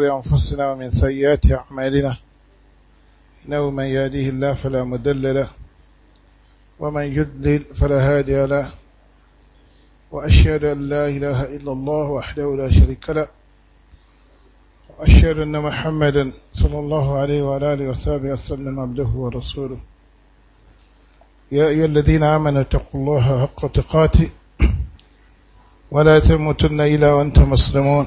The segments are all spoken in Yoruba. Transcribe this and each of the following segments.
شرور أنفسنا ومن سيئات أعمالنا إنه من يهديه الله فلا مدل له ومن يدلل فلا هادي له وأشهد أن لا إله إلا الله وحده لا شريك له وأشهد أن محمدا صلى الله عليه وعلى آله وصحبه وسلم عبده ورسوله يا أيها الذين آمنوا اتقوا الله حق تقاته ولا تموتن إلا وأنتم مسلمون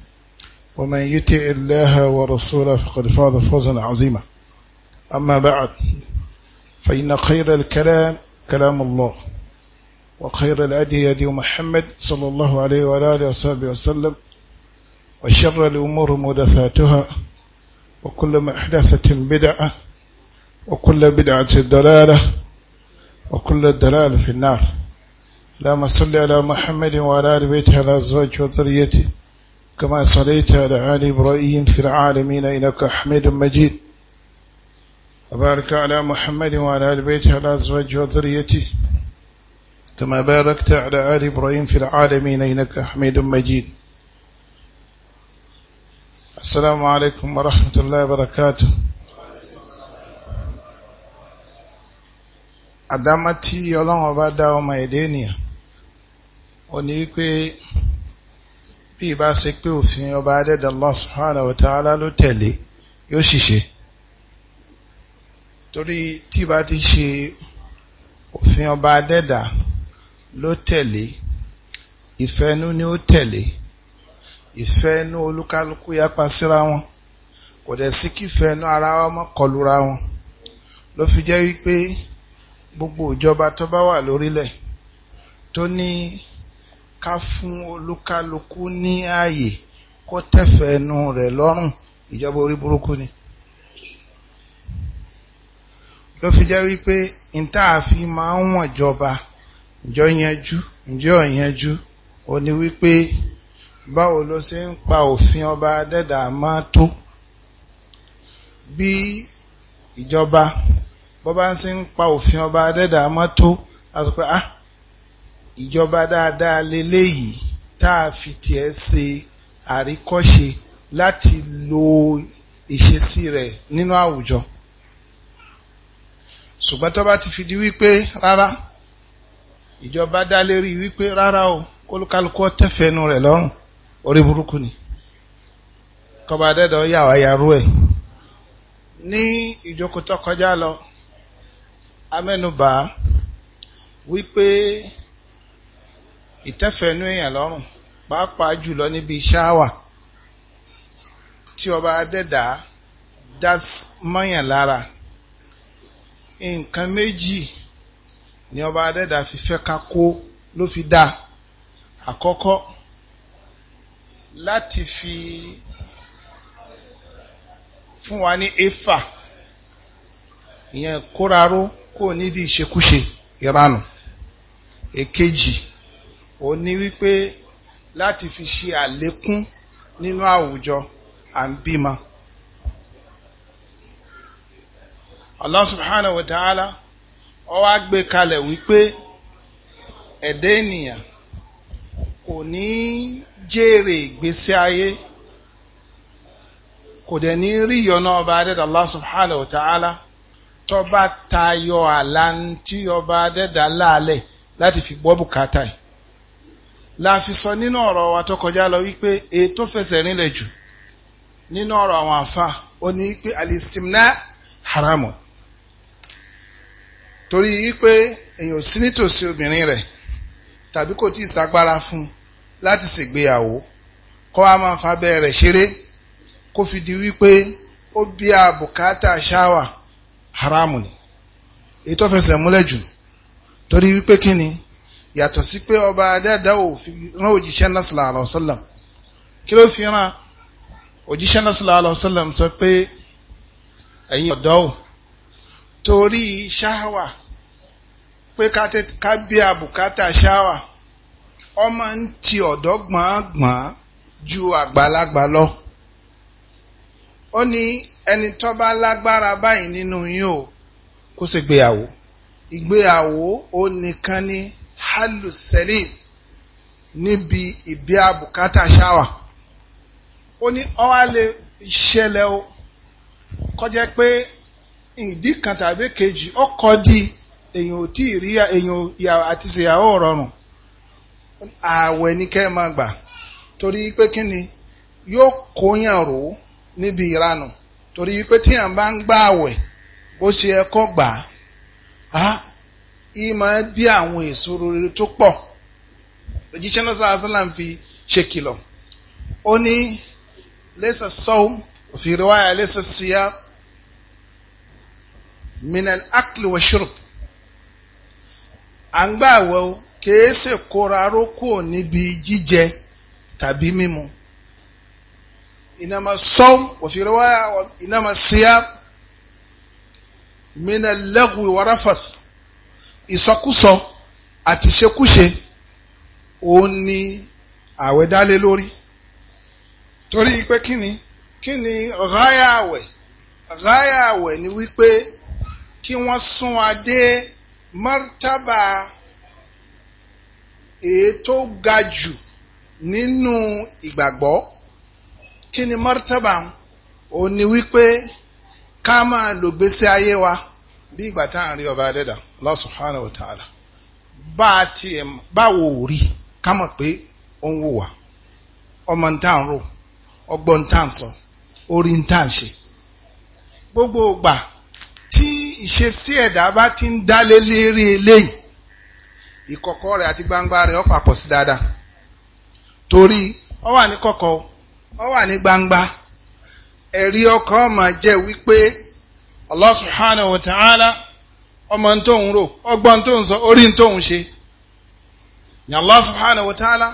ومن يطع الله ورسوله فقد فاز فوزا عظيما أما بعد فإن خير الكلام كلام الله وخير الهدي هدي محمد صلى الله عليه واله وصحبه وسلم وشر الأمور محدثاتها وكل محدثة بدعة وكل بدعة ضلالة وكل ضلالة في النار لا صل على محمد وعلى آل بيته على وذريته كما صليت على آل إبراهيم في العالمين إنك حميد مجيد وبارك على محمد وعلى آل بيته على أزواجه وذريته كما باركت على آل إبراهيم في العالمين إنك حميد مجيد السلام عليكم ورحمة الله وبركاته àdámá tí ọlọ́run ọba dá ọmọ ẹ̀dẹ́ bí ìbá ṣe pé òfin ọba adẹ́dà Allah subhanahu wa ta'ala ló tẹ̀lé yóò ṣiṣẹ́ torí tí ìbá ti ṣe òfin ọba adẹ́dà ló tẹ̀lé ìfẹ́nú ni ó tẹ̀lé ìfẹ́nú olúkálukú yapa síra wọn kò dẹ̀ sí kí ìfẹ́nú ara wọn mọ́ wọn ló fi jẹ́ wípé gbogbo ìjọba tó bá wà lórílẹ̀ tó ní ká fún olúkálukú ní ààyè kó tẹ́fẹ̀ẹ́nu rẹ̀ lọ́rùn ìjọba orí burúkú ni ló fi jẹ́ wípé ìtaàfi máa ń wọ̀n jọba ǹjọ́ yanjú ǹjọ́ yanjú ó ní wípé báwo ló ṣe ń pa òfin ọba adẹ́dà máa tó bí ìjọba bọ́bá ń ṣe ń pa òfin ọba adẹ́dà máa tó a sọ pé ah ìjọba dáadáa leléyìí tá a fi tiẹ̀ ṣe àríkọ́ṣe láti lo ìṣesí rẹ̀ nínú àwùjọ ṣùgbọ́n tó bá ti fi di wípé rárá ìjọba dá lérí wípé rárá o kólúkálukú tẹ́fẹ̀ẹ́nu rẹ̀ lọ́rùn orí burúkú ni kọba adẹ́dọ̀ yà wá yarú ẹ̀ ní ìjókòó tó kọjá lọ amẹ́nubà wípé ìtẹ́fẹ̀ẹ́nú èèyàn lọ́rùn pàápàá jùlọ níbi ṣáwà tí ọba adẹ́dà dá mọ́yàn lára nǹkan méjì ni ọba adẹ́dà fi fẹ́ ká kó ló fi dá àkọ́kọ́ láti fi fún wa ní éfà ìyẹn kóraró kò nídìí ìṣekúṣe ìranù èkejì. E òun ni wípé láti fi ṣe àlékún nínú àwùjọ à ń bímọ. Allah subhanahu wa ta'ala ó wá gbé kalẹ̀ wípé ẹ̀dá ènìyàn kò ní jèrè ìgbésí ayé kò dẹ̀ ní rí ìyọ́nà ọba adẹ́dà Allah subhanahu wa ta'ala tó bá tayọ àlá ọba adẹ́dà láàlẹ̀ láti fi gbọ́ bùkátà yìí. la fi sọ nínú ọ̀rọ̀ wa tó kọjá lọ wípé èyí tó fẹsẹ̀ rinlẹ̀ jù nínú ọ̀rọ̀ àwọn àfa ó ní pé alistimna haramu torí wípé èyàn ò sí nítòsí obìnrin rẹ̀ tàbí kò tí ì sagbára fún un láti ṣègbéyàwó kó a máa fabẹ́ rẹ̀ ṣeré kó fi di wípé ó bí a bùkátà ṣáwà haramu ni èyí tó fẹsẹ̀ múlẹ̀ jù torí wípé kí ni yàtọ̀ sí pé ọba adẹ́dá ò fi rán òjíṣẹ́ náà sallallahu alaihi wasallam kí ló fi rán òjíṣẹ́ náà sallallahu alaihi wasallam sọ pé ẹ̀yin ọ̀dọ́ ò torí ṣáwà pé ká bí àbùkátà ṣáwà ọmọ ń ti ọ̀dọ́ gbọ̀ngbọ̀n ju àgbàlagbà lọ ó ní ẹni tó bá lágbára báyìí nínú yín o kó ṣègbéyàwó ìgbéyàwó ó nìkan ni. Kani, halu salim níbi ìbí àbùkátà ṣáwà ó ní ọwá lè ṣẹlẹ̀ o kọjá pé ìdí kan tàbí kejì ó kọ di èyàn ò tí ì rí èyàn àti ṣèyàwó rọrùn ààwẹ̀ ní kẹ́ máa gbà torí pé kí ni yóò kóyàn rò ó níbi ìranù torí pé tíyàn bá ń gbà ààwẹ̀ ó ṣe ẹ̀kọ́ gbà á yìí máa bí àwọn èso rere tó pọ̀ òjíṣẹ́ náà sọ́lá sọ́lá fi ṣe kìlọ̀ ó ní laysa sawm fi riwaya laysa siyam min al-akli wa shurb à ń gbà wẹ̀ o kìí kóra rókò níbi jíjẹ tàbí mímu ìnàmà sawm wa fi riwaya ìnàmà siyam min al ìsọkúsọ àti ṣekúṣe òun ni àwẹ̀ dálé lórí torí pé kí ni kí ni ráyà àwẹ̀ ráyà àwẹ̀ ni wípé kí wọ́n sún adé mọ́tàbà èyí tó ga jù nínú ìgbàgbọ́ kí ni mọ́tàbà òun ni wípé ká máa lògbésí ayé wa bí ìgbà tá à ọba adẹ́dàá. Allah subhanahu wa ta'ala bá a tiẹ̀ báwo rí ká mọ̀ pé ó ń wò wá ọmọ ń tà ń rò ọgbọ́n ń tà ń sọ orí ń tà ń ṣe gbogbo ìgbà tí ìṣesí ẹ̀dá bá ti ń dálé lérí eléyìí ìkọ̀kọ̀ rẹ̀ àti gbangba rẹ̀ ó papọ̀ sí dáadáa torí ó wà ní kọ̀kọ̀ ó wà ní gbangba ẹ̀rí ọkàn máa jẹ́ wípé Allah subhanahu wa ta'ala ọmọ tó ń rò ọgbọ́n tó ń sọ orí tó ń ṣe ni Allah subhanahu wa ta'ala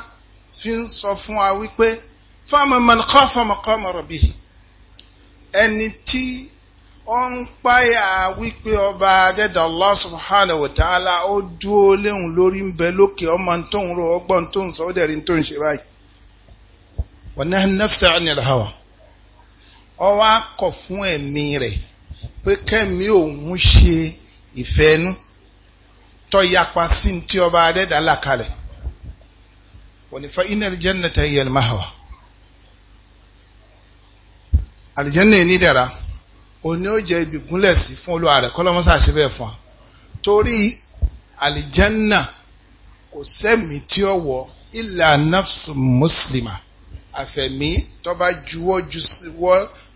fi ń sọ fún wa wípé fama man khafa maqama rabbihi ẹni tí ó ń páyà wípé ọba adẹ́dà Allah subhanahu wa ta'ala ó dúó léhùn lórí ń bẹ lókè ọmọ tó ń rò ọgbọ́n tó ń sọ ó dẹ̀rí tó ń ṣe báyìí wa nahan nafsa anil hawa ó wá fún ẹ̀mí rẹ̀ pé kẹ́mi òun ṣe ìfẹ́ ẹnu tó yapa sí tí ọba adẹ́dà là kalẹ̀ wọ́n ní fa inna al-jannata hiya al-mahwa àlìjẹ́nà ẹni dẹ̀ra òní ó jẹ́ ibi sí fún olúwa rẹ̀ kọ́lọ́mọ́sá ṣe bẹ́ẹ̀ fún wa torí àlìjẹ́nà kò sẹ́mi tí ó wọ̀ illa nafsu muslima àfẹ̀mí tọ́ba juwọ́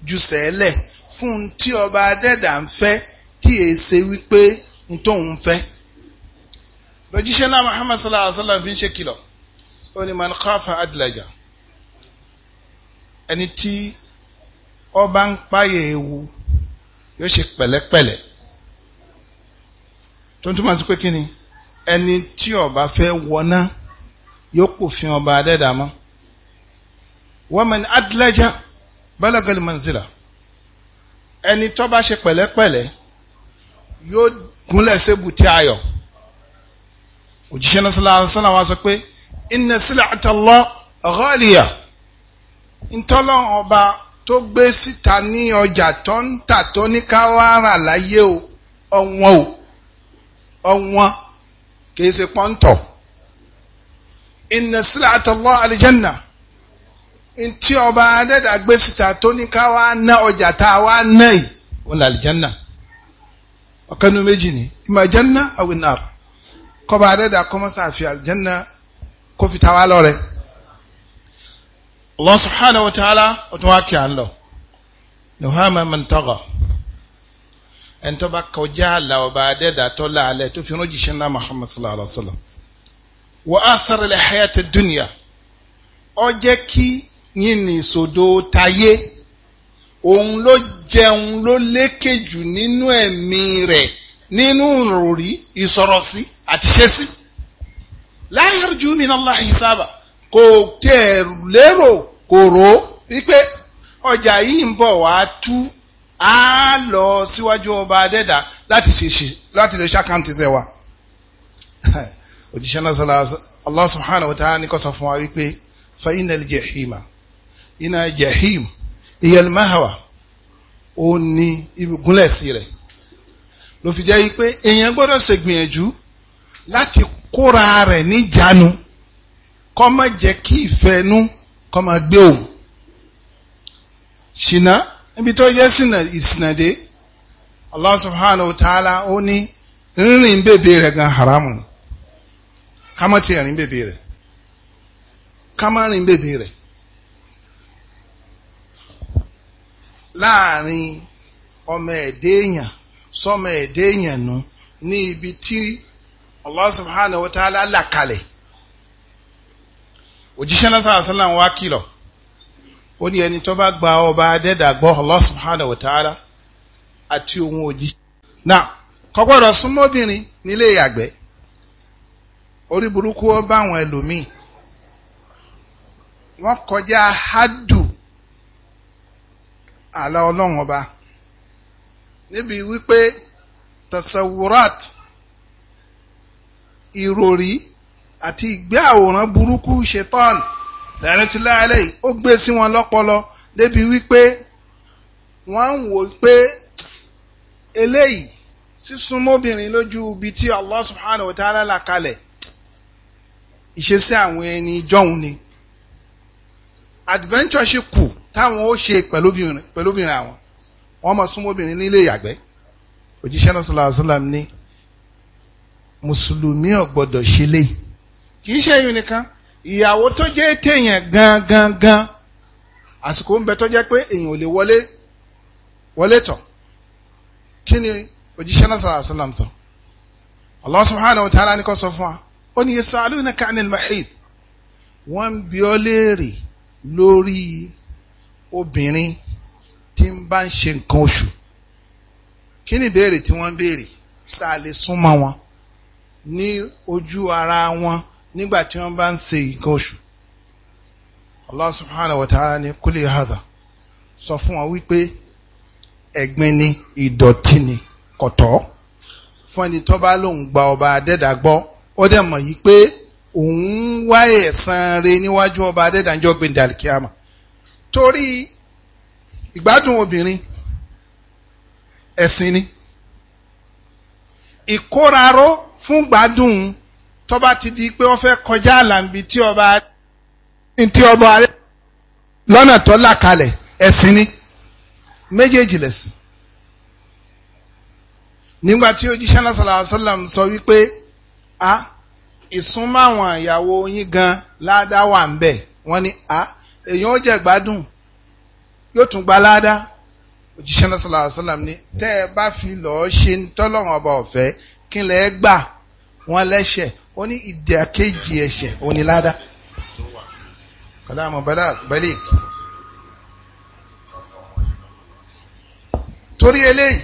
jusẹ́lẹ̀ fún tí ọba adẹ́dà ń fẹ́ tí è ṣe wípé n tó ń fẹ́ lójíṣẹ́ náà Muhammad sallallahu alaihi wa sallam fi ń ṣe kìlọ̀ ó ní man khafa adlaja ẹni tí ó bá ń páyà ewu yóò ṣe pẹ̀lẹ́pẹ̀lẹ́ tó ń túmọ̀ sí pé kí ni ẹni tí ó fẹ́ wọná yóò kò fi ọba adẹ́dàmọ́ wa man adlaja balagal manzila ẹni tó bá ṣe pẹ̀lẹ́pẹ̀lẹ́ yóò gúnlẹ̀ sébùtì ayọ̀ òjíṣẹ́ náà sílá sọ́nà wa sọ pé inna sil'atallah ghaliya ntọ́lọ́run ọba tó gbé síta ní ọjà tó ń tà tó ní ká wá rà láyé o ọ̀wọ́n o ọ̀wọ́n kìí ṣe pọ́ńtọ̀ inna sil'atallah aljanna ntí ọba adẹ́dàgbé síta tó ní ká ná ọjà tá a wá ná yìí wọn là aljanna ọ̀kan nu méjì ni ìmọ̀ janna àwọn nar kọba adẹ́dà kọ́mọ́sá àfi aljanna kó fi ta wá lọ́rẹ. Allah subhanahu wa ta'ala ọ̀tún wá kí à ń lọ nuhama man tagha ẹni tó bá kọjá àlà ọba adẹ́dà tó láàlẹ̀ tó fi ránjíṣẹ́ náà Muhammad sallallahu alayhi wa sallam wa athara al-hayata ad-dunya ó jẹ́ kí yín ní sòdó tayé òun ló jẹun ló lékè jù nínú ẹ̀mí rẹ̀ nínú ìròrí ìsọ̀rọ̀ sí àti ṣe sí. láyọ̀rọ̀ jù mí náà láì sábà kò tẹ̀ lérò kò rò ó wípé ọjà yìí ń bọ̀ wá tú á lọ síwájú ọba adẹ́dà láti lè ṣàkàǹtì sẹ́ òjíṣẹ́ náà sọ̀rọ̀ Allah subhanahu wa ta'ala ní kó sọ fún wa wípé fa inal jahima iná jahim ìyẹn mahawa ó ní ìgúnlẹ̀ sí rẹ̀ ló fi jẹ́ pé èèyàn gbọ́dọ̀ ṣègbìyànjú láti kóra rẹ̀ níjàánu kó má jẹ́ kí ìfẹ́nu kó má gbé òun ṣìnà níbi tó yẹ ìsìnàdé Allah subhanahu ó ní rírìn bèbè rẹ̀ gan haramu ká má ti rìn bèbè rẹ̀ ká bèbè rẹ̀ láàrin ọmọ ẹ̀dẹ́ èèyàn sọmọ ẹ̀dẹ́ èèyàn nù ní ibi tí Allah subhanahu wa ta'ala là kalẹ̀ òjíṣẹ́ lásán kìlọ̀ ó ní ẹni gba ọba adẹ́dàgbọ́ Allah subhanahu wa ta'ala àti ohun òjíṣẹ́ náà kò súnmọ́bìnrin nílé ìyàgbẹ́ orí burúkú ó àwọn ẹlòmíì wọ́n àlà ọlọ́run ọba níbi wípé tasawurat ìròrí àti ìgbé àwòrán burúkú ṣetán lẹ́rìntìlá alẹ́ yìí ó gbé sí wọn lọ́pọlọ débi wípé wọ́n ń wò pé eléyìí sísúnmọ́bìnrin lójú ibi tí Allah subhanahu wa ta'ala là kalẹ̀ ìṣesí àwọn ẹni jọ̀hún ni adventure ṣì kù táwọn ó ṣe pẹ̀lú obìnrin àwọn wọ́n máa súnmọ́ obìnrin nílé ìyàgbẹ́ òjíṣẹ́ náà sallallahu alaihi wasallam ní mùsùlùmí ò gbọ́dọ̀ ṣe lé kì í ṣe èyí nìkan ìyàwó tó jẹ́ téèyàn gan gan gan àsìkò ń bẹ tó jẹ́ pé èèyàn ò lè wọlé wọlé tọ̀ kí ni òjíṣẹ́ náà sallallahu alaihi wasallam sọ Allah wa ta'ala ní kó sọ fún wa ó ní yasalunaka anil mahid wọ́n ń bi ọ́ léèrè lórí obìnrin tí ń bá ń ṣe nǹkan oṣù kí ni ìbéèrè tí wọ́n ń béèrè ṣá lè súnmọ́ wọn ní ojú ara wọn nígbà tí wọ́n bá ń ṣe nǹkan oṣù Allah subhanahu wa ta'ala ni kúlẹ̀ hadha sọ fún wọn wípé ẹ̀gbin ni ìdọ̀tí ni kọ̀tọ́ fún ẹni tó bá lóun gba ọba adẹ́dàgbọ́ ó dẹ̀ mọ̀ yí pé òun wá ẹ̀san re níwájú ọba adẹ́dàjọ́ gbendàlkíámà torí ìgbádùn obìnrin ẹ̀sìn ni ìkóraró fún gbádùn tọ́ba ti di pé wọ́n fẹ́ kọjá àlàǹbí tí ọba tí ọba lọ́nà tó là kalẹ̀ ẹ̀sìn ni méjèèjì lẹ̀sìn nígbà tí òjíṣẹ́ náà sọ̀rọ̀ àṣọ́làm sọ wípé a. Ah, ìsúnmọ́ àwọn ìyàwó yín gan ládá wà ń bẹ̀ wọ́n ní a èèyàn ó jẹ́ gbádùn yóò tún gba ládá òjíṣẹ́ náà sallallahu alaihi wasallam ní tẹ́ ẹ bá fi lọ́ọ́ ṣe ń tọ́lọ́run ọba ọ̀fẹ́ kí n lẹ́ gbà wọ́n lẹ́ṣẹ̀ ó ní ìdàkejì ẹ̀ṣẹ̀ ó ní ládá. kàdámù balik torí eléyìí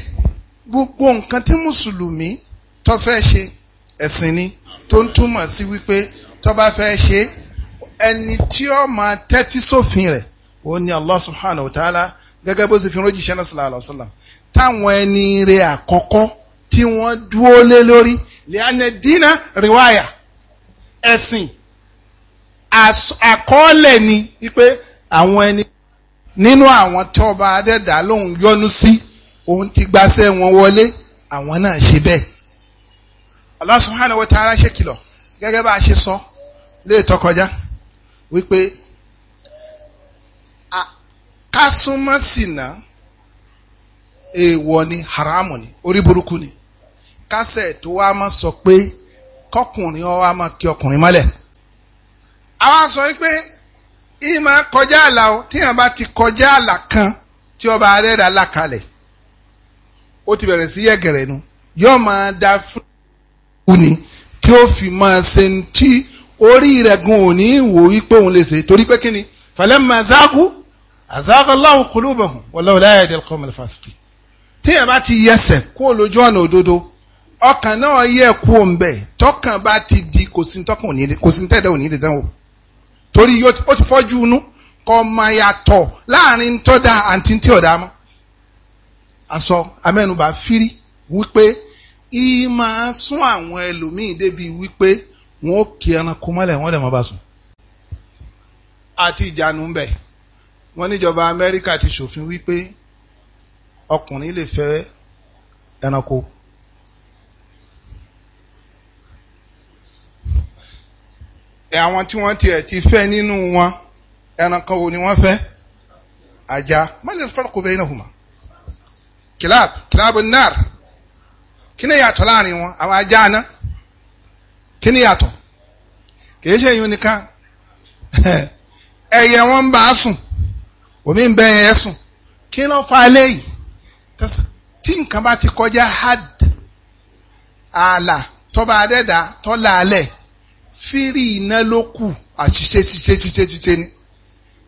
gbogbo nǹkan tí mùsùlùmí tó ṣe ẹ̀sìn ni tó ń túmọ̀ sí wípé tó bá fẹ́ ṣe ẹni tí ó máa tẹ́tí sófin rẹ̀ ó ní Allah subhanahu wa ta'ala gẹ́gẹ́ bó ṣe fi rọ́jì ṣẹ́nà sallallahu alaihi wasallam táwọn ẹni rẹ̀ àkọ́kọ́ tí wọ́n dúó lé lórí lẹ́yìn dínà rìwáyà ẹ̀sìn àkọọ́lẹ̀ ni wípé àwọn ẹni nínú àwọn tọ́ba adẹ́dàá lòun yọ́nú sí òun ti gbaṣẹ́ wọn wọlé àwọn náà ṣe bẹ́ẹ̀. Allah subhanahu wa ta'ala ṣèkìlọ̀ gẹ́gẹ́ bá a ṣe sọ lè tọkọjá wípé ká súnmọ́ sínà èèwọ̀ ni haramu ni orí burúkú ni kásẹ̀ tó wá máa sọ pé kọkùnrin ọ wá máa kí ọkùnrin mọ́lẹ̀ àwa sọ wípé ìyí máa kọjá àlà o tíyàn bá ti kọjá àlà kan tí ọba arẹ́rẹ́ alákalẹ̀ ó ti bẹ̀rẹ̀ sí yẹ̀gẹ̀rẹ̀ nu yóò máa da fún kú ni tí ó fi máa ṣe tí orí rẹ̀ gan ò ní wò wípé òun lè ṣe torí pé kí ni falamma zaagu azaaga Allahu qulubahum wallahu la yahdil qawmal fasiqin tí ẹ bá ti yẹsẹ̀ kó lójú ọ̀nà òdodo ọkàn náà yẹ kú òǹbẹ̀ tọkàn bá ti di kò sí tọkàn òní dídán o torí ó ti fọ́jú inú kọ́ máa yàtọ̀ láàrin tọ́da àti tí ọ̀dà mọ́ aṣọ amẹ́nubà fírí wípé ìyí máa sún àwọn ẹlòmíì débi wípé wọn ó kí ẹranko mọ́lẹ̀ wọn lè má bá sùn. àti ìjánu ń bẹ̀ wọ́n níjọba Amẹ́ríkà ti ṣòfin wípé ọkùnrin lè fẹ́ ẹranko. àwọn tí wọ́n tiẹ̀ ti fẹ́ nínú wọn ẹranko wo ni wọ́n fẹ́ ajá má lè fọ́rọ̀ kó bẹ́ẹ̀ náà hùmà kìláàbù kìláàbù náà kí ni yàtọ̀ láàrin wọn àwọn ajá aná kí ni yàtọ̀ kì í ṣe èyí nìkan ẹyẹ wọn ń bá a sùn omi ń bẹ ẹyẹ sùn kí ló fa eléyìí tí nǹkan bá ti kọjá had ààlà tọba adẹ́dà tọ́lá alẹ̀ fírì iná ló kù àṣìṣe ṣiṣe ṣiṣe ṣiṣe ni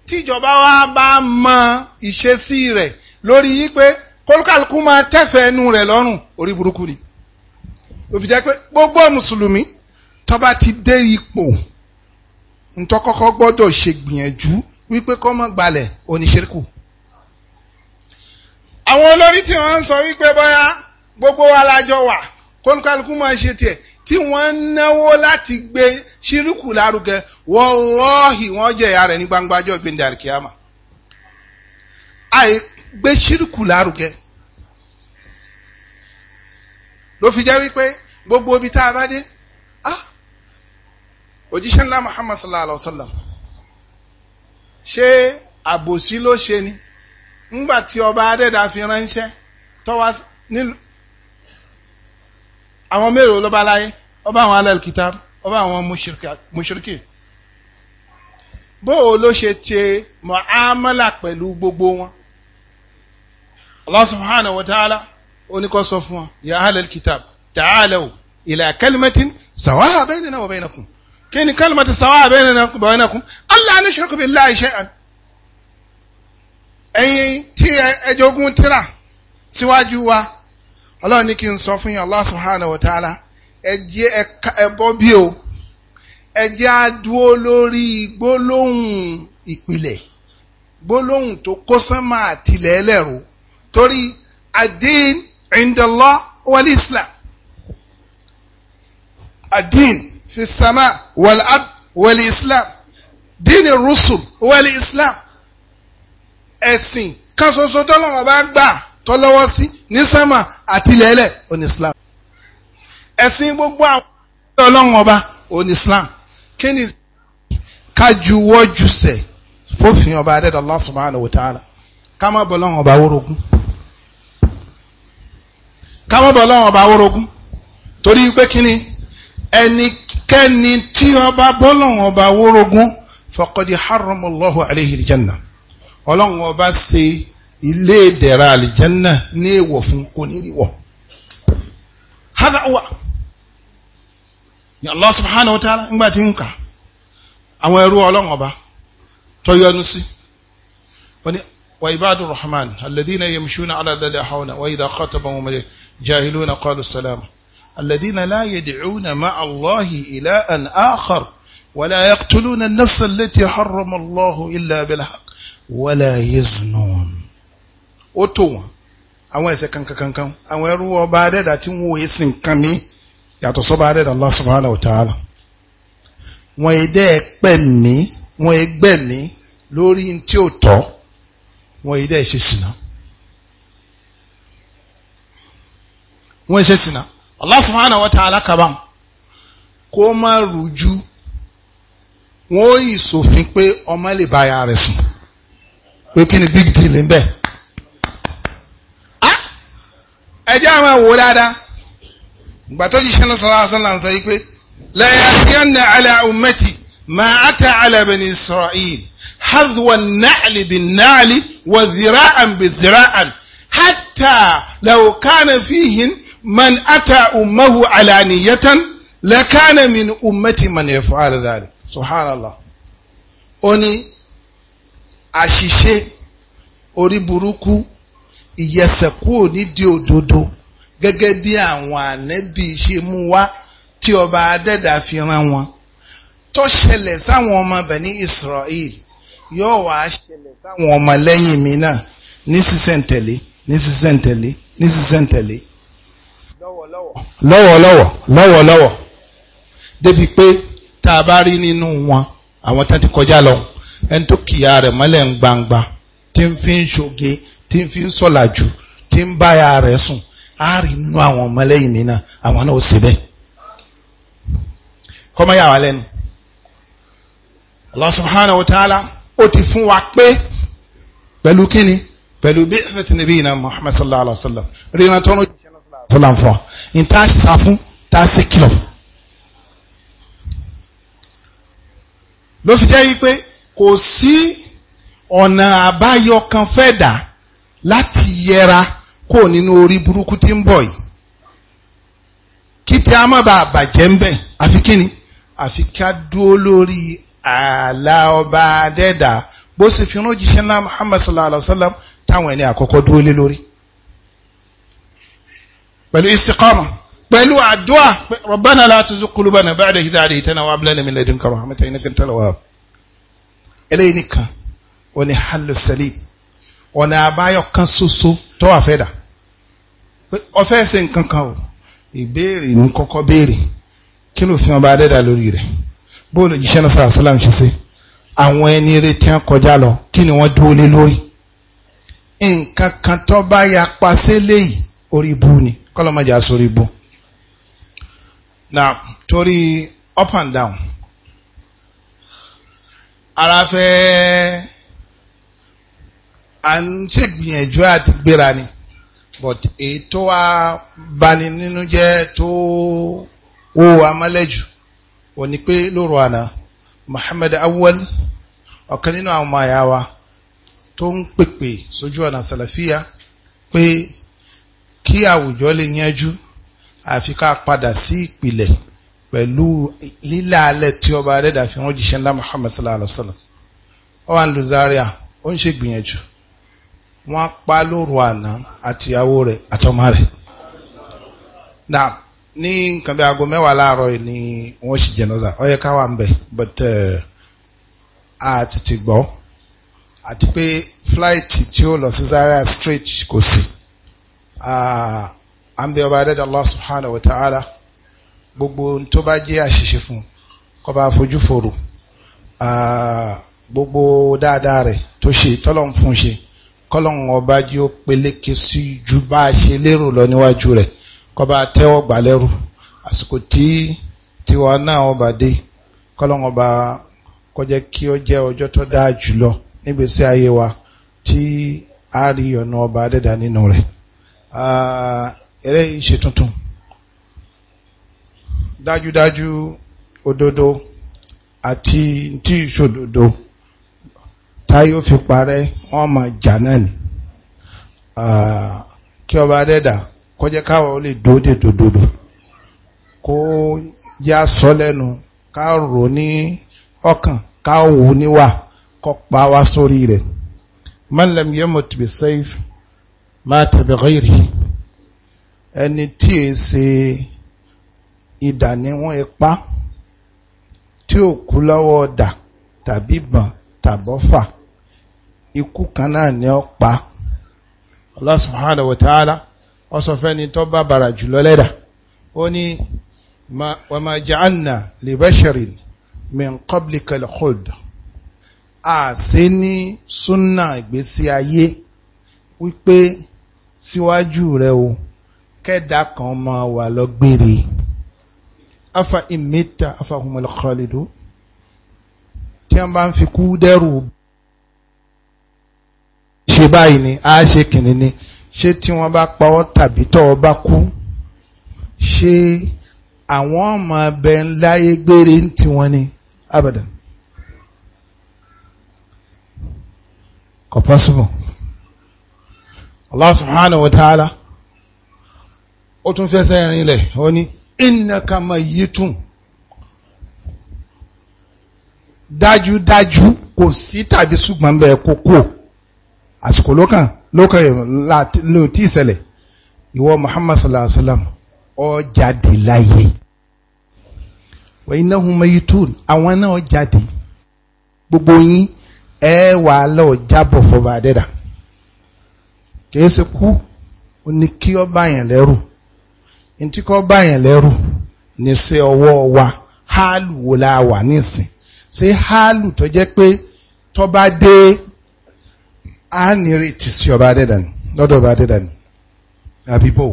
tíjọba wa bá mọ ìṣesí rẹ̀ lórí yí pé kólúkàlùkù máa tẹ́fẹ̀ẹ́ ẹnu rẹ̀ lọ́rùn orí burúkú ni ló fi jẹ́ pé gbogbo mùsùlùmí tó bá ti dé ipò ntọ́kọ́kọ́ gbọ́dọ̀ ṣe gbìyànjú wípé kó má gbalẹ̀ oníṣẹ́kù àwọn olórí tí wọ́n ń sọ wípé bóyá gbogbo wa lájọ wà kólúkàlùkù máa ṣe tiẹ̀ tí wọ́n ń náwó láti gbé ṣírùkù lárugẹ wọ́ọ́hì wọ́n jẹ̀yà rẹ̀ ní gbangbajọ́ gbé ṣírùkù lárugẹ ló fi jẹ wípé gbogbo ibi tá a bá dé ah òjíṣẹ́ ńlá Muhammad sallallahu alaihi wa sallam ṣé àbòsí ló ṣe ni ńgbà tí ọba adẹ́dà fi ránṣẹ́ tọ́wá nílùú àwọn mélòó ló bá láyé ọba àwọn alẹ́lkitab ọba àwọn mùṣírìkì o ló ṣe ṣe mọ̀ámọ́là pẹ̀lú gbogbo wọn Allah subhanahu wa ta'ala ó ní kó sọ fún wa ya ahlal kitab ta'alaw ila kalimatin sawa'a baynana wa baynakum kini kalimatu sawa'a baynana wa baynakum alla nushriku billahi shay'an ẹ̀yin tí ẹ jogún tírà síwájú wa Allah ní kí n sọ fún yín Allah subhanahu wa ta'ala ẹ jẹ́ bí o ẹ jẹ́ lórí gbólóhùn ìpìlẹ̀ gbólóhùn tó kó sánmà àtìlẹ́lẹ̀rú torí adin indallah wal islam adin fi sama wal ab wal islam dini rusul wal islam ẹ̀sìn kan ṣoṣo tọ́lọ́wọ́ bá gbà tọ́lọ́wọ́ sí ní sama àti lẹ́lẹ̀ oní islam ẹ̀sìn gbogbo àwọn ọlọ́wọ́ bá oní islam kí ni kájúwọ́ ọba adẹ́dàá Allah subhanahu wa ká má bọ́ lọ́wọ́ ọba wórogún káwọn bọ̀ lọ́wọ́ ọba orogún torí pé kíni ẹnikẹ́ni tí ọba bọ́ lọ́wọ́ ọba orogún fọkọdí haramallahu alayhi aljanna ọlọ́run ọba ṣe ilé ìdẹ̀ra aljanna ní èèwọ̀ fún oníwọ̀ hada wa ni allah subhanahu wa ta'ala ńgbà tí ń kà àwọn ẹrú ọlọ́run ọba tó sí wọ́n wa ibadu rahman alladhina yamshuna ala dada hauna wa idha khatabahum mẹ́rin جاهلون قالوا السلام الذين لا يدعون مع الله إلها آخر ولا يقتلون النفس التي حرم الله إلا بالحق ولا يزنون ó tó wọn àwọn ẹ̀ṣẹ̀ kankankan àwọn ẹrú ọba adẹ́dà tí wọ́n wòye sí nǹkan mi yàtọ̀ sọ́ba adẹ́dà Allah subhanahu wa ta'ala wọ́n èdè ẹ̀pẹ́ mi wọ́n ẹgbẹ́ mi lórí tí ò tọ́ wọ́n èdè ẹ̀ṣẹ̀ sìnà. wọ́n ṣe sìnà Allah subhanahu wa ta'ala kabam kó má rújú wọ́n ó yìí sòfin pé ọmọ lè bá ya rẹ̀ sùn pé kí ni big deal ń bẹ̀. Ah! ẹjẹ́ àwọn ẹ̀wò dáadáa ìgbà tó jí sẹ́nu sọ̀rọ̀ àṣọ là ń sọ yìí pé la ya'tiyanna ala ummati ma ata ala bani isra'il hadwa na'li bin na'li wa zira'an bi zira'an hatta law kana fihin man ata ummahu alaniyatan lakana min ummati man yaf'al dhalik subhanallah ó ní àṣìṣe orí burúkú ìyẹsẹ̀kúò nídìí òdodo gẹ́gẹ́ bí àwọn ànẹ́bí ṣe mú wá tí ọba adẹ́dà fi rán wọn tó ṣẹlẹ̀ sáwọn ọmọ bẹ̀ní Israel yóò wá ṣẹlẹ̀ sáwọn ọmọ lẹ́yìn mi náà ní sísẹ̀ntẹ̀lé ní sísẹ̀ntẹ̀lé ní sísẹ̀ntẹ̀lé lọ́wọ́lọ́wọ́ lọ́wọ́lọ́wọ́ débi pé tá a bá rí nínú wọn àwọn tán ti kọjá lọ ẹni tó kìyà rẹ̀ mọ́lẹ̀ ń gbangba tí ń fi ń ṣoge tí ń fi ń sọ̀làjù tí ń báyà rẹ̀ sùn á rí nínú àwọn ọmọlẹ́yìn mi náà àwọn náà ó ṣe bẹ́ẹ̀ kọ́mọ yà wá lẹ́nu Allah subhanahu wa ta'ala ó ti fún wa pé pẹ̀lú kíni pẹ̀lú bí ẹ̀sẹ̀ tí nàbí yìí náà Muhammad sallallahu alayhi wa sallam ríran tó ń sọ́là fún wa ní tá a sá fún tá a ṣe kìlọ̀ fún. ló fi jẹ́ wípé kò sí ọ̀nà àbáyọ kan fẹ́ dà láti yẹra kó nínú orí burúkú tí ń bọ̀ yìí kí tí a má bàa bàjẹ́ ń bẹ̀ àfi kíni àfi ká dúró lórí ààlà ọba adẹ́dà bó sì fi rán jíṣẹ́ ńlá sallallahu alaihi wa sallam táwọn ẹni àkọ́kọ́ dúró lé lórí pẹ̀lú istiqama pẹ̀lú àdúà rabbana la tuzigh qulubana ba'da idh hadaytana wa hab lana min ladunka rahmatan innaka antal wahhab eléyìí nìkan wọn ni hallu salim ọ̀nà àbáyọ kan ṣoṣo tó wà fẹ́ dà ọfẹ́ ṣe nǹkan kan o ìbéèrè ní kọ́kọ́ béèrè kí ló fi ọba adẹ́dà lórí rẹ̀ bóòlù jíṣẹ́ náà sàrà sálàm ṣe ṣe àwọn ẹni retí wọn kọjá lọ kí ni wọ́n dúró lé lórí nǹkan kan tó bá yapa sí léyìí orí ibu ni kọ́lọ́mọjà sórí bú na torí up and down ara fẹ́ à ń ṣègbìyànjú àti gbéra ni but èyí tó wá bani nínú jẹ́ tó wó amálẹ́jù ò ní pé lóru àná Muhammad Awwal ọ̀kan nínú àwọn ọmọ àyà wa tó ń pèpè sójú ọ̀nà sàlàfíà pé kí àwùjọ lè yanjú àfi ká padà sí ìpìlẹ̀ pẹ̀lú lílàálẹ̀ tí ọba adẹ́dà fi wọ́n jíṣẹ́ ńlá Muhammad sallallahu alaihi wa sallam ó wà ń lu Zaria ó ń ṣe gbìyànjú wọ́n pa lóru àná àtìyàwó rẹ̀ àtọmọ rẹ̀ na ní nǹkan bí aago mẹ́wàá láàárọ̀ ni wọ́n ṣe jẹ̀nọ́sà ó yẹ ká wà ń bẹ̀ but eh, a tètè gbọ́ àti pé flight tí ó lọ sí Zaria straight kò sí. Ah, àǹbẹ̀ ọba adẹ́dẹ́ Allah subhanahu wa ta'ala gbogbo tó bá jẹ́ àṣìṣe fún kó bá fojú fòrò ah, gbogbo dáadáa rẹ̀ tó ṣe tọ́lọ́n fún ṣe kọ́lọ́n ọba jí ó peléke sí ju bá a ṣe lérò lọ níwájú rẹ̀ kó bá tẹ́wọ́ gbà lẹ́rù àsìkò tí tiwa náà ọba dé kọ́lọ́n ọba kó kí ó jẹ́ ọjọ́ tó dáa jùlọ nígbésí ayé wa tí a rí ọ̀nà ọba adẹ́dà nínú rẹ̀ eléyìí ṣe tuntun dájúdájú òdodo àti tí ìṣòdodo táyé ó fi parẹ́ wọ́n máa jà náà ni kí ọba adẹ́dà kó jẹ́ káwọn ó lè dúró dé dòdòdò kó já sọ lẹ́nu ká rò ní ọkàn ká wò níwà kó pa wá sórí rẹ̀ man lam yamut bi sayf mata bi ghairi ẹni tí è ṣe ìdà ní wọ́n ipá tí ò kú lọ́wọ́ ọ̀dà tàbí ìbọn tàbọ́fà ikú kan náà ni ó pa Allah subhanahu wa ta'ala tó bá bàrà jùlọ lẹ́dà ó ní wa ma ja'alna li basharin min àṣẹ ní súnà ìgbésí ayé wípé síwájú rẹ o kẹ́dà kan máa wà lọ gbére afa imita afa humul khalidu tí wọ́n bá ń fi kú dẹ́rù ṣe báyìí ni a ṣe kìnnì ni ṣé tí wọ́n bá pa tàbí tọ́ ọ bá kú ṣé àwọn ọmọ abẹ láyé gbére ń tiwọn ni abadan kò possible. Allah subhanahu wa ta'ala ó tún fẹsẹ̀ rinlẹ̀ ó ní innaka mayyitun dájúdájú kò sí tàbí ṣùgbọ́n bẹ́ẹ̀ kó kú àsìkò lókàn lókàn ló tí ìṣẹ̀lẹ̀ ìwọ Muhammad sallallahu alaihi wa sallam ó jáde láyé wa innahum mayyitun àwọn náà ó jáde gbogbo yín ẹ wàá lọ jábọ̀ fọba adẹ́dàá kìí ṣe kú ó ní kí ọ báyàn lẹ́rù ntí kọ́ báyàn lẹ́rù ní ṣe ọwọ́ wa háàlù wo la wà nísìn ṣé háàlù tó jẹ́ pé tó bá dé á nírètí sí ọba adédàní lọ́dọ̀ ọba adédàní àbíbò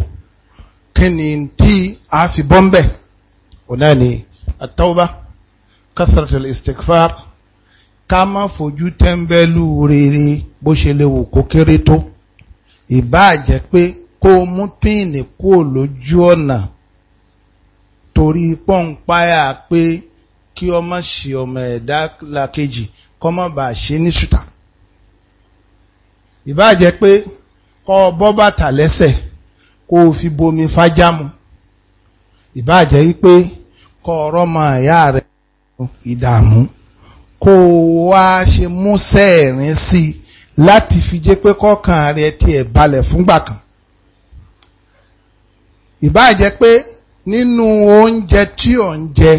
kí ni tí a fi bọ́m̀bẹ̀ ọ̀nà ni àtọ́wọ́bá kásàrẹ̀tẹ̀ istikfar ká má fojú tẹ́ńbẹ́lú rere bó ṣe léwu kó kéré tó ìbáà jẹ́ pé kó o mú píìnì kúrò lójú ọ̀nà torí pọ́ǹpáyà pé kí ọmọ ṣe ọmọ ẹ̀dá làkejì kọ́mọ bá ṣe ní ṣùtà ìbáà jẹ́ pé kọ́ ọ bọ́ bàtà lẹ́sẹ̀ kó o fi bomi fájámù ìbáà jẹ́ wípé kọ́ ọ̀rọ̀ mọ ẹ̀yà rẹ̀ ìdààmú kó o wá ṣe mú sẹ́ẹ̀rín sí i láti fi jẹ́ pé kọ́kàn rẹ̀ tiẹ̀ balẹ̀ fúngbà kan ìbáà jẹ́ pé nínú oúnjẹ tí ò ń jẹ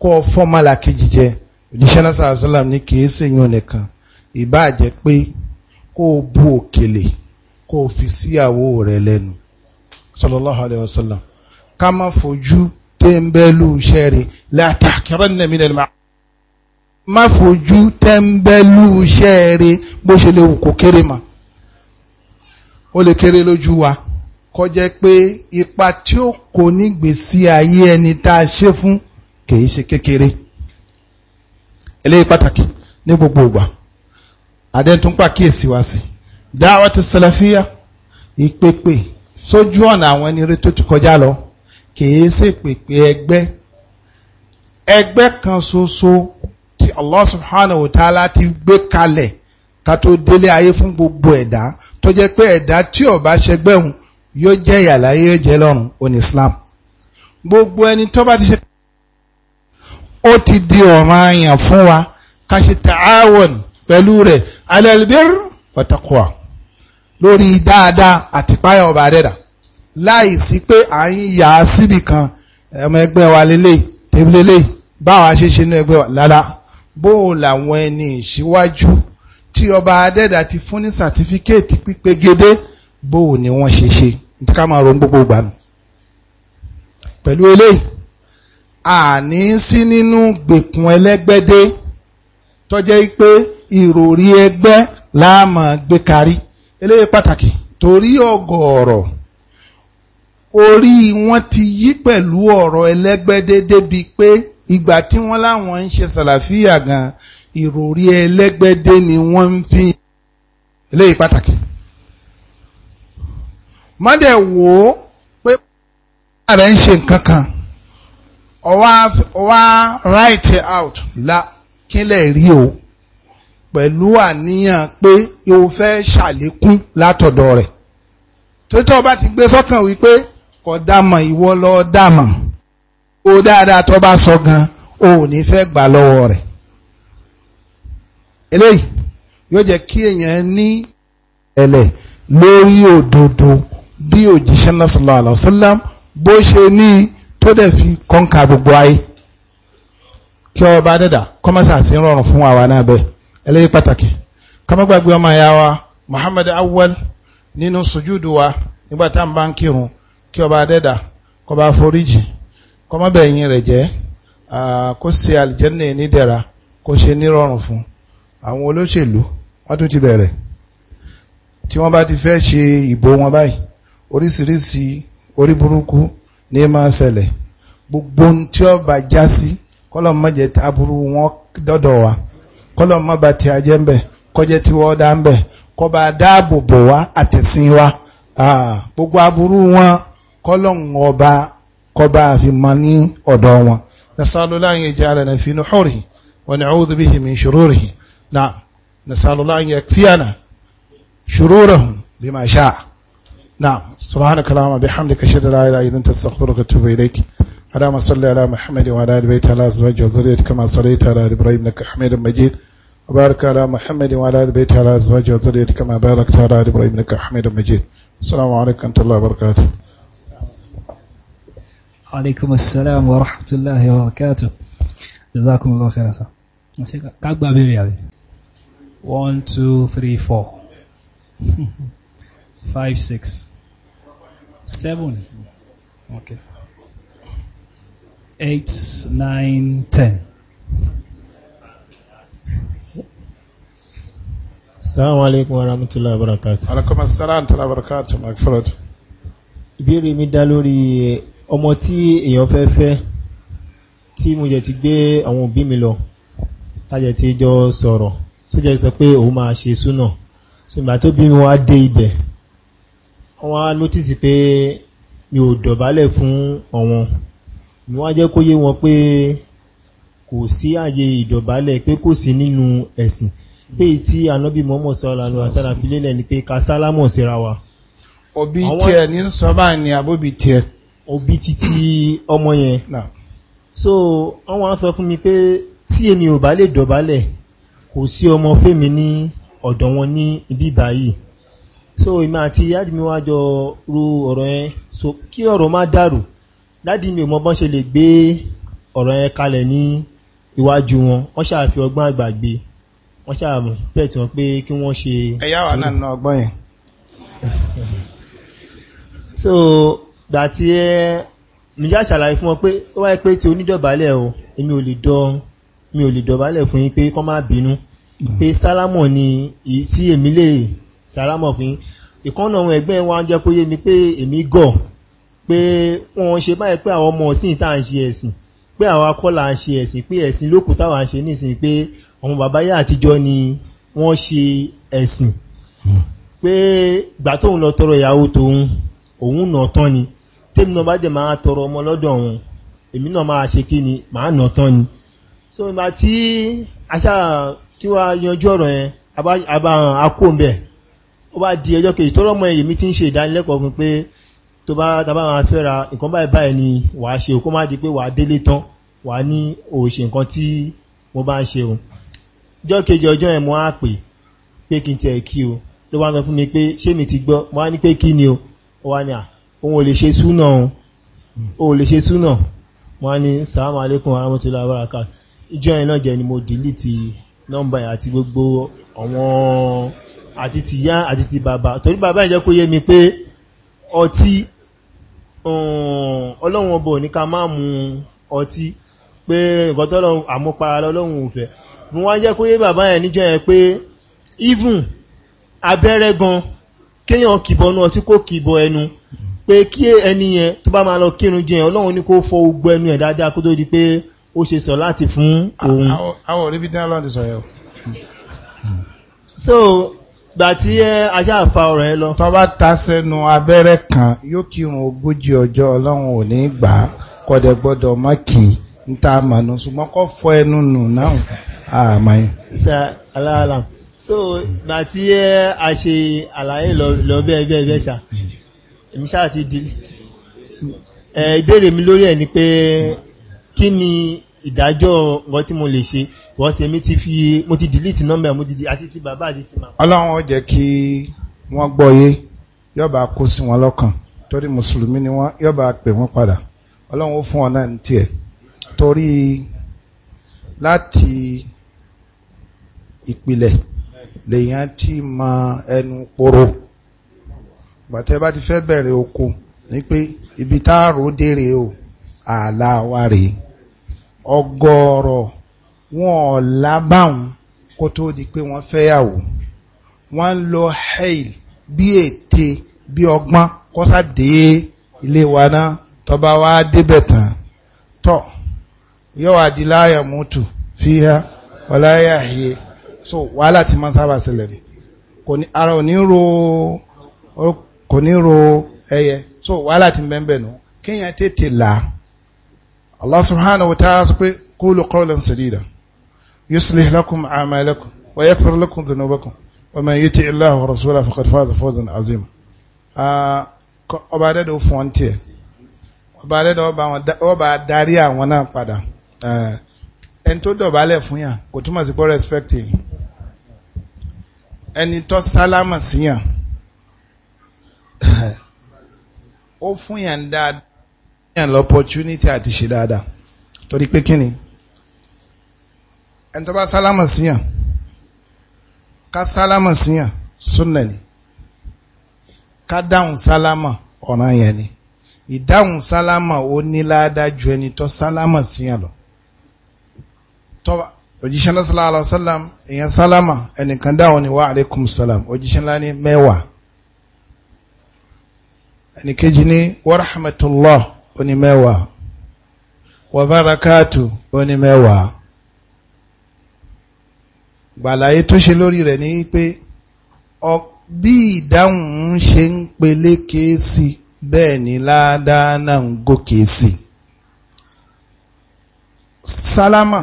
kó o fọ́mọ́là kejì jẹ òjíṣẹ́ náà sàrà sálàm ní kì í sèyún nìkan ìbáà jẹ́ pé kó o bu òkèlè kó o fi síyàwó rẹ lẹ́nu sallallahu alayhi wa sallam ká má fojú téńbẹ́lú iṣẹ́ rẹ̀ látàkìrẹ́ nàmínà máa má fojú tẹ́ńbẹ́lú iṣẹ́ rẹ bó ṣe lè wù kó kéré mà ó lè kéré lójú wa kó jẹ́ pé ipa tí ó kó nígbèésí ayé ẹni tá a ṣe fún kìí ṣe kékeré eléyìí pàtàkì ní gbogbo ìgbà adẹ́tún pàkíyèsí wa sí dáwàtú sàlàfíà ìpèpè sójú ọ̀nà àwọn ẹni rẹ tó ti kọjá lọ kìí ṣe pèpè ẹgbẹ́ ẹgbẹ́ kan ṣoṣo tí Allah subhanahu wa ta'ala ti gbé kalẹ̀ ká tó délé ayé fún gbogbo ẹ̀dá tó jẹ́ pé ẹ̀dá tí ó bá ṣẹgbẹ́hùn yóò jẹ́ ìyàláyé yóò jẹ́ lọ́run òní Islam gbogbo ẹni tó bá ti ṣe ó ti di ọ̀ranyàn fún wa ká ṣe ta'awun pẹ̀lú rẹ̀ alal birr lórí dáadáa àti páyà ọba àdẹ́dà láì sí pé à ń yà á síbì kan ẹmọ ẹgbẹ́ wa lélẹ̀ tẹ́bílélẹ̀ báwa ṣe ṣe inú ẹgbẹ́ wa lálá bó o làwọn ẹni ìṣíwájú tí ọba adẹ́dà ti fún ní sàtífíkẹ́ẹ̀tì pípégedé bó ni wọ́n ṣe ṣe ká máa ronú gbogbo ìgbà nù. pẹ̀lú eléyìí àní sí nínú gbèkùn ẹlẹ́gbẹ́dé tọ́jẹ́ pé ìròrí ẹgbẹ́ la máa gbé karí eléyìí pàtàkì torí ọ̀gọ̀ọ̀rọ̀ orí wọn ti yí pẹ̀lú ọ̀rọ̀ ẹlẹ́gbẹ́dé débi pé ìgbà tí wọ́n láwọn ń ṣe sàlàfíà gan ìròrí ẹlẹ́gbẹ́dé ni wọ́n ń fi eléyìí pàtàkì mọ́dẹ̀ wò ó pé bàbá rẹ̀ ń ṣe nǹkan kan ọwá write out la kílẹ̀ rí o pẹ̀lú àníyàn pé o fẹ́ ṣàlékún látọ̀dọ̀ rẹ̀ torítọ́ bá ti gbé sọ́kàn wípé kò dámọ̀ ìwọ lọ dámọ̀. o dáadáa tó bá sọ gan o ní fẹ́ gbà lọ́wọ́ rẹ̀ eléyìí yóò jẹ́ kí èèyàn ní ẹ̀lẹ̀ lórí òdodo bí òjíṣẹ́ náà sallallahu bó ṣe ní tó dẹ̀ fi kọ́ńkà gbogbo ayé kí ọba dẹ́dà kọ́mọ́sà sí rọrùn fún àwa náà bẹ́ẹ̀ eléyìí pàtàkì pataki ọmọ ìyá wa Awwal nínú wa nígbà tá à ń bá ń kírun kí bá foríjì kọ́mọ́bẹ̀yìn rẹ̀ jẹ́ kó ṣe àlìjẹ́nà nídẹ̀ra kó ṣe nírọ̀rùn fún àwọn olóṣèlú wọ́n tún ti bẹ̀rẹ̀ tí wọ́n bá ti fẹ́ ṣe ìbò wọn báyìí oríṣiríṣi orí burúkú ní máa ṣẹlẹ̀ gbogbo ohun tí ó bá já sí kọ́lọ̀ mọ́ jẹ́ aburú wọn dọ́dọ̀ wa kọ́lọ̀ mọ́ bá ti ajẹ́ ń bẹ̀ kọ́jẹ́ tí wọ́n dá ń bẹ̀ kọ́ bá dáàbò bò wá àtẹ̀sìn wa gbogbo aburú wọn kọ́lọ̀ ń ọba kọba في ní ọ̀dọ̀ wọn nasalula yẹn jẹ́ alẹ́ fi nuhuri wa na'udhu bihi min shururihi na nasalula yẹn fiyana shururahum bima sha'a نعم سبحانك اللهم بحمدك اشهد ان لا اله الا انت استغفرك واتوب اليك اللهم صل على محمد وعلى ال بيت على ازواج وذريته كما صليت على ال ابراهيم انك حميد مجيد وبارك على محمد وعلى ال بيت على ازواج وذريته كما باركت على ابراهيم انك حميد مجيد السلام عليكم ورحمه الله وبركاته عليكم السلام ورحمة الله وبركاته جزاكم الله خيرا ماشي كاك بابي ريالي 1 2 3 4 5 6 7 اوكي 8 9 10 السلام عليكم ورحمة الله وبركاته عليكم السلام ورحمة الله وبركاته مكفرد بيري مدالوري ọmọ tí èèyàn fẹ́ fẹ́ tí mo jẹ ti gbé àwọn òbí mi lọ tájẹ ti jọ sọ̀rọ̀ tó jẹ sọ pé òun máa ṣe súnà ṣùgbà tó bí wọn á dé ibẹ̀ wọn á nótìsì pé mi ò dọ̀bálẹ̀ fún ọ̀wọ́n ni wọ́n jẹ́ kó yé wọn pé kò sí àyè ìdọ̀bálẹ̀ pé kò sí nínú ẹ̀sìn pé tí anábì mọ́mọ́ sọ́ra lọ àsára ni pé ká sálámọ̀ síra wa òbí tiẹ̀ ní sọ́bà ni àbóbi tiẹ̀ òbí títí ọmọ yẹn so wọ́n wá sọ fún mi pé tí èmi ò bá lè dọ̀bálẹ̀ kò sí ọmọ fẹ́mi ní ọ̀dọ̀ wọn ní ibi báyìí so èmi àti dáàdì mi wá jọ ro ọ̀rọ̀ yẹn so kí ọ̀rọ̀ má dàrú dáàdì mi ò mọ bọ́n ṣe lè gbé ọ̀rọ̀ yẹn kalẹ̀ ní iwájú wọn wọ́n ṣàfi ọgbọ́n àgbàgbé wọ́n ṣàmù wọn pé kí wọ́n ṣe. ẹ̀yà wà náà nínú ọgbọ́n yẹn. so gbà tí ẹ nìjà ṣàlàyé fún wọn pé ó wáyé pé ti onídọ̀bálẹ̀ o èmi ò lè dán mi ò lè dọ̀bálẹ̀ fún yín pé kọ́ má bínú pé sálámọ̀ ni èyí tí èmi lè sálámọ̀ fún yín ìkànnà àwọn ẹgbẹ́ wa ń jẹ́ kó yé mi pé èmi gọ̀ pé wọ́n ṣe báyìí pé àwọn ọmọ ọ̀sìn tá à ń ṣe ẹ̀sìn pé àwọn akọ́là ń ṣe ẹ̀sìn pé ẹ̀sìn lókù táwa ń ṣe nísìnyí pé àwọn bàbá yá àtijọ́ ni wọ́n ṣe ẹ̀sìn hmm. pé gbà tóun lọ tọrọ ìyàwó tóun òun nà tán ni tèmi náà bá dẹ̀ máa tọrọ ọmọ lọ́dọ̀ wọn èmi náà máa ṣe kí ni màá nà tán ni so ìgbà tí aṣá tí wàá yanjú ọ̀rọ̀ yẹn àbáhàn akóńbẹ̀ ó bá di ọjọ́ kejì tọrọ ọmọ èmi ti ń ṣe ìdánilẹ́kọ̀ọ́ pé tó bá tábà máa fẹ́ra nǹkan báyìí báyìí ni wàá ṣe kó má di pé wàá délé tán wàá ní òòṣè nǹkan tí mo bá ń ṣe o ọjọ́ kejì ọjọ́ yẹn mo á pè pé kí n tiẹ̀ kí o ló wá sọ fún mi pé ṣé mi ti gbọ́ mo á ní pé kí ni o ó wá ní à òun ò lè ṣe súnà o ò lè ṣe súnà wọ́n ní sàmà alékún aramọ́tílá abáraka ìjọ ẹ̀ náà jẹ́ ni mo dìlítì nọ́mbà àti gbogbo àwọn àti ti yá àti ti bàbá torí bàbá ìjẹ́ kó yé mi pé ọtí um, ọlọ́run ọbọ̀ ní ká máa mú ọtí pé nǹkan àmúpara lọ́lọ́run òfẹ́ mú wá jẹ́ kó yé bàbá ẹ̀ níjọ́ ẹ̀ pé even abẹ́rẹ́ gan kéèyàn kìbọnú ọtí kó kìbọ ẹnu pé kí ẹni yẹn tó bá máa lọ kírun jẹ ọlọ́run ní kó fọ ogbó ẹnu ẹ̀ dáadáa kó tó di pé ó ṣe sọ láti fún òun. àwọn òrí bí dá lọ́n sọ yẹn so gbà tí ẹ aṣáàfà ọ̀rọ̀ ẹ lọ. tó bá ta sẹ́nu abẹ́rẹ́ kan yóò kírun ogójì ọjọ́ ọlọ́run ò ní gbà á kọ́dẹ̀ gbọ́dọ̀ má kì í ń ta àmànù ṣùgbọ́n kọ́ fọ ẹnu nù náà àmàyàn. sir alaala so gbà tí ẹ àṣe àlàyé lọ bẹ́ẹ̀ bẹ́ẹ̀ bẹ́ẹ̀ ṣá èmi ṣáà ti di ìbéèrè mi lórí ẹ̀ ni pé kí ni ìdájọ́ nǹkan tí mo lè ṣe wọ́n ṣe mi ti fi mo ti delete number mo ti di àti ti bàbá àti ti màmá. ọlọ́run ó jẹ́ kí wọ́n gbọ́yé yọba kó sí wọn lọ́kàn torí mùsùlùmí ni wọ́n yọba pè wọ́n padà ọlọ́run ó fún ọ náà ní tiẹ̀ torí láti ìpìlẹ̀ lèèyàn ti mọ ẹnu poro gbàtẹ́ bá ti fẹ́ bẹ̀rẹ̀ oko ní pé ibi tá a rò dére o ààlà wa rèé ọgọ́rọ̀ wọn ò lábàwọn kó tó di pé wọ́n fẹ́yàwó wọ́n lọ hail bí ète bí ọgbọ́n kọ́sá dé ilé wa náà tọba wa débẹ̀ tán tọ́ yóò wá di láyà mútu fi ha ọláyà yìí so wàhálà ti máa sábà sílẹ̀ ni kò ní ara ò ní ro kò ní ro ẹyẹ so wàhálà ti bẹ́ẹ̀ bẹ́ẹ̀ nù kéèyàn tètè là Allah subhanahu wa ta'ala sọ pé qulu qawlan sadida yuslih lakum a'malakum wa yaghfir lakum dhunubakum wa man yuti Allaha wa rasulahu faqad faza fawzan azima ọba adẹ́dọ̀ fún ọ́n tiẹ̀ ọba adẹ́dọ̀ ọba darí àwọn náà padà ẹni tó dọ̀bálẹ̀ fún yàn kò túmọ̀ sí pọ́ respect yìí ẹni tó sálámà sí yàn ó fún yàn dáadáa yàn lọ́pọ̀tunity àti ṣe dáadáa torí pé kí ni ẹni tó bá sálámà síyàn ká sálámà síyàn súnà ni ká dáhùn sálámà ọ̀ràn yẹn ni ìdáhùn sálámà ó ní ládàá ju ẹni tó sálámà síyàn lọ tọ́ba òjíṣẹ́ náà sallallahu alaihi wasallam sálámà ẹnìkan dáhùn ni wa alaikum salam òjíṣẹ́ ńlá ní mẹ́wàá ẹnìkejì ní warahmatulah onímẹ́wàá wabarakatu onímẹ́wàá gbàlàyé tó ṣe lórí rẹ̀ ní pé bí ìdáhùn ṣe ń peléke sí bẹ́ẹ̀ ni ládàá náà ń gòkè sí sálámà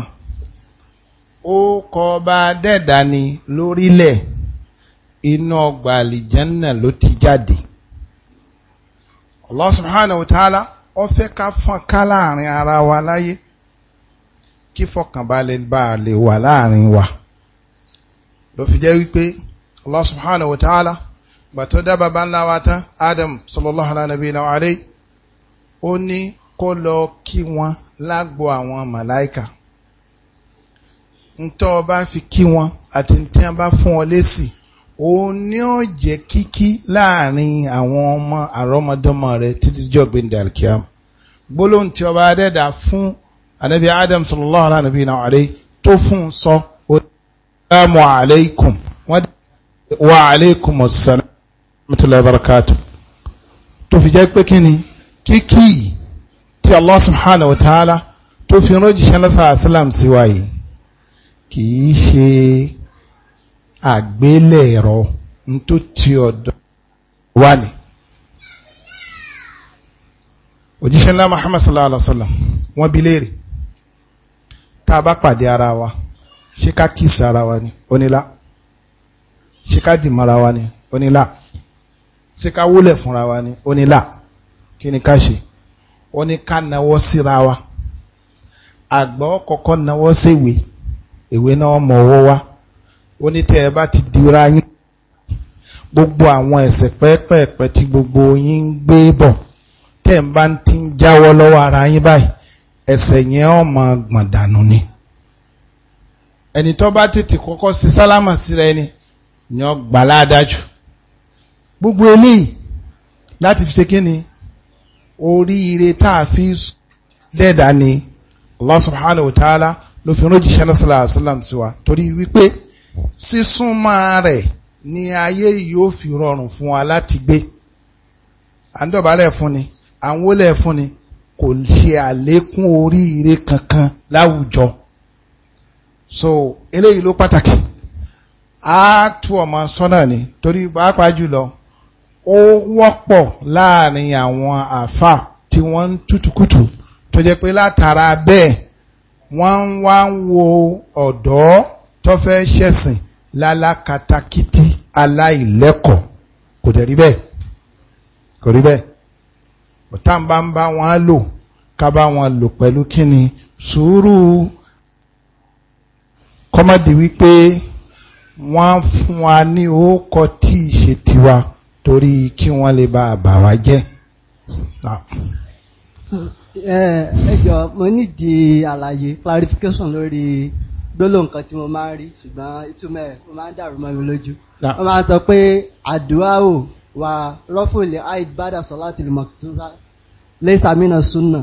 ó kọba dẹ́dà ni lórílẹ̀ inú ọgbà àlìjánà ló ti jáde. Allah subhanahu wa ta'ala ó fẹ́ ká fọ́n ká láàrin ara wa láyé kí fọkànbalẹ̀ bá a lè wà láàrin wa ló fi jẹ́ wípé Allah subhanahu wa ta'ala gbàtọ́ dá baba ńlá wa tán Adam sallallahu ala wa alayhi ó ní kó lọ kí wọn lágbo àwọn màláìkà ntọ́ bá fi kí wọn àti ntí bá fún ọ lésì òun ni ó jẹ́ kíkí láàrin àwọn ọmọ àrọ́mọdọ́mọ rẹ̀ títí jọ́ gbẹ̀ndẹ̀ alkiam gbólóhùn tí ọba adẹ́dà fún anabi adam sallallahu alaihi wa sallam tó fún un sọ assalamu alaikum wa alaikum assalam mutula barakatu tó fi jẹ́ pé kí ni kíkí tí allah subhanahu wa ta'ala tó fi rọ́jìṣẹ́ lọ́sàá asálàm síwáyé kì í ṣe àgbélẹ̀rọ tó ti ọ̀dọ̀ wà ní òjíṣẹ́ ńlá Muhammad sallallahu alaihi wasallam wọ́n bi léèrè tá a bá pàdé ara wa ṣé ká kìsì ara wa ni onílá ṣé ká dìmọ́ra wa ni onílá ṣé ká wúlẹ̀ fúnra wa ni onílá kí ni ká ṣe ó ní ká nawọ́ síra wa àgbọ̀ kọ́kọ́ nawọ́ séwèé ìwé náà mọ̀ ọwọ́ wa ó ní tẹ́ ẹ bá ti dira yín gbogbo àwọn ẹ̀ṣẹ̀ pẹ́ẹ́pẹ́ẹ̀pẹ́ tí gbogbo yín ń gbé bọ̀ tẹ́ ẹ bá ti ń jáwọ́ lọ́wọ́ ara yín báyìí ẹ̀ṣẹ̀ yẹn ó máa gbọ̀n dànù ni ẹni tó bá tètè kọ́kọ́ sí sálámà síra ẹni ni ó gbà ládájú gbogbo eléyìí láti fi ṣe kí ni oríire tá a fi dẹ́ẹ̀dá ni Allah subhanahu wa ta'ala ló fi rán jíṣẹ́ náà sallallahu alaihi sí wa torí wípé sísúnmọ́ rẹ̀ ni ayé yóò fi rọrùn fún wa láti gbé à ń dọ̀bálẹ̀ fún ni à ń wólẹ̀ fún ni kò ṣe àlékún oríire kankan láwùjọ so eléyìí ló pàtàkì a tú ọmọ sọ́nà ni torí pàápàá jùlọ ó wọ́pọ̀ láàrin àwọn àfà tí wọ́n ń tútukùtù tó jẹ́ pé látara bẹ́ẹ̀ wọ́n wá ń wo ọ̀dọ́ tó fẹ́ ṣẹ̀sìn lálákatakítí aláìlẹ́kọ̀ọ́ kò dẹ̀ rí bẹ́ẹ̀ kò rí bẹ́ẹ̀ ọ̀tá ń bá ń bá wọn lò ká bá wọn lò pẹ̀lú kíni sùúrù kọ́mọ́dì wípé wọ́n fún wa ní òókọ tí ìṣe tiwa torí kí wọ́n lè bá bà wá jẹ́. ẹ jọ mo nídìí àlàyé clarification lórí gbólóhùn kan tí mo máa ń rí ṣùgbọ́n ìtumọ̀ ẹ̀ ó máa ń dàrú mọ́ mi lójú. Ah. wọ́n máa ń sọ pé àdúrà ò wà rọ́fùlì aid bada salatil maktuba lẹ́sàmínà súnà.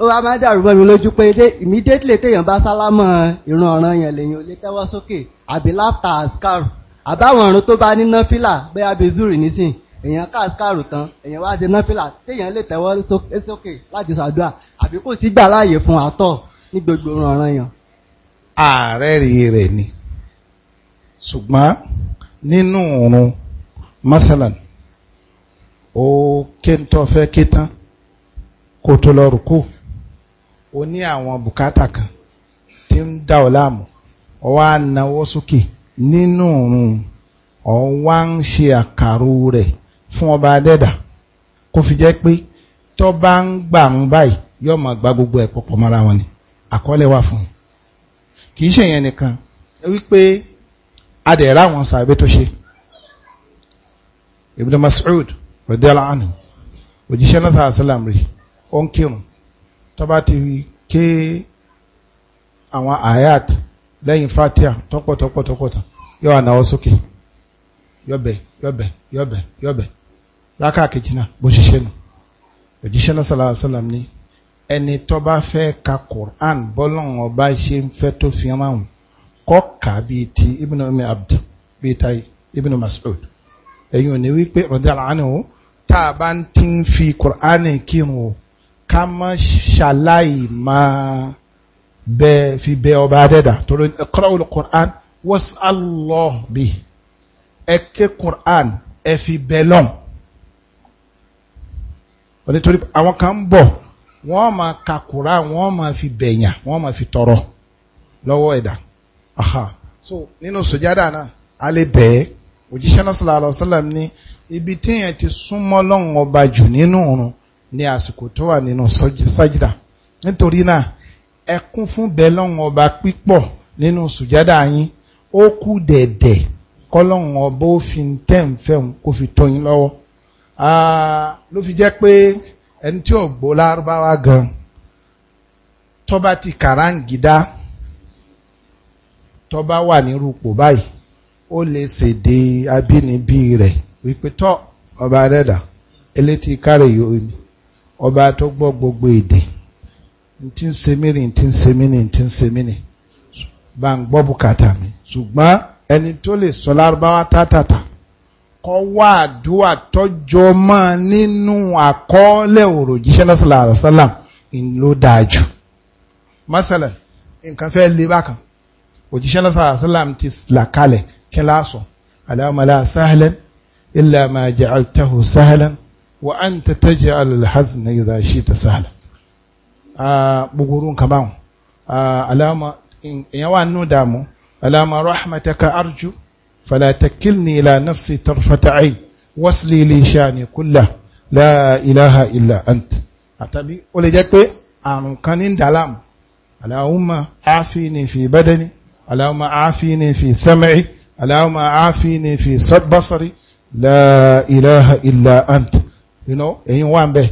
ó wá máa ń dàrú mọ́ mi lójú pé immediately téèyàn bá sálámọ̀ ìran ọ̀ràn yẹn lèyìn ò lè tẹ́wọ́ sókè àbí láfta askar àbáwọn ọ̀run tó bá ní náfìlà bẹ́ẹ̀ abezuri nísìn èèyàn káàkárò tán èèyàn wá ti náfìlà téèyàn lè tẹ́wọ́ sókè láti ṣàdúrà àbí kò sí gbà láàyè fún àtọ̀ ní gbogbo ọ̀ràn yẹn ààrẹ rẹ̀ ni ṣùgbọ́n nínú òrun mathalan ó kéńtọ́ fẹ́ ké tán kó tó lọ rùkú ó ní àwọn bùkátà kan tí ń dà ọ́ láàmú ọ wá náwó sókè nínú òrun ọ wá ń ṣe àkàrò rẹ̀ fún ọba adẹ́dà kó fi jẹ́ pé tọ́ bá ń gbà ń báyìí yóò máa gba gbogbo ẹ̀ pọ̀pọ̀ mọ́ra wọn ni àkọọ́lẹ̀ wà fún un kì í ṣe yẹn nìkan wípé adẹ̀rẹ́ àwọn sàbẹ̀ tó ṣe Ibn Mas'ud radiyallahu anhu òjíṣẹ́ náà sàásìlám rí ó ń kírun tó bá ti ké àwọn ayat lẹ́yìn fatia tọ́pọ̀tọ́pọ̀tọ́pọ̀tọ́ yóò ànáwó sókè yọ̀bẹ̀ yọ̀bẹ̀ yọ̀bẹ̀ yọ̀bẹ̀ rákà kejì náà bó ṣiṣẹ́ nù òjíṣẹ́ náà sàásìlám ní ẹni tó bá fẹ́ ka Quran bọ́lọ́n ọba ṣe ń fẹ́ tó fi hàn áhùn kọ́ kà bíi ti Ibn Umm Abd bíi ta Ibn Mas'ud ẹ̀yin ò ní wípé radiyallahu anhu tá a bá ti ń fi Quran kírun o ká má ṣàlàyé máa bẹ́ẹ̀ fi bẹ ọba adẹ́dà torí iqra'ul Quran was'allahu bihi ẹ ké Quran ẹ fi bẹ lọ́n onítorí àwọn kan ń bọ̀ wọ́n máa kakura wọ́n máa fi bẹ̀yàn wọ́n máa fi tọrọ lọ́wọ́ ẹ̀dá aha so nínú sùjádà náà a lè bẹ̀ẹ́ òjíṣẹ́ náà sallallahu alaihi wasallam ní ibi téèyàn ti súnmọ́ lọ́hùn ọba jù nínú òrun ní àsìkò tó wà nínú sájídà nítorí náà ẹ kún fún bẹ́ẹ̀ lọ́hùn ọba pípọ̀ nínú sùjádà yín ó kù dẹ̀dẹ̀ kọ́lọ́hùn ọba ó fi tẹ̀ ń fẹ́ kó fi tó yín lọ́wọ́ ló fi jẹ́ pé ẹni tí ò gbọ́ lárúbáwá gan tó ti kàráǹgídá tó bá wà nírú ipò báyìí ó lè ṣèdè abínibí rẹ̀ wípé tọ́ ọba rẹ̀dà elétí kárẹ̀ yóò ọba tó gbọ́ gbogbo èdè ntí ń ṣe mí ni ntí ń ṣe mí ni ntí ń ṣe mí ni bá ń gbọ́ bùkátà mi ṣùgbọ́n ẹni tó lè sọ lárúbáwá tátàtà kọ́ wá àdúrà tọ́jọ́ mọ́ nínú àkọọ́lẹ̀ ọ̀rọ̀ jíṣẹ́ lọ́sọ̀lá àrọ̀sọ́là ló dáa jù mọ́sálẹ̀ nǹkan fẹ́ lé bákan òjíṣẹ́ lọ́sọ̀lá àrọ̀sọ́là ti là kalẹ̀ kí lásọ̀ aláàmàlà sáhẹ́lẹ́ ilẹ̀ máa jẹ́ àtẹ̀hù sáhẹ́lẹ́ wà á ń tẹ́tẹ́ jẹ́ alùlhàzì ní ìdá ṣì tẹ̀ sáhẹ́lẹ́ gbogbo orun kàmáwọn aláàmà ìyẹn wà nù dààmú aláàmà rahmataka arju فلا تكلني إلى نفسي طرفة عين واصلي لي شأني كله لا إله إلا أنت àtàbí ó lè jẹ́ pé àrùn kan ní dàlám Allahumma aafini fi badani Allahumma aafini fi sam'i Allahumma aafini fi basari la ilaha illa ant you know èyí wà ń bẹ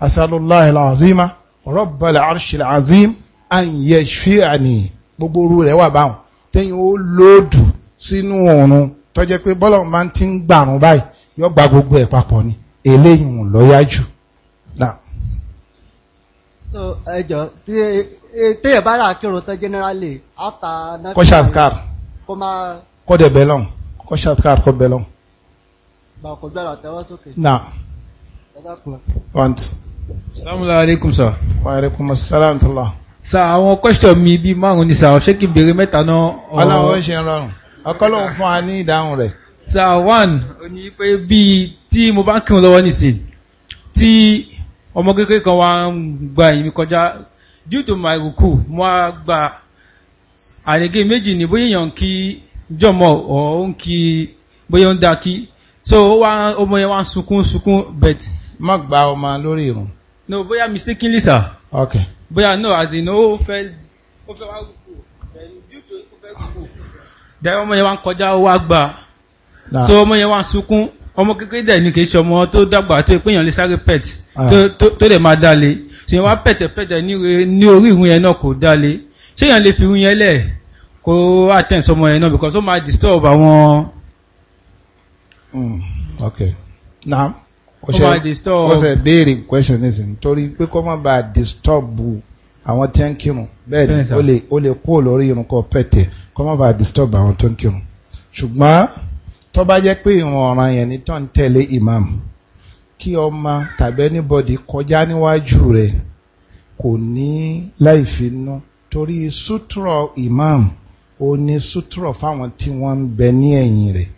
asalullahi alazima rabbal arshil azim an yashfi'ani gbogbo orú rẹ̀ wà báwọn tẹ́yìn ó lóòdù sínú òrun tó jẹ́ pé bọ́lọ̀ máa ti ń gbàrún báyìí yóò gba gbogbo ẹ̀ papọ̀ ni eléyìí lọ́yà jù. so ẹjọ tí téèyàn bá yà kírun tán generally after nine. kọ́ṣà káàr kó máa. kó dẹ̀ bẹ́ẹ̀ lọ́hùn kọ́ṣà káàr kó bẹ́ẹ̀ lọ́hùn. bá a kò gbọ́dọ̀ tẹ́wọ́ sókè. na want. salaamaleykum sir. wa aleykum salaam tula. sa àwọn question mi bíi márùn-ún ni sa ọ̀ṣẹ́kì béèrè mẹ́ta náà. aláwọ̀ ṣe ń rọrùn ọkọlọ́hún fún wa ní ìdáhùn rẹ̀. sa one ó ní pé bíi tí mo bá kírun lọ́wọ́ nísìn tí ọmọ kékeré kan wá ń gba ìmí kọjá due to my ruku mo á gba àrègé méjì ní bóyá èèyàn kí jọmọ ọ ń kí bóyá ń da kí so ọmọ yẹn wá ń sunkún sunkún bet. má gba ọmọ lórí irun. no bóyá mistakenly sir. okay. bóyá no as in ó fẹ́ ó fẹ́ wá ruku ó fẹ́ ruku dẹ ọmọ yẹn wá ń kọjá ó wá gbà so ọmọ yẹn wá ń sunkún ọmọ kékeré dẹ̀ ni kì í ṣe ọmọ tó dàgbà tó ìpínyàn lè sáré pẹ̀t ah. tó lè máa dalẹ̀ ṣe wá pẹ̀tẹ̀pẹ̀tẹ̀ ní orí ìrun yẹn náà kò dalẹ̀ ṣé yẹn lè fi ìrun yẹn lẹ̀ kó attend sọmọ yẹn náà because ó máa disturb àwọn. Hmm, ok now ó ṣe béèrè question nísìnyí torí pé kó má bàa disturb àwọn tí ń kírun bẹ́ẹ̀ ni ó lè ó lè kúrò lórí irun kọ pẹ̀tẹ̀ kó má bàa disturb àwọn tó ń kírun ṣùgbọ́n tó bá jẹ́ pé ìrun ọ̀ràn yẹn ní tó ń tẹ̀lé imam kí ọmọ tàbí anybody kọjá níwájú rẹ̀ kò ní láì torí sútúrọ̀ imam ó ní sútúrọ̀ fáwọn tí wọ́n ń bẹ ní ẹ̀yìn rẹ̀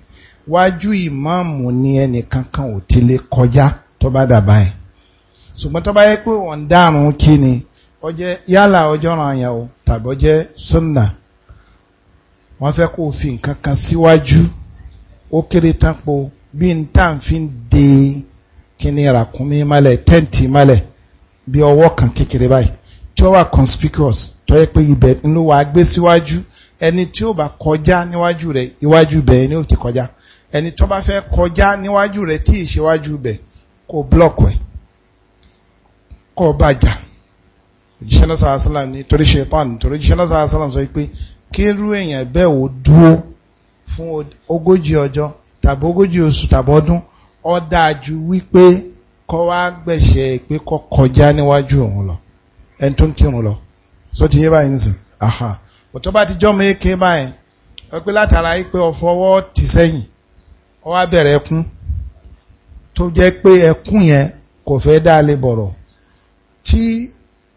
wájú imam ní ẹnìkankan ò ti lè kọjá tó bá dàbá yẹn ṣùgbọ́n tó bá yẹ pé wọ́n ń dárun kí ni ọjẹ́ yálà ọjọ́ ràn yàn o tàbọ́jẹ́ sunna wọ́n fẹ́ kó fi nǹkan kan síwájú ó kéré tán po bí n tá n fi de kíni ràkúnmí malẹ̀ tẹ́ǹtì malẹ̀ bí ọwọ́ kan kékeré báyìí tí ó wà conspicuous tó yẹ pé ibẹ̀ nínú wa gbé síwájú ẹni tí ó bá kọjá níwájú rẹ̀ iwájú bẹ̀ ni ó ti kọjá ẹni tó bá fẹ́ kọjá níwájú rẹ̀ tí ì ṣe wájú bẹ̀ kó blọọkù ẹ̀ kó bàjá òjíṣẹ́ náà sọ̀rọ̀ sọ́là ní torí ṣetán torí òjíṣẹ́ náà sọ̀rọ̀ sọ́là sọ pé kí irú èèyàn bẹ́ẹ̀ ò dúró fún ogójì ọjọ́ tàbí ogójì oṣù tàbí ọdún ó dáa ju wípé kọ́ wá gbẹ̀ṣẹ̀ pé kọ́ kọjá níwájú òun lọ ẹni tó ń kírun lọ sọ ti yé báyìí nìsín aha bọ̀tọ́ bá ti jọ́mọ eke báyìí ọ pé látara yìí pé ọ̀fọwọ́ ti sẹ́yìn ọ wá bẹ̀rẹ̀ ẹkún tó jẹ́ pé ẹkún yẹn kò fẹ́ dá lé bọ̀rọ̀ tí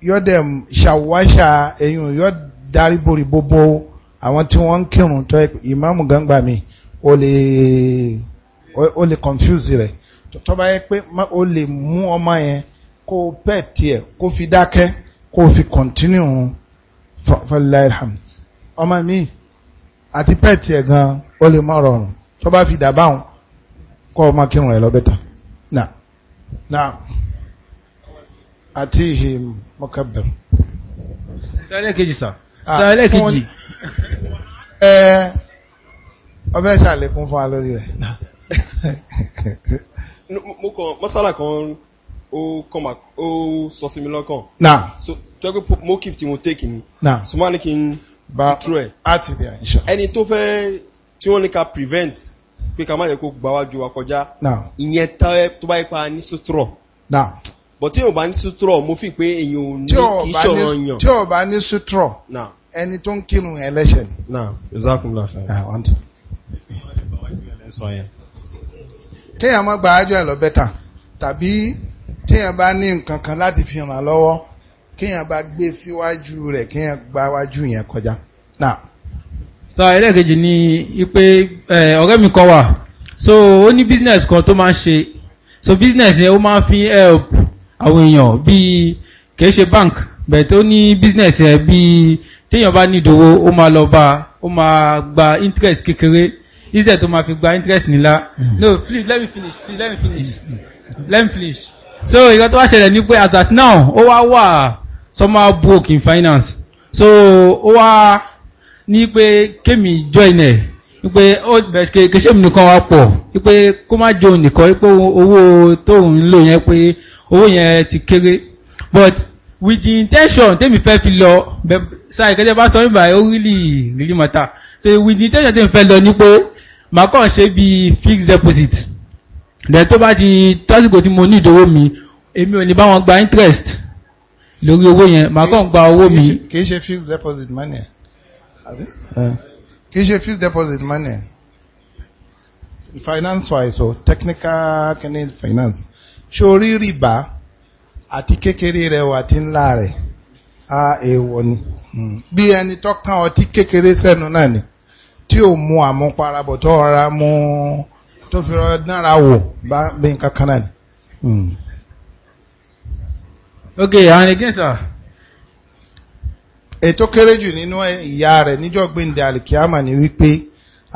yọ́dẹ̀ ṣàwáṣà ẹ̀yìn yọ́ darí borí gbogbo àwọn tí wọ́n ń kírun tó ìmáàmù gangba mi ó lè ó lè confuse rẹ̀ tó bá yẹ pé ó lè mú ọmọ yẹn kó pẹ́ tiẹ̀ kó fi dákẹ́ kó fi continue fọláìlham ọmọ mi àti pẹ́ tiẹ̀ gan ó lè mọ̀ rọrùn tó bá fi dàbáwọn kọ́ ọmọ kírun ẹ̀ lọ́bẹ̀ta náà náà atihim mọ́kàbẹ̀rù. sàlẹ̀ kejì sà sàlẹ̀ kejì. ẹ ọbẹ̀ ṣàlékún fún wa lórí rẹ̀. mo kàn mọ́sálà kan ó kọ́mà ó sọ sí mi lọ́kàn. na so tó yẹ pé mokif tí mo take ni. na so máa ní kí n tutù ẹ̀. a ti bí àyíṣà. ẹni tó fẹ́ tí wọ́n ní ká prevent pé ká má yẹ kó gbà wa kọjá. na ìyẹn tó bá yẹ pa ní sotro. na bọ̀ tí yóò bá ní sutrọ̀ mo fi pé èyàn ò ní kì í ṣọ̀rọ̀ yàn. tí yóò bá ní sutrọ̀ ẹni tó ń kírun ẹlẹ́ṣẹ̀ ni. Ah, kéèyàn má gba àjọ ẹ̀ lọ bẹ́tà tàbí téèyàn bá ní nǹkan kan láti fi ràn lọ́wọ́ kéèyàn bá gbé síwájú rẹ̀ kéèyàn gba wájú yẹn kọjá. sọ ẹlẹ́kejì ni wípé ọ̀rẹ́ mi kọ́ wà so ó ní business kan tó máa ń ṣe so business yẹn ó máa ń fi help àwọn èèyàn bíi kìí ṣe bank bẹ̀ẹ̀ tó ní business ẹ̀ bíi téèyàn bá ní ìdòwò ó máa lọ bá ó máa gba interest kékeré instead tó máa fi gba interest nílá hmm. no please let me finish please let me finish let me finish so ìkan tó wá ṣẹlẹ̀ ni pé as at now ó wá wà somehow broke in finance so ó wá ní pé kémi join ẹ̀ wípé ó kẹsẹ́ mi nìkan wá pọ̀ wípé kó má jẹun nìkan wípé owó tóun ń lò yẹn pé owó yẹn ti kéré but with the intention tèmi fẹ́ fi lọ ṣáà kẹ́tẹ́ bá sọ nígbà ó really really matter so with the intention tèmi fẹ́ lọ ni pé màá kàn ṣe bí fixed deposit then tó bá ti tásìkò tí mo ní ìdówó mi èmi ò ní bá wọn gba interest lórí owó yẹn màá kàn gba owó mi. kì í ṣe fixed deposit money àbí kì í ṣe fixed deposit money finance wise o technical kini finance ṣorí rìbá àti kékeré rẹ o àti ńlá rẹ a èèwọ̀ ni hmm. bí ẹni tó kán ọtí kékeré sẹ́nu náà ni tí ò mu àmupárabọ̀ tó rọra mu tó fi rọ náírà wò bá bí nǹkan kan náà ni. Hmm. okay and again sir ètò kéré jù nínú ìyà rẹ̀ níjọ́ gbẹ̀ǹdẹ̀ alikiyama ni wípé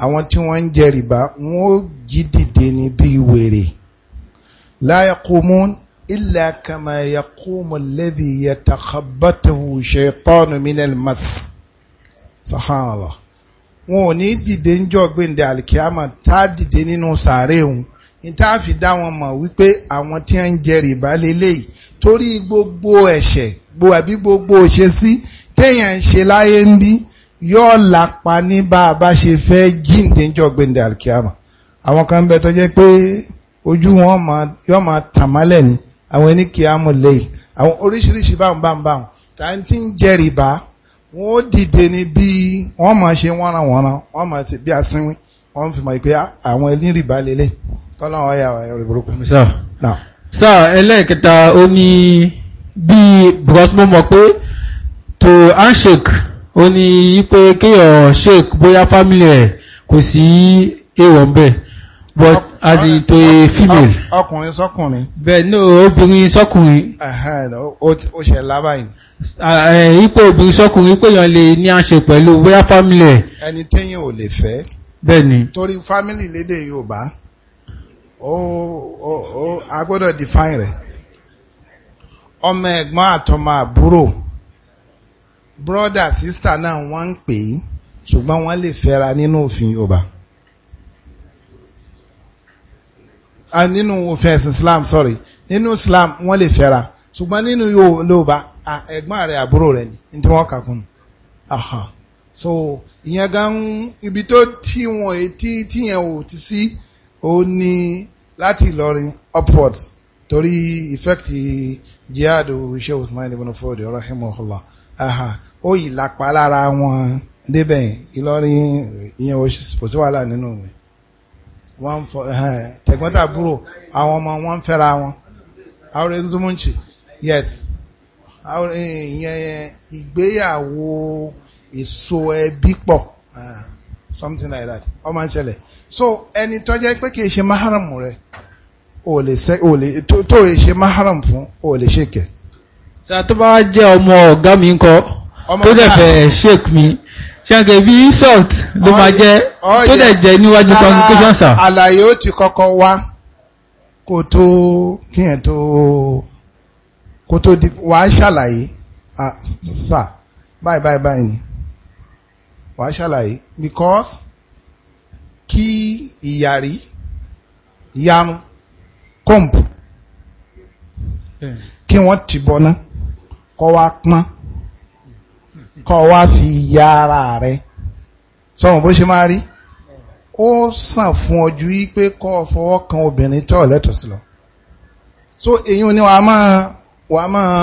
àwọn tí wọ́n ń jẹ rìbá wọ́n ó jí dìde ní bí wèrè la yaqumun illa kama yaqumu alladhi yatakhabbatuhu shaytanu minal mas subhanallah wọn ò ní dìde níjọ́ gbẹ̀ǹdẹ̀ alikiyama tá a dìde nínú sàárè òun ní fi dá wọn mọ̀ wípé àwọn tí wọ́n ń jẹ rìbá lélẹ́yìí torí gbogbo ẹ̀ṣẹ̀ gbogbo àbí gbogbo òṣèṣí téèyàn ń ṣe láyé ń bí yóò lápa ní bá a bá ṣe fẹ́ jíǹde ń jọ gbẹ̀ndẹ̀ àlùkìyàmà àwọn kan bẹ tó jẹ́ pé ojú wọn yóò máa tàn mọ́lẹ̀ ni àwọn oníkìyàmù lẹ́yìn àwọn oríṣiríṣi báwọn báwọn báwọn tá à ń tí ń jẹrìbá wọn ó dìde ní bí wọn máa ṣe wọ́nra wọ́nra wọn máa ṣe bí asínwín wọn fi mọ̀ pé ah, àwọn elérìbá lélẹ̀ kọ́lọ́n ọ̀yà ẹ̀rọ burúkú. sáà ẹlẹ́ẹ̀kẹta ó ní bí bros mo pé so handshake ó ní pé kéèyàn shake bóyá family ẹ̀ kò sí èèwọ̀ ń bẹ̀ but as in to a female. ọkùnrin sọkùnrin. bẹ́ẹ̀ ní obìnrin sọkùnrin. ó ṣe lábàáyé. ipò obìnrin sọkùnrin pé èèyàn lè ní àṣẹ pẹ̀lú bóyá family ẹ̀. ẹni téèyàn ò lè fẹ́. bẹ́ẹ̀ ni. torí family lédè Yorùbá ó ó ó a gbọ́dọ̀ define rẹ̀ ọmọ ẹ̀gbọ́n àtọmọ àbúrò. Brother, sister, náà wọ́n ń pè é ṣùgbọ́n wọ́n lè fẹ́ra nínú òfin Yorùbá ah, nínú òfin ẹ̀sìn Islam sorry nínú Islam wọ́n lè fẹ́ra ṣùgbọ́n nínú Yorùbá ẹ̀gbọ́n rẹ̀ àbúrò rẹ̀ ni tí wọ́n kà kún un so ìyẹn gan ibi tó tí wọn tí tíyẹn ò ti sí ó ní láti Ìlọrin upwards torí effect jihad ṣe Usman ibn Fodi rahimahullah. Uh -huh ó ìlàpá lára wọn débẹ̀ Ìlọrin ìyẹn kò sí wàhálà nínú rẹ̀ wọ́n fọ tẹ̀gbọ́ntàbúrò àwọn ọmọ wọn ń fẹ́ra wọn aure nzumunchi yes aure ìyẹn ìgbéyàwó èso ẹbí pọ̀ something like that ọmọ ń ṣẹlẹ̀ so ẹni tó jẹ́ pé kì í ṣe maharam rẹ̀ o lè ṣe o lè tó ṣe maharam fún o lè ṣe kẹ̀. sàtúbà jẹ́ ọmọ ọ̀gá mi ń kọ́ tó dẹ̀ fẹ́ shake me! ṣáàkẹ́ bí insult ló máa jẹ́ tó dẹ̀ jẹ́ níwájú congregation sir. àlàyé ó ti kọ́kọ́ wá kó tó kí ẹ̀ tó kó tó di wàá ṣàlàyé ah, sir báyìí báyìí báyìí ni wàá ṣàlàyé because kí ìyàrí yanu comb hmm. kí wọ́n ti bọ́ná kọ́ wá pọ́n kọ́ wá fi ya ara rẹ sọ̀rọ̀ bó ṣe máa rí ó sàn fún ọjú yí pé kọ́ fọwọ́ kan obìnrin tọ́ lẹ́tọ̀ sí lọ so èyí ni wàá máa wàá máa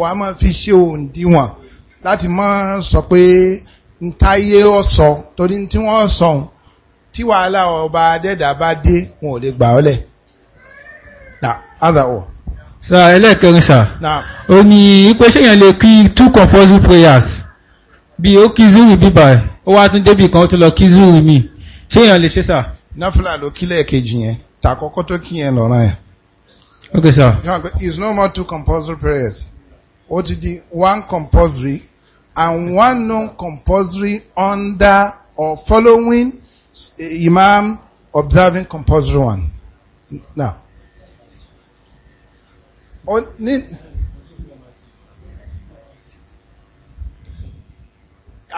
wàá máa fi ṣe òǹdíwọ̀n láti máa sọ pé ntáyé ọ̀sọ̀ torí tí wọ́n sọ̀hún tí wàhálà ọba adẹ́dà bá dé wọn ò lè gbà ọ́ lẹ̀ na otherwise. sir ẹlẹ́kẹrin sir. na. o ní pé ṣéyàn lè kí two compulsory prayers bí ó kí zúrì bíbà ó wá tún débì kan ó tún lọ kí zúrì mi ṣé èèyàn lè ṣe sà. náfìlà ló kílẹ̀ kejì yẹn tà kọ́kọ́ tó kí yẹn lọ́ràn yẹn. ok sir. it's no more two compulsory prayers ó ti di one compulsory and one non-compulsory under or following imam observing compulsory one. now. ó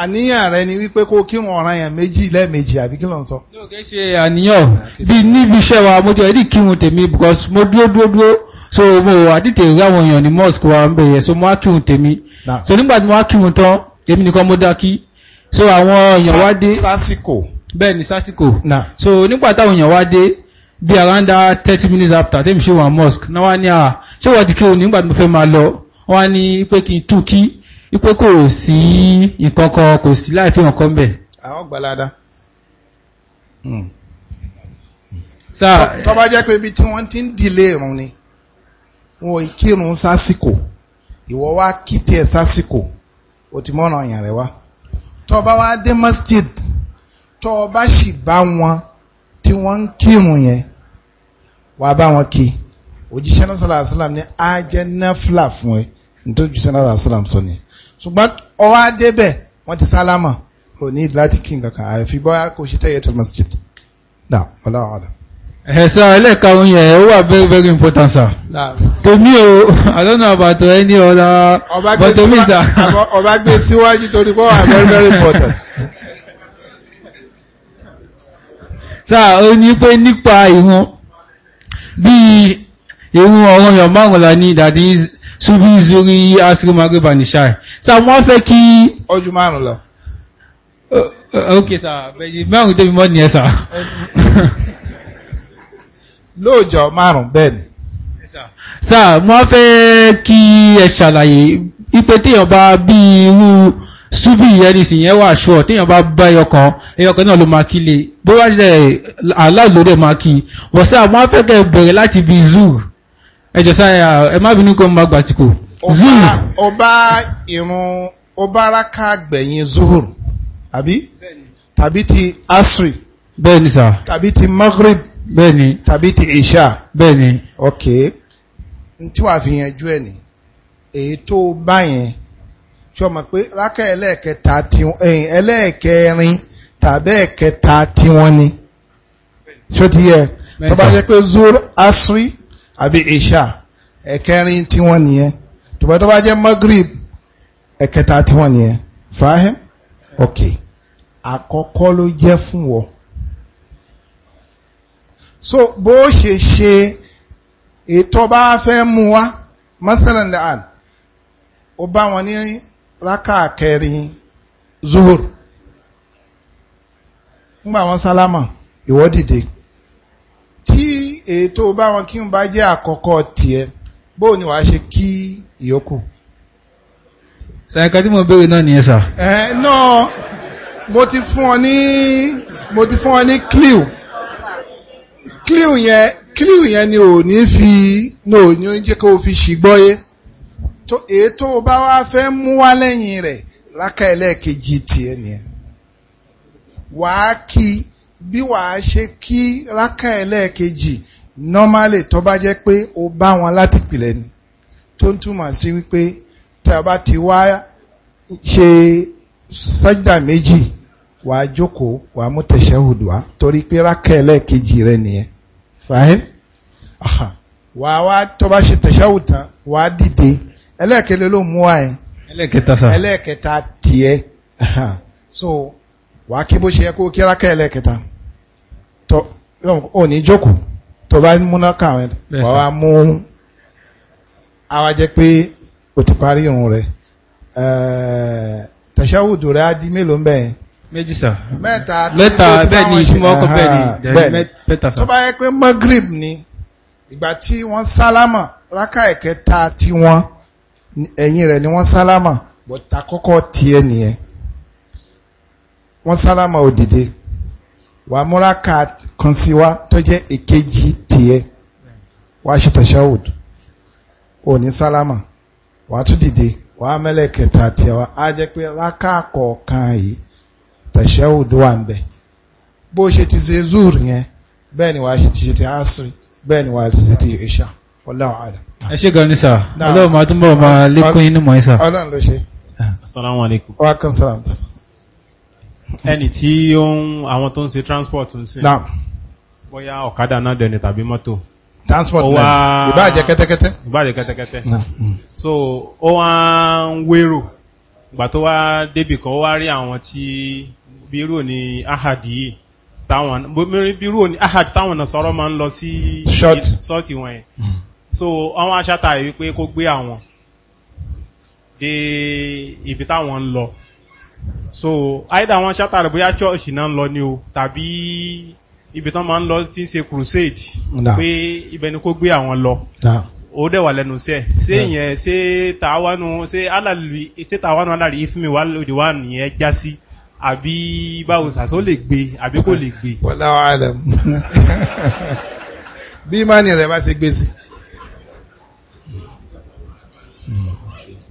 àníyàn rẹ ni wípé kó kírun ọ̀ràn yẹn méjì lẹ́ẹ̀mejì àbí kí ló ń sọ. yóò kẹ́ ṣe àníyàn ah, bí níbi iṣẹ́ wa mo jẹ́ ẹ̀rí kírun tèmi because mo dúró dúró dúró so mo àdìtẹ̀ rí àwọn èèyàn ní mosque wa ń bẹ̀yẹ so mo wá kírun tèmi so nígbà tí mo wá kírun tán èmi nìkan mo dá kí so àwọn èèyàn wá dé sásìkò bẹ́ẹ̀ ni sásìkò so nígbà táwọn èèyàn wá dé bí around thirty minutes after tèmi ṣe wà mosque náà wá ní à ah, ṣé wọ́n ti kírun nígbà tí á ní kí wípé kò sí ìkankan kò sí láì fi hàn kan bẹ̀. àwọn gbalada. tó bá jẹ́ pé ibi tí wọ́n ti ń dìlé irun ni wọn ò kírun sásìkò ìwọ wá kí tiẹ̀ sásìkò o ti mọ́nà ọ̀yàn rẹ wá tó bá wá dé masjid tó bá sì bá wọn tí wọ́n ń kírun yẹn wàá bá wọn kí òjíṣẹ́ náà sọ́lá àṣàlám ní ajẹ́ náfìlà fún ẹ nítorí òjíṣẹ́ náà sọ́lá àṣàlám sọ ṣùgbọ́n ọwọ́ adébẹ̀ wọ́n ti sálámà ò ní láti kí nǹkan kan àyàfi bọ́yá kò ṣe tẹ́yẹ tó masjid náà ọlọ́run eh, ọ̀dà. ẹ̀sà ẹlẹ́karùn yẹn ó wà very very important sir. tèmi o i don't know about any other but tèmi sir. ọba gbé síwájú torí bọ́ wà very very important. sá ó ní pé nípa ìrun bíi ìrun ọ̀ranyàn márùnlá ní that is ṣubí zuri asiri magrib and ishai sa wọ́n fẹ́ kí. ọjọ́ márùn lọ. ok sir bẹ́ẹ̀ni márùn tóbi mọ nìyẹn sir. lóòjọ́ márùn bẹ́ẹ̀ ni. sir wọ́n fẹ́ kí ẹ ṣàlàyé ipe téèyàn bá bí irú ṣubí yẹn ní ìsìn yẹn wà ṣọ téèyàn bá bá ẹyọkan ẹyọkan náà ló máa kí lè bó wá jẹ aláìlóde máa kí wọ́n sá wọ́n fẹ́ kẹ́ bẹ̀rẹ̀ láti bí zoo ẹjọ sáyà ẹ má bínú kó ń bá gbàsíkò. ọba irun ọba raka gbẹ̀yìn zuhur àbí tàbí ti asri. bẹ́ẹ̀ni sà. tàbí ti maghrib. bẹ́ẹ̀ni. tàbí ti isha. bẹ́ẹ̀ni. ok tí wàá fi yanjú ẹ ní èyí tó bá yẹn ṣọ mọ̀ pé raka ẹlẹ́ẹ̀kẹta tiwọn ẹlẹ́ẹ̀kẹrin tàbí ẹ̀kẹta tiwọn ni ṣó ti yẹ tó bá jẹ́ pé zuhur asri àbí isha ẹ̀kẹrin tí wọ́n nìyẹn tùbọ̀ tó bá jẹ́ magrib ẹ̀kẹta tí wọ́n nìyẹn fahim ok àkọ́kọ́ ló jẹ́ fún wọ so bó ṣe ṣe ètò bá fẹ́ mú wa masalan la'an ó bá wọn ní rákà kẹrin zuhur ńgbà wọn sálámà ìwọ E ètò bá wọn kí n bá jẹ́ àkọ́kọ́ tiẹ̀ bó ni wàá ṣe kí ìyókù. sàǹkà tí mo béèrè náà nìyẹn sà. ẹ náà mo ti fún ọ ní mo ti fún ọ ní clue clue yẹn clue yẹn ni ò ní fi ní ò jẹ́ kó o fi ṣìgbọ́yé tó ètò bá wá fẹ́ mú wá lẹ́yìn rẹ̀ rákà ẹlẹ́ẹ̀kejì tiẹ̀ nìyẹn wàá kí bí wàá ṣe kí rákà ẹlẹ́ẹ̀kejì normally tó bá jẹ́ pé o bá wọn láti pìlẹ̀ ni tó ń túmọ̀ sí wípé tá a bá ti wá ṣe sájúdà méjì wà á jókòó wà á mú tẹ̀sẹ̀hùd wá torí pé rákẹ́lẹ́ kejì rẹ nìyẹn fàáhìn wà á wá tó bá ṣe tẹ̀sẹ̀hùd tán wà á dìde ẹlẹ́ẹ̀kẹ́lẹ́ ló mú wa yẹn ẹlẹ́ẹ̀kẹta sá ẹlẹ́ẹ̀kẹta tiẹ̀ so wà á kí bó ṣe yẹ kó kí rákẹ́lẹ́ kẹta tó ò ní jókòó tó bá múná kàwé wà wá mú àwa jẹ́ pé o ti parí irun rẹ̀ tẹ̀síáwùdù rẹ̀ á di mélòó ń bẹ̀yẹn. méjì sà mẹ́ta mẹ́ta bẹ́ẹ̀ ni ìṣúmọ́ ọkọ̀ bẹ́ẹ̀ ni mẹ́ta sà. tó bá yẹ pé magrib ni ìgbà tí wọ́n sálámà rákà ẹ̀kẹta tí wọ́n ẹ̀yìn rẹ̀ ni wọ́n sálámà bọ̀tà kọ́kọ́ tiẹ̀ nìyẹn wọ́n sálámà òdìdé wàá múra ká kan sí wa tó jẹ́ èkejì tiẹ̀ wàá ṣe tashahud òní sálámà wàá tún dìde wàá mẹ́lẹ̀ kẹta tiẹ̀ wa á jẹ́ pé rákà kọ̀ọ̀kan yìí tashahud wà ń bẹ̀ bó ṣe ti ṣe zuur yẹn bẹ́ẹ̀ ni wàá ṣe ti ṣe ti asiri bẹ́ẹ̀ ni wàá ṣe ti ti isha wallahu alam. ẹ ṣe gan ni sá máa túnbọ̀ máa lékún inú mọ́ ẹ sá. ọlọ́run ló ṣe. asalaamualeykum. wa kan salaam tala ẹni tí ó ń àwọn tó ń ṣe transport ń sìn bóyá ọ̀kadà náà dẹni tàbí mọ́tò transport náà ìbáàjẹ́ kẹ́tẹ́kẹ́tẹ́ ìbáàjẹ́ kẹ́tẹ́kẹ́tẹ́ mm. so ó wá ń wérò ìgbà tó wá débì kan ó wá rí àwọn tí bírò ní ahadi yìí táwọn bírò ní ahadi táwọn náà sọ̀rọ̀ máa ń lọ sí ṣọ́ọ̀tì wọn yẹn mm. so àwọn aṣáta yìí pé kó gbé àwọn dé ibi táwọn ń lọ so either wọn ṣátàrẹ bóyá ṣọ́ọ̀ṣì náà ń lọ ni o tàbí ibi tán máa ń lọ tí ń ṣe crusade pé ibẹ̀ ni kó gbé àwọn lọ ó dẹ̀ wà lẹ́nu sí ẹ̀ ṣé ìyẹn ṣé tàwánu ṣé alàlùí ṣé tàwánu alàlùí fún mi wà lòdì wà nìyẹn já sí àbí báwo sàṣó lè gbé àbí kò lè gbé. wọ́n láwọn àlẹ́ bí bá ṣe gbé sí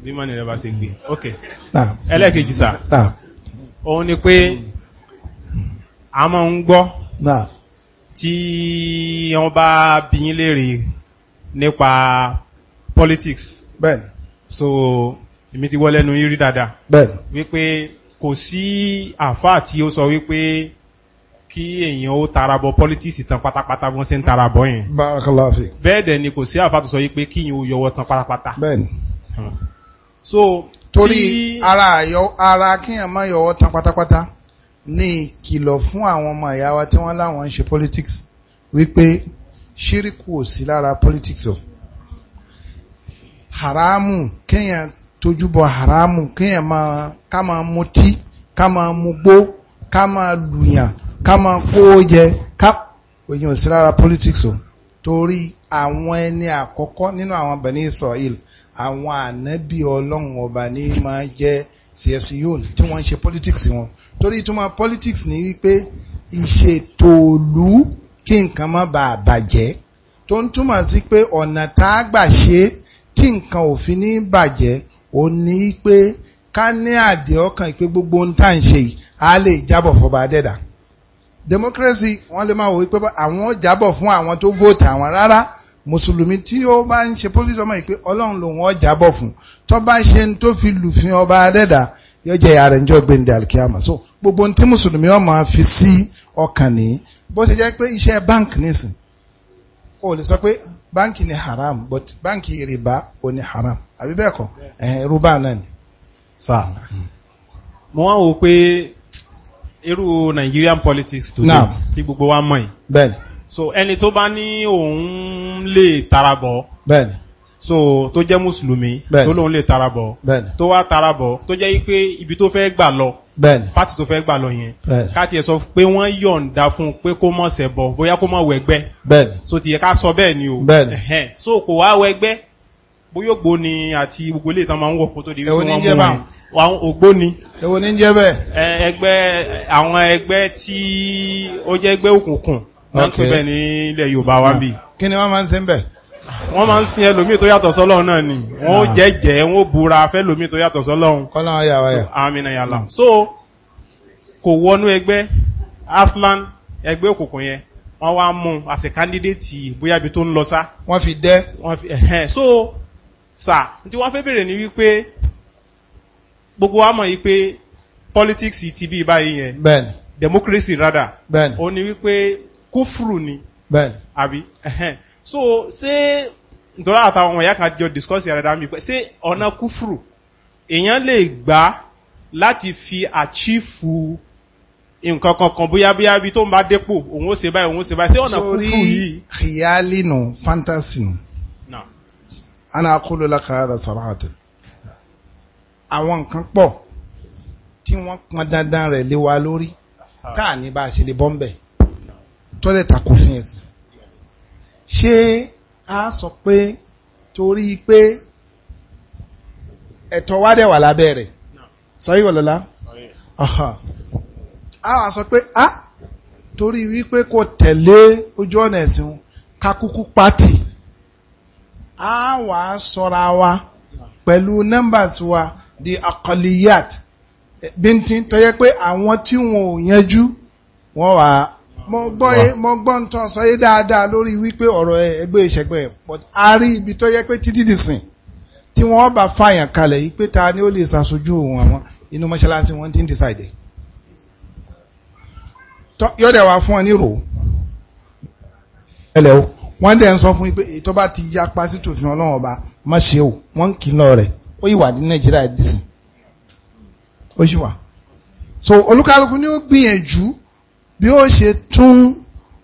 bí mọ́ni rẹ̀ bá ṣe gbé ok ẹlẹ́kejì sà òun ni pé a máa ń gbọ́ tí wọ́n bá bi yín nípa politics Ben. so èmi ti wọ́ lẹ́nu yín rí dáadáa bẹ́ẹ̀ni wípé kò sí àfáà tí ó sọ wípé kí èèyàn ó tarabọ politics tán pátápátá wọn ṣe ń tarabọ yẹn. barakallahu fi. bẹ́ẹ̀ dẹ̀ ni kò sí àfàtúnṣọ yìí pé kíyìn ó yọwọ́ tán pátápátá. bẹ́ẹ̀ni hmm so torí ara àyọ ara kíyàn má yọwọ́ tán pátápátá ní ìkìlọ̀ fún àwọn ọmọ ìyá wa tí wọ́n láwọn ń ṣe politics wípé ṣíríkù ò sí lára politics o haramu kíyàn tójúbọ haramu kíyàn máa ká máa mutí ká máa mugbó ká máa lùyàn ká máa kó jẹ ká òyìn ò sí lára politics o torí àwọn ẹni àkọ́kọ́ nínú àwọn Bani Israel àwọn ànábì ọlọ́run ọba ní máa jẹ́ csun tí wọ́n ń ṣe politics wọn torí ìtumọ̀ politics ní wípé ìṣètòòlú kí nǹkan má bàa bàjẹ́ tó ń túmọ̀ sí pé ọ̀nà tá a gbà ṣe tí nǹkan ò fi ní bàjẹ́ ò ní pé ká ní àdé ọkàn pé gbogbo ohun tá à ń ṣe yìí á lè jábọ̀ fọba dẹ́dà democracy wọ́n lè máa wò wípé àwọn jábọ̀ fún àwọn tó vote àwọn rárá mùsùlùmí tí ó bá ń ṣe pólísì ọmọ yìí pé ọlọ́run lòun ọjà bọ̀ fún tó bá ṣe ń tó fi lùfin ọba adẹ́dà yóò jẹ́ ìyá rẹ̀ ń jọ gbẹ̀ndẹ̀ alikiyama so gbogbo ohun tí mùsùlùmí ọmọ fi sí ọkàn nìyí bó ṣe jẹ́ pé iṣẹ́ báǹkì nìsín o lè sọ pé báǹkì ni haram but báǹkì rìbá o ni haram àbí bẹ́ẹ̀ kọ́ rúbà náà ni. sà mo wá wò pé irú Nigerian politics today ti gbogbo wa mọ̀ yìí. bẹ́ẹ̀ni so ẹni tó bá ní òun lè tarabọ̀ bẹ́ẹ̀ni so tó jẹ́ mùsùlùmí tó lóun lè tarabọ̀ bẹ́ẹ̀ni tó wá tarabọ̀ tó jẹ́ pé ibi tó fẹ́ gbà lọ bẹ́ẹ̀ni pátì tó fẹ́ gbà lọ yẹn káti ẹ̀ sọ pé wọ́n yọ̀ǹda fún pé kó mọ̀ ṣẹbọ bóyá kó mọ̀ wẹ̀gbẹ́ bẹ́ẹ̀ni so ti yẹ ká sọ bẹ́ẹ̀ ni o bẹ́ẹ̀ni so kò wá wẹ̀gbẹ́ bóyá ògbó ni àti gbogbo ilé ìtàn máa ń wọ̀ kó tó di wípé wọ́n mú àwọn ògbóni. tí ó jẹ́ ẹgbẹ́ òkùnkùn wọ́n pè bẹ́ẹ̀ ní ilẹ̀ Yorùbá wá ah. bí. kí ni wọ́n máa ń sin bẹ́ẹ̀. wọ́n máa ń sin ẹlòmíì tó yàtọ̀ sọ́lọ́run náà ni wọ́n ó ah. jẹ́jẹ́ wọ́n búra fẹ́ lòmíì tó yàtọ̀ sọ́lọ́run. kọ́lá wọn yà wá àmì nà yàrá hmm. so kò wọnú ẹgbẹ́ aslan ẹgbẹ́ òkùnkùn yẹn wọ́n wá mú as a candidate bóyá ibi tó ń lọ sá. wọ́n fi dẹ́. so sà tí wọ́n fẹ́ bèrè ni wípé gbogbo wa mọ̀ yìí pé politics ti bí báyìí yẹn. bẹ́ẹ̀ni democracy rather. bẹ́ẹ̀ni ó ní wípé kófùrù ni. bẹ́ẹ̀ni. àbí so ṣé nítorí àtàwọn ọmọ ìyá kan jọ discuss yàrá dàmí pé ṣé ọ̀nà kófùrù èèyàn lè gbà láti fi àchífù nǹkan kankan bóyá bóyá bí tó ń bá dépò òun ó ṣe báyìí òun ó ṣe báyìí ṣé ọ̀nà kófùrù yìí. sori khiyali nù fantasy nù. No. ana akulu laka hada sarahata àwọn nǹkan pọ̀ tí wọ́n pọn dandan rẹ̀ lé wa lórí tá à ní bá a ṣe lè bọ́ ń bẹ̀ tọ́lẹ̀ tako fún ṣé a sọ pé torí pé ẹ̀tọ́ wa dẹ̀ wà lábẹ́ rẹ̀ sọyí wọ̀lọ́lá a wà sọ pé a torí wípé kò tẹ̀lé ojú ọ̀nà ẹ̀sìn kakuku pati a wà sọra wa pẹ̀lú numbers wa di akaliyat bíntín tó yẹ pé àwọn tí wọn ò yanjú wọn wà mo gbọ́ e, mo gbọ́ ń tán sọ yé dáadáa lórí wípé ọ̀rọ̀ ẹgbẹ́ ìṣẹ̀gbẹ́ but a rí ibi tó yẹ pé títí dìsìn tí wọ́n bá fàyàn kalẹ̀ yìí pé ta ni ó lè ṣàṣojú òun àwọn inú mọ́ṣáláṣí wọ́n ti ń decide. yọ̀dẹ̀ wá fún ọ wọ́n dẹ̀ ń sọ fún yín ètò bá ti ya sí tòfin ọlọ́run ọba má ṣe o wọ́n ń kì í lọ rẹ̀ ó yìí wà ní nàìjíríà dìsìn ó sì wà so olúkálùkù ni ó gbìyànjú bí ó ṣe tún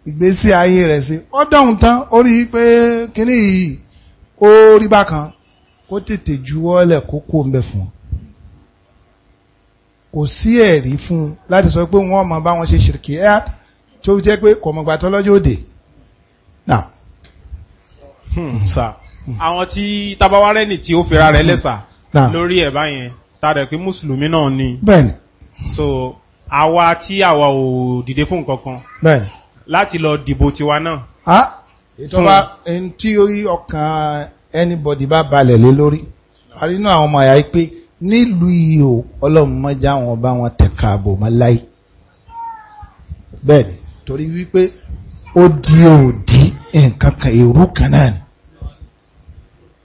ìgbésí ayé rẹ̀ sí ó dọ̀hún tán ó rí i pé kíní yìí ó rí bákan kó tètè juwọ́lẹ̀ kó kó ń bẹ fún un kò sí ẹ̀rí fún un láti sọ pé wọ́n mọ̀ bá wọn ṣe ṣìrìkì ẹ́ tó jẹ́ pé kò mọ̀gbà tọ́lọ́jọ́ òde. Hmm, sà àwọn tí tabawárẹ́nì tí ó fira rẹ̀ lẹ́sà hmm. lórí ẹ̀ báyẹn tá a rẹ̀ pé mùsùlùmí náà ni. bẹ́ẹ̀ni. so àwa tí àwa ò dìde fún nǹkankan láti lọ dìbò tiwa náà. a ìtọ́ba tí ọkàn anybody bá balẹ̀ lé lórí àrínú àwọn ọmọ àyà pé nílùú ihò ọlọ́run mọ́já wọn bá wọn tẹ̀ka àbò mọ́ láì bẹ́ẹ̀ ni torí wípé ó di òdì nǹkan kan èrú kan náà ni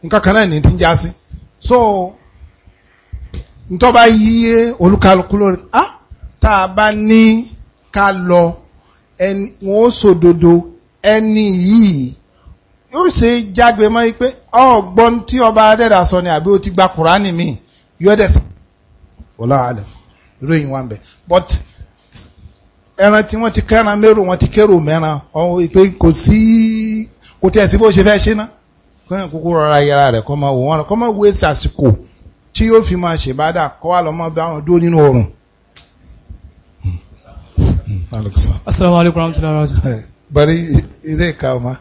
nǹkan kan náà ni ti ń já sí so ntọ́ba yíyé olúkálukú lórí ah tá a bá ní ká lọ ẹni wọn ó sòdodo ẹni yìí yóò ṣe jágbe mọ́ pé ọgbọ́n tí ọba adẹ́dà sọ ni àbí o ti gba kùránì mi yóò dẹ̀ sí wọ́lá àlẹ́ ròyìn wa bẹ̀ but ẹran tí wọ́n ti kẹ́ran mẹ́rù wọ́n ti kẹ́rù mẹ́ran ọ̀hún pé kò sí kò tẹ̀ sí bó ṣe fẹ́ ṣe náà kọ́yìn kúkú rọra yẹra rẹ̀ kọ́ máa wò wọ́n kọ́ máa wo èsì àsìkò tí yóò fi máa ṣèbádà kọ́ wà lọ́mọ bá wọn dúró nínú oòrùn assalamu alaikum warahmatullahi wabarakatuh bari ilé ìka ọmọ.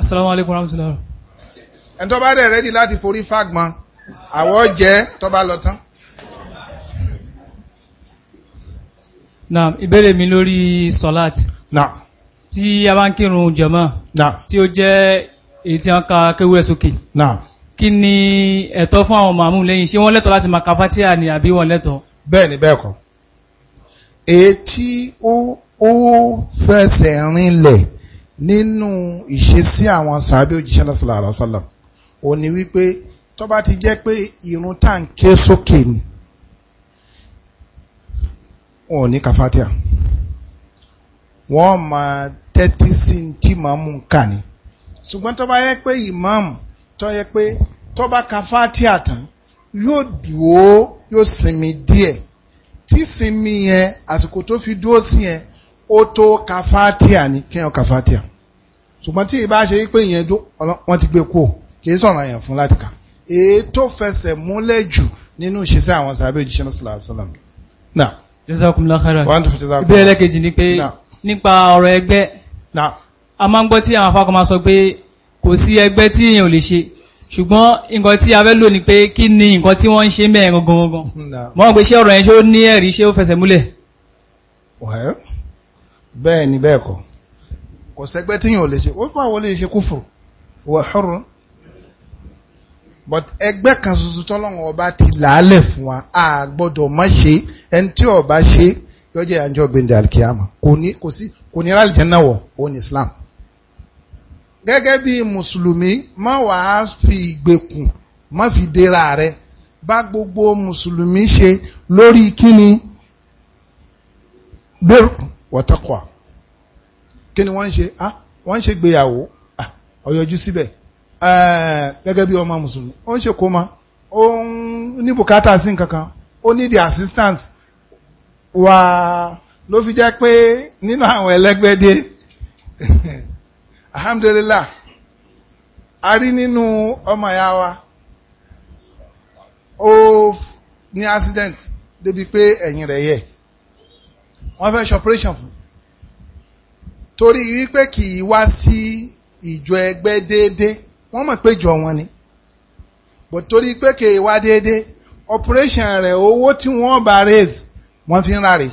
assalamu alaikum warahmatullahi wabarakatuh. ẹni tó bá dẹ̀ rẹ́dí láti forí fágbọn àwọ̀ jẹ́ tó bá lọ tán. na ìbéèrè mi lórí sọláàtì. na. tí a bá ń kírun jàmá. na. tí ó jẹ́ èyí tí wọ́n ka kéwú ẹ̀ sókè. na. kí ni ẹ̀tọ́ fún àwọn màmú lẹ́yìn ṣé wọ́n lẹ́tọ̀ọ́ láti máa ka fatia ni àbí wọ́n lẹ́tọ̀ọ́. bẹ́ẹ̀ ni bẹ́ẹ̀ ètí ó fẹsẹ̀ rinlẹ̀ nínú ìṣesí àwọn sàábé òjíṣẹ́ lọ́sọ̀lá àlọ́sọ̀lá ò ní wípé tó bá ti jẹ́ pé irun tá à ń ké sókè ni wọn ò ní kàfátíà wọ́n máa tẹ́tí sí tí màmú ń kà ní ṣùgbọ́n tó bá yẹ pé ìmáàmù tó yẹ pé tó bá kàfátíà tán yóò dùn ó yóò sinmi díẹ̀ tí sinmi yẹn àsìkò tó fi dúró sí yẹn ó tó kàfátíà ní kéèyàn kàfátíà ṣùgbọ́n tí ìbá ṣe pé ìyẹn wọ́n ti gbé kú kìí sọ̀rọ̀ yẹn fún láti kà èyí tó fẹsẹ̀ múlẹ̀ jù nínú ìṣesẹ́ àwọn sàbẹ̀ òjíṣẹ́ náà sọ̀rọ̀ sọ̀rọ̀ náà. jazakumullahu khairan ìbéèrè ni pé nípa ọ̀rọ̀ ẹgbẹ́ a máa ń gbọ́ tí àwọn afákọ́ máa sọ pé kò sí ẹgbẹ́ tí èèyàn ò lè ṣe ṣùgbọ́n nǹkan tí a fẹ́ lò ní pé kí ni nǹkan tí wọ́n ń ṣe mẹ́rin gangan gangan mọ́ pé ṣé ọ̀rọ̀ yẹn ṣé ó ní ẹ̀rí ṣé ó fẹsẹ̀ múlẹ̀. bẹ́ẹ̀ ni bẹ́ẹ̀ kọ́ kò sẹ́gbẹ́ tí yóò lè ṣe ó fà wọlé ṣe kúfùrù wà hurun but ẹgbẹ́ kan ṣoṣo tọ́lọ́run ọba ti làálẹ̀ fún wa a gbọ́dọ̀ má ṣe ẹni tí ọba ṣe yọjẹ́ àjọ gbẹ̀ndẹ̀ àlùkìyàmà kò ní kò sí kò ní rálìjẹ́ náà wọ̀ ó Islam. gẹ́gẹ́ bí mùsùlùmí má wàá fi ìgbèkùn má fi dera rẹ bá gbogbo mùsùlùmí ṣe lórí kíni bẹ́rù wọ́tọ́kọ̀ọ́ kí ni wọ́n ń ṣe ah wọ́n ń ṣe gbéyàwó ah ọ̀yọ́jú síbẹ̀ eh, gẹ́gẹ́ bí ọmọ mùsùlùmí ó ń ṣe ma ó ń ní bùkátà sí nǹkankan ó ní the assistance wà ló fi jẹ́ pé nínú àwọn ẹlẹ́gbẹ́dẹ́ alhamdulillah a rí nínú ọmọ ìyá wa ó ní accident débi pé ẹ̀yìn rẹ̀ yẹ̀ wọ́n fẹ́ operation fún torí wípé kì í wá sí ìjọ ẹgbẹ́ déédéé wọ́n mọ̀ pé jọ wọn ni bò torí pé kì í wá déédéé operation rẹ̀ owó tí wọ́n bá raise wọ́n fi ń rà rè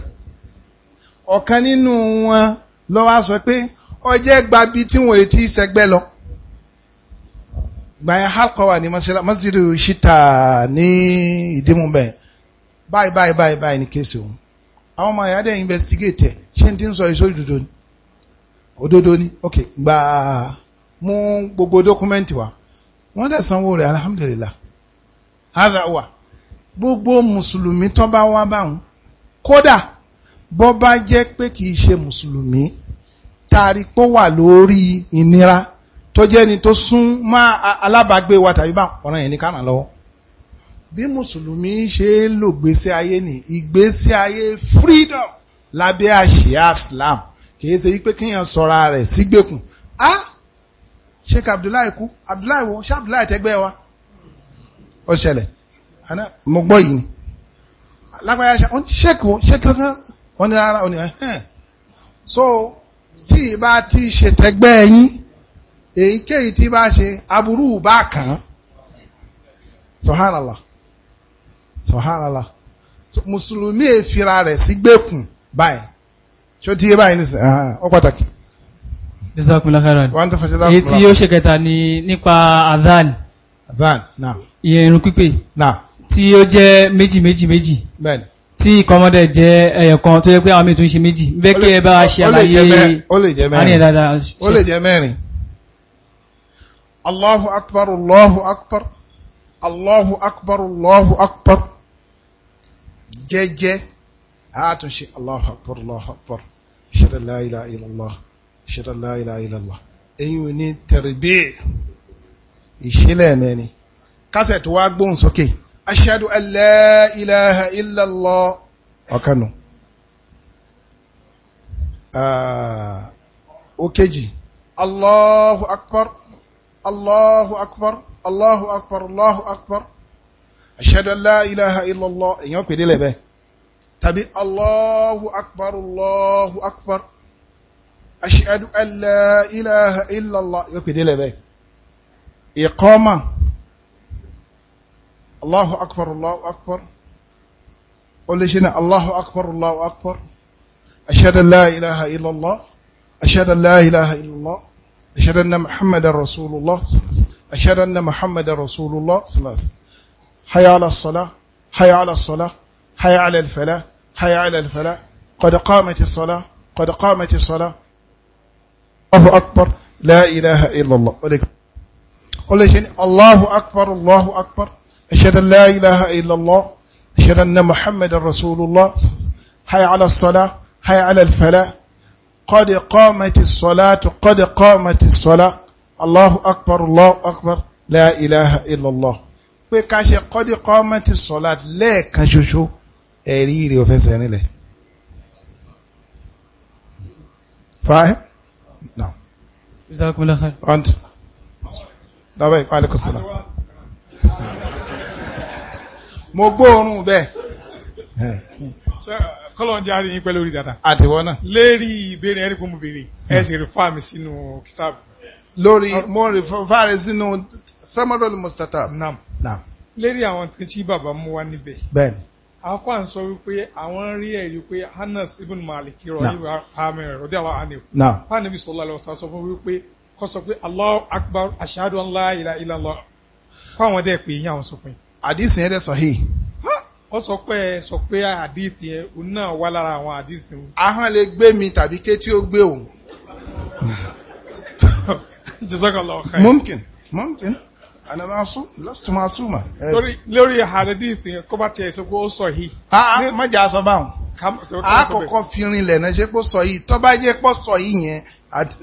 ọ̀kan nínú wọn ló sọ pé ọjẹ́ gbabi tí wọ́n ti sẹgbẹ́ lọ gbàyà halkọ ní masjidu shita ní ìdímú bẹ́ẹ̀ báyìí báyìí báyìí báyìí ní kéèsì òun àwọn ọmọ àyàdẹ investigate ẹ ṣé n ti ń sọ èso òdodo ni òdodo ni ok gbà mú gbogbo dọ́kúmẹ́ǹtì wa wọ́n dẹ̀ sanwó rẹ̀ alhamdulillah hadha wa gbogbo mùsùlùmí tó bá wá báwọn kódà bọ́ bá jẹ́ pé kì í ṣe mùsùlùmí taari pó wà lórí ìnira tó jẹ́ ni tó sún mọ́ alábàágbé wa tàbí bá ọ̀ràn yẹn ní kánà lọ́wọ́ bí mùsùlùmí ṣe lò gbésí ayé ní ìgbésí ayé freedom lábẹ́ àṣìá Islam kìí ṣe wípé kíyàn sọra rẹ̀ sígbèkùn ah Sheikh Abdullahi kú Abdullahi wo ṣé Abdullahi tẹgbẹ́ wa ó ṣẹlẹ̀ mo gbọ́ yìí ni lágbàáyà ṣe Sheikh wo Sheikh kankan wọn ni rárá wọn so tí bá ti ṣètẹ́gbẹ́ ẹ̀yìn èyíkéyìí tí bá ṣe aburú bá kàn án mùsùlùmí èfira rẹ̀ sí gbẹ̀kùn báyìí ṣó ọ pàtàkì. èyí tí ṣe kẹta ni nípa ìyẹn irun tí jẹ́ méjì méjì méjì tí kọmọdé jẹ́ ẹ̀yọ̀kan tó yẹ pé àwọn mìtún ṣe méjì bẹ́ kí ẹ bá ṣe àlàyé àárín ẹ̀dàdà ó lè jẹ́ mẹ́rin Allahu akbar Allahu akbar Allahu akbar Allahu akbar jẹ́jẹ́ àtúnṣe Allahu akbar Allahu akbar ṣẹ́dá la ilaha illallah ṣẹ́dá la ilaha illallah ẹ̀yìn òní tẹ̀rẹ̀bí kásẹ̀ tó wá gbóhùn sókè. Okay ashhadu an la ilaha illa Allah ọ̀kanù ah, òkejì Allahu akbar Allahu akbar Allahu akbar Allahu akbar ashhadu an la ilaha illa Allah èyàn pèdé lẹ́bẹ̀ẹ́ tàbí Allahu akbar Allahu akbar ashhadu an la ilaha illa Allah èyàn pèdé lẹ́bẹ̀ẹ́ الله أكبر الله أكبر قل جنا الله أكبر الله أكبر أشهد أن لا إله إلا الله أشهد أن لا إله إلا الله أشهد أن محمد رسول الله أشهد أن محمد رسول الله ثلاثة حي على الصلاة حي على الصلاة حي على الفلاح حي على الفلاح قد قامت الصلاة قد قامت الصلاة الله أكبر لا إله إلا الله قل جنا الله أكبر, الله أكبر أشهد أن لا إله إلا الله أشهد أن محمد رسول الله حي على الصلاة حي على الفلاح قد قامت الصلاة قد قامت الصلاة الله أكبر الله أكبر لا إله إلا الله pé قد قامت الصلاة لا كشوشو أريد ṣoṣo له فاهم؟ نعم nílẹ̀. fàáhìm nà. ìsàkùnlẹ̀ khair. ọ̀ǹtì. dábàá mo gbóòórùn bẹ́ẹ̀. kọ́lọ̀ ń jẹ́ àárín yín pẹ́ lórí dada. àtiwọ́ náà. lérí ìbéèrè ẹ̀rí kún mi béèrè ẹ sì rí fáàmì sínú kìtàbù. lórí mo rí fáàrí sínú thermodol mustata. naam naam. lérí àwọn tí tí bàbá mú wá níbẹ̀. bẹ́ẹ̀ni. afa n sọ wípé àwọn rí ẹ̀rí pé Anas ibn Malik rọ ìwà pàmì rẹ̀ ọdẹ àwọn àná. naam. pàmì bí sọlá lọ sọ fún wípé kọ́ sọ pé Allahu akbar ashhadu an la ilaha illallah fáwọn dẹ́ pé yín àwọn sọ fún yín àdìsí yẹn dẹ̀ sahih. ó sọ pé ẹ sọ pé àdìsí yẹn òun náà wá lára àwọn àdìsí wọn. ahọ́n lè gbé mi tàbí ké tí ó gbé òun. jazakallahu khair. mumkin mumkin ana ma sún lọ́sùtù ma sún ma. lórí àdìsí yẹn kó bá tiẹ̀ sọ pé ó sọ yìí. a má jà sọ báwọn àkọ́kọ́ fi rinlẹ̀ náà ṣe pé sọ yìí tó bá jẹ́ pọ̀ sọ yìí yẹn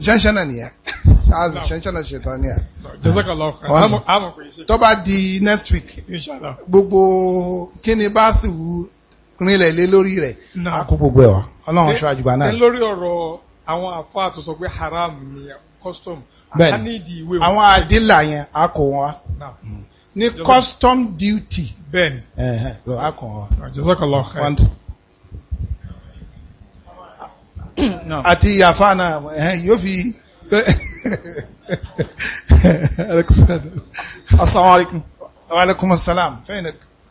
ṣẹ́ṣẹ́ náà nìyẹn ṣáàzì ṣẹ́ńṣẹ́lẹ̀ ṣètọ́ni ẹ̀. Jazakallah àmọ̀ kò ṣe. tó bá di next week gbogbo kí ni bá sì wú rinlẹ̀ lé lórí rẹ̀ á kó gbogbo ẹ̀ wá ọlọ́run ṣọ́ àjùbá náà. lórí ọ̀rọ̀ àwọn àfáà tó pé haram ni custom a ní ìdí ìwé wọn. àwọn àdìlà yẹn á kó wọn wá ní custom duty. bẹ́ẹ̀ni á kó wọn wá. Jazakallah khair àti àfáà náà yóò fi. asalaamualeykum. alaikum salaam. fẹ́ẹ̀nì.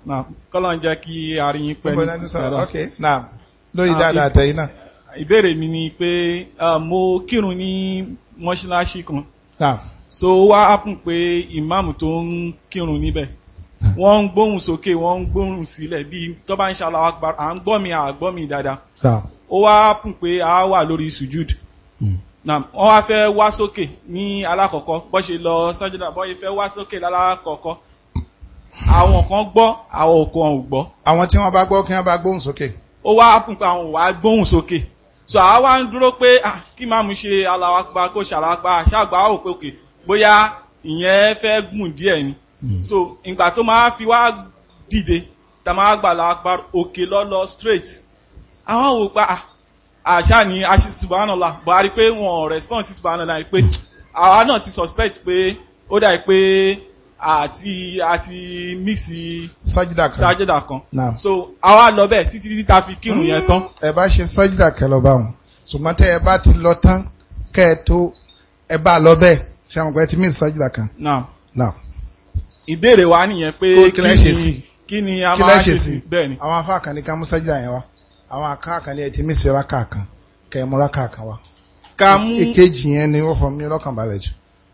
naam kọ́lọ́n jẹ́ kí arin yín pẹ́ ní sọ̀rọ̀ ok naam lórí ah, dáadáa tẹ̀yìn naa Ibere mi ni pé ah, mo kirun ní mọ́ṣáláṣí kan. naam. so wa ápùn pe ìmáàmù to n kirun nibe. Wọn ń gbóhùn sókè wọn ń gbóhùn sílẹ̀ bíi tó bá ń ṣàlàwà gbà à dáadáa. ó wá ápùn pé a wà lórí sùjúd. Hmm. náà wọ́n wá fẹ́ wá sókè ní alákọ̀ọ́kọ́ bọ́ ṣe lọ sájúdà bọ́ ṣe fẹ́ wá sókè lálákọ̀ọ́kọ́ àwọn kan gbọ́ àwọn kan ò gbọ́. àwọn tí wọ́n bá gbọ́ kí wọ́n bá gbóhùn sókè. ó wá pín pé àwọn ò wá gbóhùn sókè so àwa wá ń dúró pé kí màmú ṣe aláwàpá kó ṣàlàpá ṣàgbà ó pé òkè bóyá ìyẹn fẹ́ gùn díẹ̀ ni hmm. so ìgbà tó máa fi wá dìde tá máa gbà lápá òkè lọ́lọ́ straight àwọn ò àṣà ní subhanallah buhari pé wọn response subhanallah pé àwa náà ti suspect pé ó dà pé àti àti mixi sajida kan sajida kan nah. so àwa lọ bẹ́ẹ̀ títí títí ta fi kírun yẹn tán. Hmm, ẹ bá ṣe sajida kẹlọ bá wọn ṣùgbọ́n tẹ ẹ bá ti lọ tán kẹ ẹ tó ẹ bá lọ bẹ́ẹ̀ ṣe àwọn ọgbà ti mixi sajida kan. naam naam. ìbéèrè wa nìyẹn pé kí ni kí ni a máa ṣe sí bẹ́ẹ̀ ni. àwọn afáàkàn ní ká mú sajida yẹn wá àwọn akáàkàn ní ẹtì mísìlá kàkàn kẹmúra kàkàn wa. ká mú ìkejì e-, yẹn ni wọ́n fọ mí lọ́kàn balẹ̀ jù.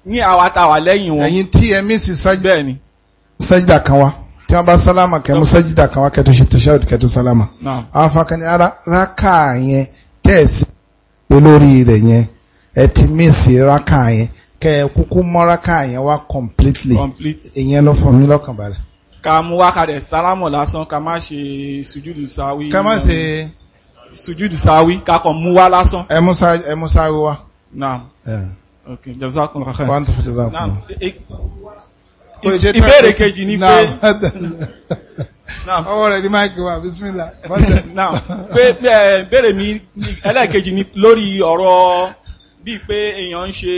ní àwa tá a wà lẹ́yìn wọn. ẹ̀yin tí ẹ mísì sájídà kan wa tí wọ́n bá sálámà kẹmú sájídà kan wa kẹtù ṣe tẹ̀síwájú kẹtù sálámà. àwọn afakan ní rákà yẹn tẹ̀sí lórí rẹ̀ yẹn ẹtì mísì rákà yẹn kẹ kúkú mọ́ rákà yẹn wa completely. complete ìyẹn ló fọ mí lọ́kàn balẹ̀ ká mú wákàtí sálámọ̀ lásán ká má ṣe sùjúdù sáwí. ká má ṣe. sùjúdù sáwí ká kàn mú wá lásán. ẹ mú sá ẹ mú sáwí wá. naam ok jazakum khair. wà á tún fún jazakum. naam e- ìbéèrè kejì ni pé. ọwọ́ rẹ̀ ní máìkì wa bismillah. naam pé béèrè mi ẹlẹ́ẹ̀kejì ni lórí ọ̀rọ̀ bíi pé èèyàn ń ṣe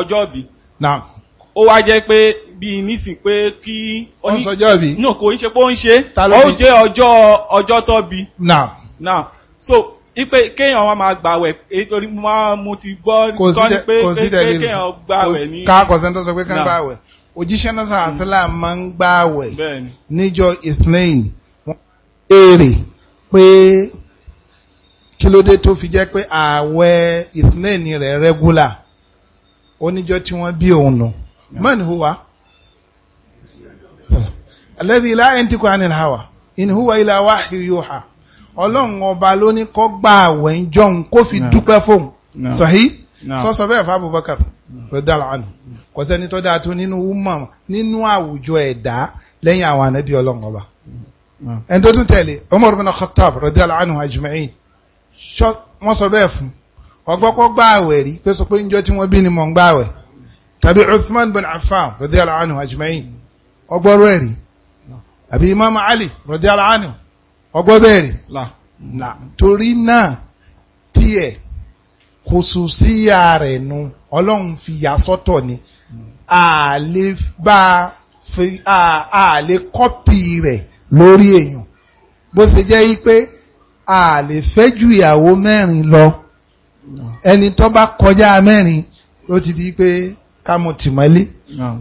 ọjọ́ bí. naam ó wá jẹ́ pé bí nísìn pé kí. ó ń sọjọ́ bí. no kò ń ṣe pé ó ń ṣe. ó jẹ́ ọjọ́ ọjọ́ tó bí. now. now so ipe kéèyàn wọn máa gbàwẹ̀ nítorí mo ti gbọ́ nítorí pé kéèyàn gbàwẹ̀ ní. ká kọ̀sẹ̀ tó sọ pé kéèyàn gbàwẹ̀ òjíṣẹ́ náà sàn mm. àṣìlá máa ń gbàwẹ̀ níjọ́ ìsìn wọn béèrè pé kí ló dé tó fi jẹ́ pé ààwẹ̀ ìsìn rẹ̀ rẹ́gúlà oníjọ́ tí wọ́n bí òun nù. No من هو الذي لا yantiqu anil hawa in huwa ila wahyu yuha ọlọ́run ọba ló ní kó gba àwẹ̀ ń jọun kó fi dúpẹ́ fóun sọ̀hí sọ́sọ́ bẹ́ẹ̀ fún Abubakar rẹ̀dàlá ànú kò sẹ́ni tó dáa tó nínú umma nínú àwùjọ ẹ̀dá lẹ́yìn àwọn ànábì ọlọ́run ọba ẹni tó tún tẹ̀lé Umar bin Khattab rẹ̀dàlá ànú ajma'in wọ́n sọ bẹ́ẹ̀ fún ọgbọ́pọ̀ gba àwẹ̀ rí pé sọ pé ń jọ tí wọ́n bí ni mò ń gba àwẹ̀ tàbí Uthman bin Affan radiyallahu anhu ajma'in ọgbọ́rọ̀ ẹ̀rí àbí Imam Ali radiyallahu anhu ọgbọ́ bẹ́ẹ̀rì là torí náà tiẹ̀ kò sùn sí ya rẹ̀ nu ọlọ́run fi yà sọ́tọ̀ ni a lè bá a lè kọ́pì rẹ̀ lórí èèyàn bó ṣe jẹ́ yí pé a fẹ́ ju ìyàwó mẹ́rin lọ ẹni tó bá kọjá mẹ́rin ó ti di pé ká mú tìmọ́lé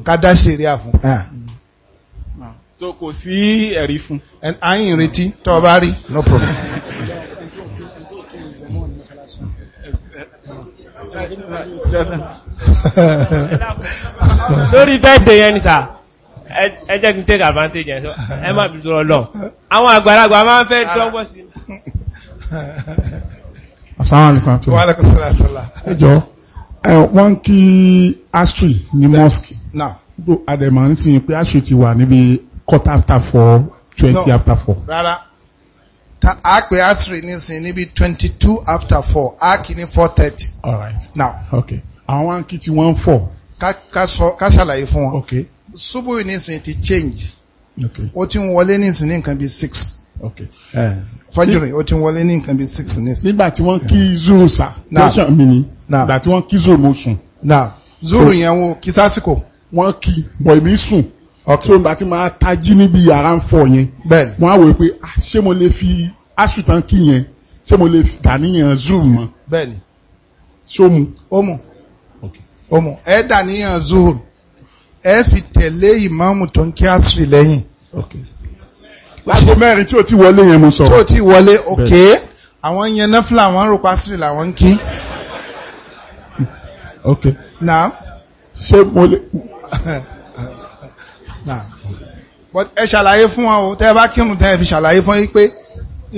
ká dá ṣẹ̀ríà fún. Ah. so kò sí ẹ̀rí fún. à ń retí tó o bá rí no problem. lórí bẹ́ẹ̀dẹ̀ yẹn ni sà ẹ jẹ́ kí n take advantage yẹn ẹ má bí sọ̀rọ̀ lọ àwọn àgbàlagbà máa ń fẹ́ dọ́gbọ́ sí. asalaamualeykum. wa aleykum salaam. ẹ jọ wọ́n kí astri ní mosque now adẹ̀mọ̀ nísìnyí pé astri ti wà níbi quarter after four twenty no, after four. rárá ta a pe astri nísìnyí níbi twenty two after four a kì ní four thirty. all right now okay àwọn akí ti wọ́n fọ̀. ká ká sọ ká ṣàlàyé fún wọn. okay subu nísìnyí ti change. okay ó ti ń wọlé nísìnyí nǹkan bíi six. okay eh, fajiri ó ti ń wọlé ní nǹkan bíi six nísìnyí. nígbà tí wọ́n kí zuru sa tẹ́sán mi ni ìgbà tí wọ́n kí zoro mo sùn. na zoro yẹn wọn kí sásìkò. wọ́n kí bọ̀ èmi sùn. ok so ìgbà tí màá tají níbi yàrá ń fọ yẹn. bẹ́ẹ̀ni wọ́n á wò pé ah, ṣé mo lè fi aṣùtàn kí yẹn ṣé mo lè dà níyàn zoro mọ́. bẹ́ẹ̀ni ṣó mu. ó mu ó mu ẹ dà níyàn zoro ẹ fi tẹ̀lé ìmáàmù tó ń kí àṣírí lẹ́yìn. lágbo mẹ́rin tí o ti wọlé yẹn mo sọ. tí o ti wọlé òkè àwọn yẹn náfìlà àwọn rò pa làwọn ń kí. Okay. now ṣé mo lè now but ẹ ṣàlàyé fún wọn o tẹ́ ẹ bá kírun tẹ́ ẹ fi ṣàlàyé fún yín pé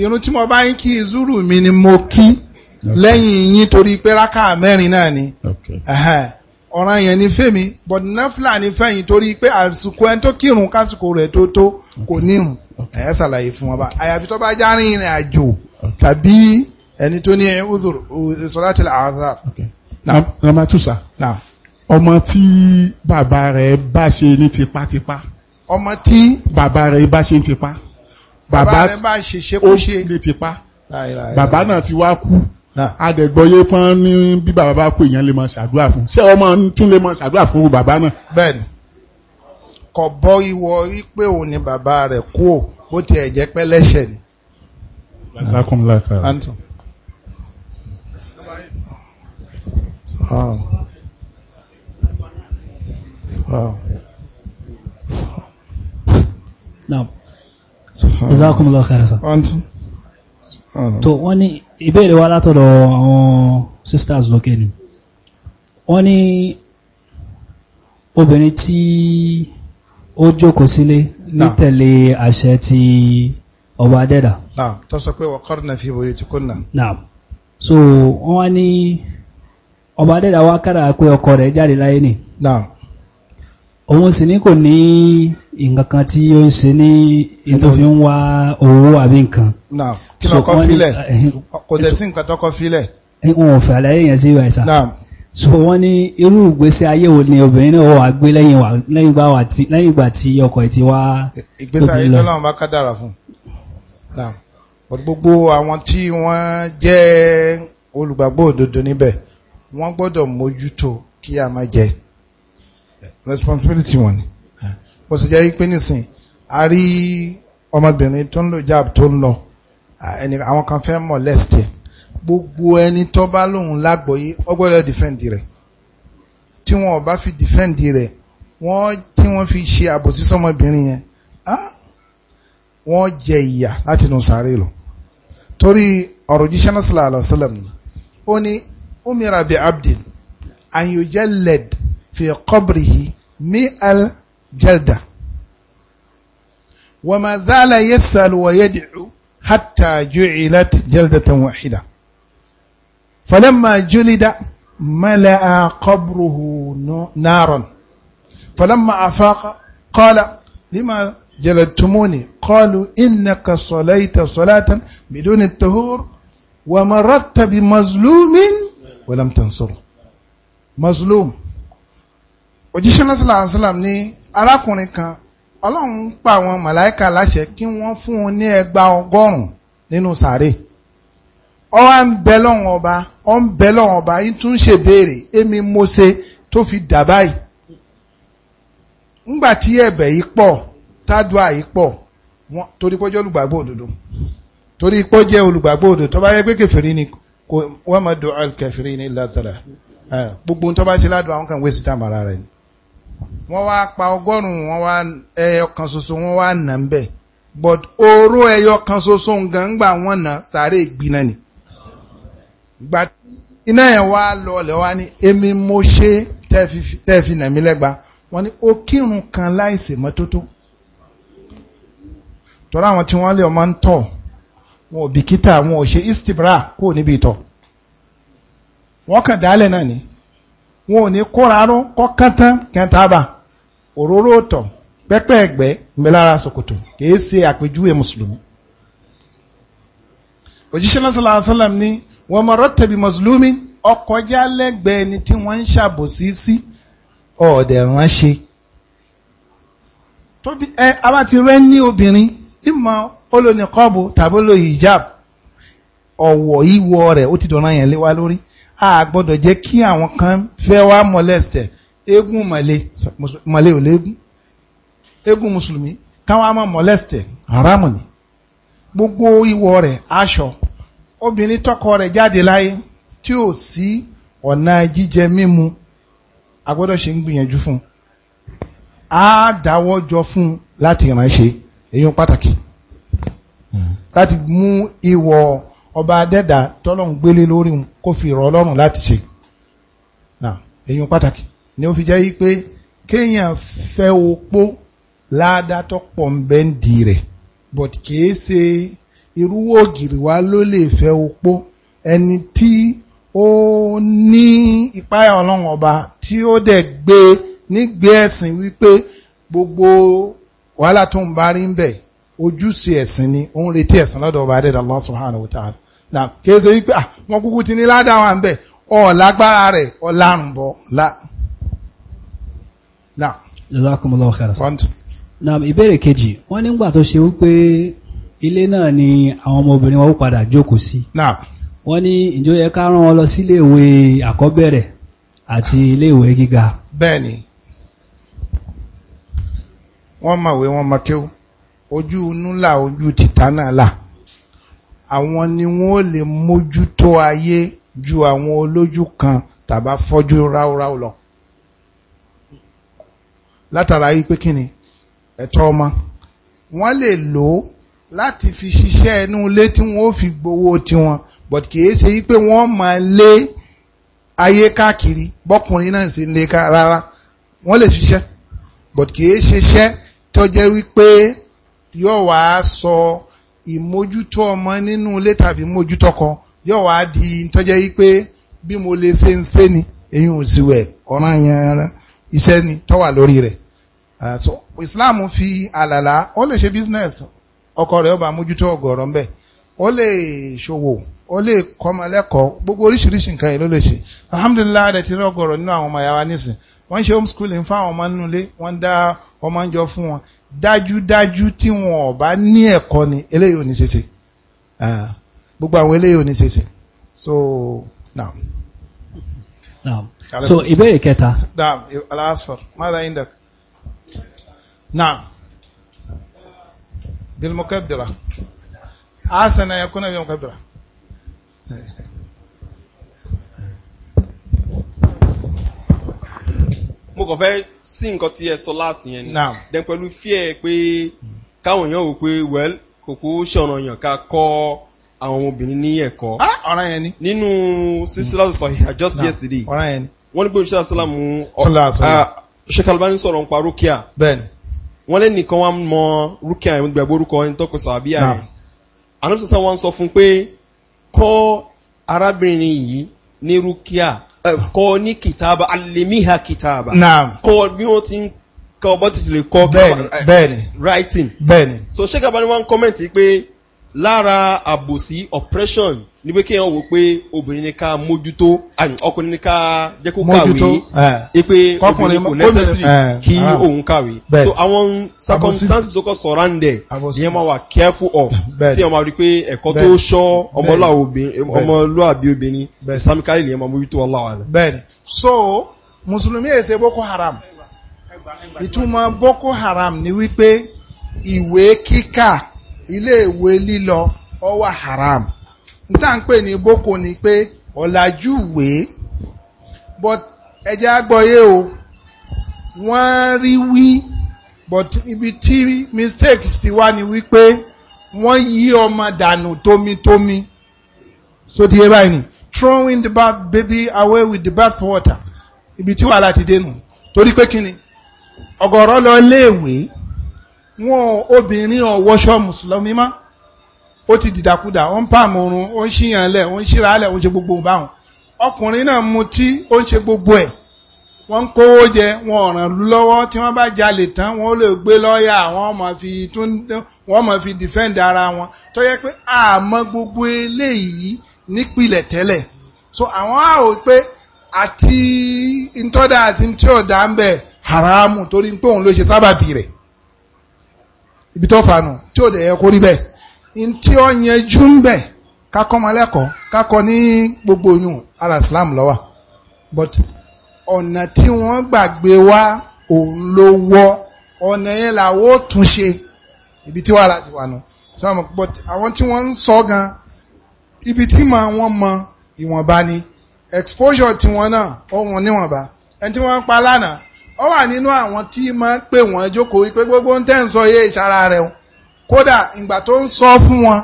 irun tí mo bá ń kí zuru mi ni mo kí lẹ́yìn yín torí pé rákà mẹ́rin náà ni ọ̀ràn yẹn ni fẹ́mi but nafla ni fẹ́yìn torí pé àsìkò ẹni tó kírun kásìkò rẹ̀ tó tó kò nírun ẹ ṣàlàyé fún wọn bá àyàfi tó bá já rìnrìn àjò tàbí ẹni tó ní uzur sọlátìlá azar nàmà tùsà nà ọmọ tí bàbá rẹ̀ bá ṣe ní tipátipá. ọmọ tí. bàbá rẹ̀ bá ṣe ní tipa. bàbá rẹ̀ bá ṣe ṣe kó ṣe. ó ní tipa. bàbá náà ti wá kú. adẹ̀gbọ́yé pọ́n ní bí bàbá bá kú èèyàn lè máa ṣàdúrà fún. ṣé ọmọ tún lè máa ṣàdúrà fún bàbá náà. bẹ́ẹ̀ni kò bọ́ ìwọ rí pé òun ni bàbá rẹ̀ kú ò bó tiẹ̀ jẹ́ pẹ́ lẹ́ṣẹ̀ ni. Jazakumullah khairan. Wow. Wow. Now. Jazakumullahu khairan sir. tó wọ́n ní ìbéèrè wá látọ̀dọ̀ àwọn sisters lókè ni wọ́n ní obìnrin tí ó jókòó sílé nítẹ̀lé àṣẹ ti ọba adẹ́dà. náà tó sọ pé waqarna fi buyutikunna. náà so wọ́n wá ní ọba adẹ́dà wá kára pé ọkọ rẹ̀ jáde láyé nì òun sì ní kò ní nǹkan kan tí ó ń ṣe ní ètò fi ń wá owó àbí nǹkan kí ló kọ́ filẹ̀ eh, eh, kò tẹ̀ sí nǹkan tọ́kọ́ filẹ̀ eh, wọn ò fẹ́ àlàyé yẹn sí ìwà ìsà so wọ́n ní irú ìgbésí ayé wo ni obìnrin náà wà gbé lẹ́yìn ìgbà tí ọkọ ẹ̀ ti wá ìgbésí ayé tó lọ́wọ́ bá kádàrà fún gbogbo àwọn tí wọ́n jẹ́ olùgbàgbọ́ òdodo níbẹ̀ wọ́n gbọ́dọ̀ mójútó kí a máa jẹ responsibility wọn ni bó ṣe jẹ́ pé nísìn a rí ọmọbìnrin tó ń lò jab tó ń lọ àwọn kan fẹ́ mọ̀ lẹ́sìtẹ̀ gbogbo ẹni tó bá lóun lágbọ̀ọ́yé ó gbọ́dọ̀ defend rẹ̀ tí wọn ò bá fi defend rẹ̀ wọ́n tí wọ́n fi ṣe àbòsí sọmọbìnrin yẹn wọ́n jẹ ìyà láti nù sáré lọ torí ọ̀rọ̀ jíṣẹ́ náà sallallahu alaihi wasallam ni ó ní أمر بعبد أن يجلد في قبره مئة جلدة وما زال يسأل ويدعو حتى جعلت جلدة واحدة فلما جلد ملأ قبره نارا فلما أفاق قال لما جلدتموني قالوا إنك صليت صلاة بدون التهور ومررت بمظلوم walam tansuru mazlum òjíṣẹ́ náà sílá àṣìlám ni arákùnrin kan ọlọ́run pa àwọn màláìka láṣẹ kí wọ́n fún un ní ẹgbàá ọgọ́rùn-ún nínú sàárè ọ wá ń bẹ lọ́wọ́n ọba ọ ń bẹ lọ́wọ́n ọba yín tún ṣe béèrè èmi mo ṣe tó fi dà báyìí ńgbà tí ẹ̀bẹ̀ yìí pọ̀ tádùá yìí pọ̀ torí pé olùgbàgbọ́ òdodo torí pé olùgbàgbọ́ òdodo tó bá yẹ pé kèfèrí ni wọ́n máa dùn alkẹfìrí ní ìlàtàrà gbogbo tó bá ṣe ládùn àwọn kan wéṣítà mara rẹ̀ ni wọ́n wá pa ọgọ́rùn-ún wọ́n wá ẹyọ kan ṣoṣo wọ́n wá nà ń bẹ̀ but oró ẹyọ kan ṣoṣo gbàngbà wọ́n nà sàárè gbiná ni gba iná yẹn wá lọlẹ̀ wá ní èmi mo ṣe tẹ́ẹ̀fì nà mí lẹ́gba wọ́n ní ó kírun kan láìṣe mọ́tótó tọ́lá àwọn tí wọ́n lé ọmọ ń tọ̀ wọn bìkítà wọn ò ṣe istibra kúrò níbi ìtọ̀ wọ́n kàn dálẹ̀ náà ni wọn ò ní kórarún kọ́kántán òróró ọ̀tọ̀ pẹ́pẹ́ẹ̀gbẹ́ ìmẹ́lára ṣòkòtò kìí ṣe àpèjúwe mùsùlùmí òjíṣẹ́ lọ́sọ̀lá àṣálàm ni wọ́n mọ̀ rọ́tẹ̀bí mùsùlùmí ọkọjá lẹ́gbẹ̀ẹ́ ni tí wọ́n ń ṣàbòsí sí ọ̀ọ́dẹ̀ ránṣẹ́ tóbi ẹ abá ti rẹ́ ní obìnrin ìmọ̀ ó lò ní tàbí ó lò hijab ọ̀wọ̀ ìwọ rẹ̀ ó ti dọ̀nà yẹn lé lórí a gbọ́dọ̀ jẹ́ kí àwọn kan fẹ́ wá molested eégún mọ̀lẹ́ mọ̀lẹ́ ò léégún eégún mùsùlùmí káwọn á mọ̀ molested haram ni gbogbo ìwọ rẹ̀ aṣọ obìnrin tọkọ rẹ̀ jáde láyé tí ò sí ọ̀nà jíjẹ mímu a gbọ́dọ̀ ṣe ń gbìyànjú fún un á dáwọ́ jọ fún láti ránṣẹ́ èyí pàtàkì láti mú ìwọ̀ ọba adẹ́dà tọ́lọ́run gbélé lórí kó fi rọ̀ ọlọ́run láti ṣe náà èyí pàtàkì ni ó fi jẹ́ wípé kéèyàn fẹ́ opó ládàtọ̀ pọ̀ ń bẹ́ ń di rẹ̀ but kìí ṣe irúwó ògìrì wa ló lè fẹ́ opó ẹni tí ó ní ìpáyà ọlọ́run ọba tí ó dẹ̀ gbé nígbé ẹ̀sìn wípé gbogbo wàhálà tó ń bá rí ń bẹ̀ ojúṣe ẹ̀sìn ni ó ń retí ẹ̀sìn lọ́dọ̀ ọba adẹ́dà Allah subhanahu wa ta'ala na kéèsè wípé ah wọn kúkú ti ní ládàá wà ń bẹ ọ̀làgbára rẹ̀ ọ̀làrùnbọ̀ la. jazakumullahu khairan. na ìbéèrè kejì wọ́n nígbà tó ṣe wípé ilé náà ni àwọn ọmọbìnrin wọn ó padà jókòó sí. wọ́n ní ìjọ yẹ ká rán wọn lọ sí iléèwé àkọ́bẹ̀rẹ̀ àti iléèwé gíga. bẹ́ẹ̀ni wọ́n mọ̀wé wọ́n mọ̀ kéwù. ojú inú là ojú tìta náà là àwọn ni wọ́n lè mójútó ayé ju àwọn olójú kan tàbá fọ́jú ráúráú lọ látara wípé kí ni ẹ̀tọ́ ọmọ wọ́n lè lò ó láti fi ṣiṣẹ́ inú ilé tí wọ́n fi gbowó tiwọn but kìí ṣe wípé wọ́n máa lé ayé káàkiri bọ́kùnrin náà sì ń lé ká rárá wọ́n lè ṣiṣẹ́ but kìí ṣiṣẹ́ tó jẹ́ wípé yóò wá sọ ìmójútó ọmọ nínú ilé tàbí mójútó kan yóò wá di tọ́jẹ́ wípé bí mo lè ṣe ń ṣe ni èyí ò sí wẹ̀ ọ̀ràn yẹn iṣẹ́ ni tó wà lórí rẹ̀ so Islam fi àlàlà ó lè ṣe business ọkọ rẹ̀ ó bá mójútó ọgọ̀rọ̀ ń bẹ̀ ó lè ṣòwò ó lè kọ́mọ lẹ́kọ̀ọ́ gbogbo oríṣiríṣi nǹkan yìí ló lè ṣe alhamdulilayi rẹ̀ ti rí ọgọ̀rọ̀ nínú àwọn ọmọ yàrá nísìn wọ́n ṣe homeschooling fáwọn ọmọ nínú ilé wọ́n dá ọmọ ń jọ fún wọn dájúdájú tí wọn ò bá ní ẹ̀kọ́ ni eléyìí ò ní ṣeṣe ah, gbogbo àwọn eléyìí ò ní ṣeṣe so now. Naam. So ìbéèrè kẹta. Naam, alasfar, mada indak. Naam. Bil mukaddira. Asana yakuna bil mukaddira. mo kàn fẹ́ sí nǹkan tí ẹ sọ láàsì yẹn ni then pẹ̀lú fíẹ̀ pé káwọn èèyàn wò pé well kò kó ṣọ̀ràn yàn ká kọ́ àwọn obìnrin ní ẹ̀kọ́. Ah, ọ̀ràn yẹn ni. nínú sísílá sọ̀hìhà just yesterday. ọ̀ràn yẹn ni. wọ́n ní pé oníṣẹ́ àṣàlámù ṣèkàlùbáni sọ̀rọ̀ nípa rúkìá. bẹ́ẹ̀ni. wọ́n lé nìkan wá mọ rúkìá yẹn gbàgbọ́ orúkọ ẹni tó kọ sàbíà yẹn. àná sísan wọn sọ fún pé kọ́ arábìnrin yìí ní rúkìá kọ́ ní kìtàbà alẹ́míhà kìtàbà kọ́ bí wọ́n ti ń kọ́ bọ́tìtì lè kọ́ writing. so ṣé gàbá ni wọ́n ń kọ́mẹ̀ntì pé lára àbòsí oppression ni pé kéèyàn wò pé obìnrin ni ká mójútó ọkùnrin ni ká jẹ́ kó kàwé pé obìnrin kò necessary kí ah, òun kàwé so àwọn circumstances tó kọ́ surround ẹ̀ ni wọ́n máa wà careful of tí wọ́n máa rí pé ẹ̀kọ́ tó ṣọ́ ọmọlúwàbí obìnrin islamically ni wọ́n máa mójútó ọláwà rẹ̀. bẹ́ẹ̀ni so mùsùlùmí èsè boko haram ìtumọ̀ boko haram ni wípé ìwé kíkà iléèwé lílọ ó wà haram n tá n pè ní boko ni pé ọ̀làjú but ẹ̀jẹ̀ àgbọ̀yé o wọ́n rí wí but ibi tí mistake ti wá ni wípé wọ́n yí ọmọ dànù tómitómi so ti yé báyìí ni throwing the bath baby away with the bath water ibi tí wàhálà ti dé nù torí pé kí ni ọ̀gọ̀rọ̀ lọ léèwé wọn obìnrin ọ̀wọ́ṣọ́ mùsùlùmí mọ́ ó ti dìdàkudà ó ń pààmù oorun ó ń ṣíyàn lẹ̀ ó ń ṣíra lẹ̀ ó ń ṣe gbogbo báwọn ọkùnrin náà mutí ó ń ṣe gbogbo ẹ̀ wọ́n ń kówó jẹ wọn ọ̀ràn lù lọ́wọ́ tí wọ́n bá jalè tán wọ́n lè gbé lọ́ọ̀yà wọ́n mọ̀ fi tún wọ́n mọ̀ fi defend ara wọn tó yẹ pé àmọ́ gbogbo eléyìí nípìlẹ̀ tẹ́lẹ̀ so àwọn á wò pé àti ntọ́dà àti ntí ọ̀dà ń bẹ̀ haramu torí pé òun ló ṣe sábàbí rẹ̀ ibi tó fà nù tí ò dẹ̀ yẹ kó rí bẹ́ẹ̀ n tí ó yẹn jú ń bẹ̀ kakọ́ ọmọlẹ́kọ̀ọ́ kakọ́ ní gbogbo oyún ara Islam lọ́wọ́ but ọ̀nà tí wọ́n gbàgbé wá òun ló wọ́ ọ̀nà yẹn làwọ́ ó tún ṣe ibi tí wàá láti wà nù but àwọn tí wọ́n ń sọ gan ibi tí màá wọ́n mọ ìwọ̀nba ni exposure tiwọn náà ó wọn níwọ̀nba ẹni tí wọ́n ń pa lánàá ó wà nínú àwọn tí máa ń pè wọ́n jókòó wípé gbogbo ń tẹ́ ń sọ iye ìsara rẹ̀ o kódà ìgbà tó ń sọ fún wọn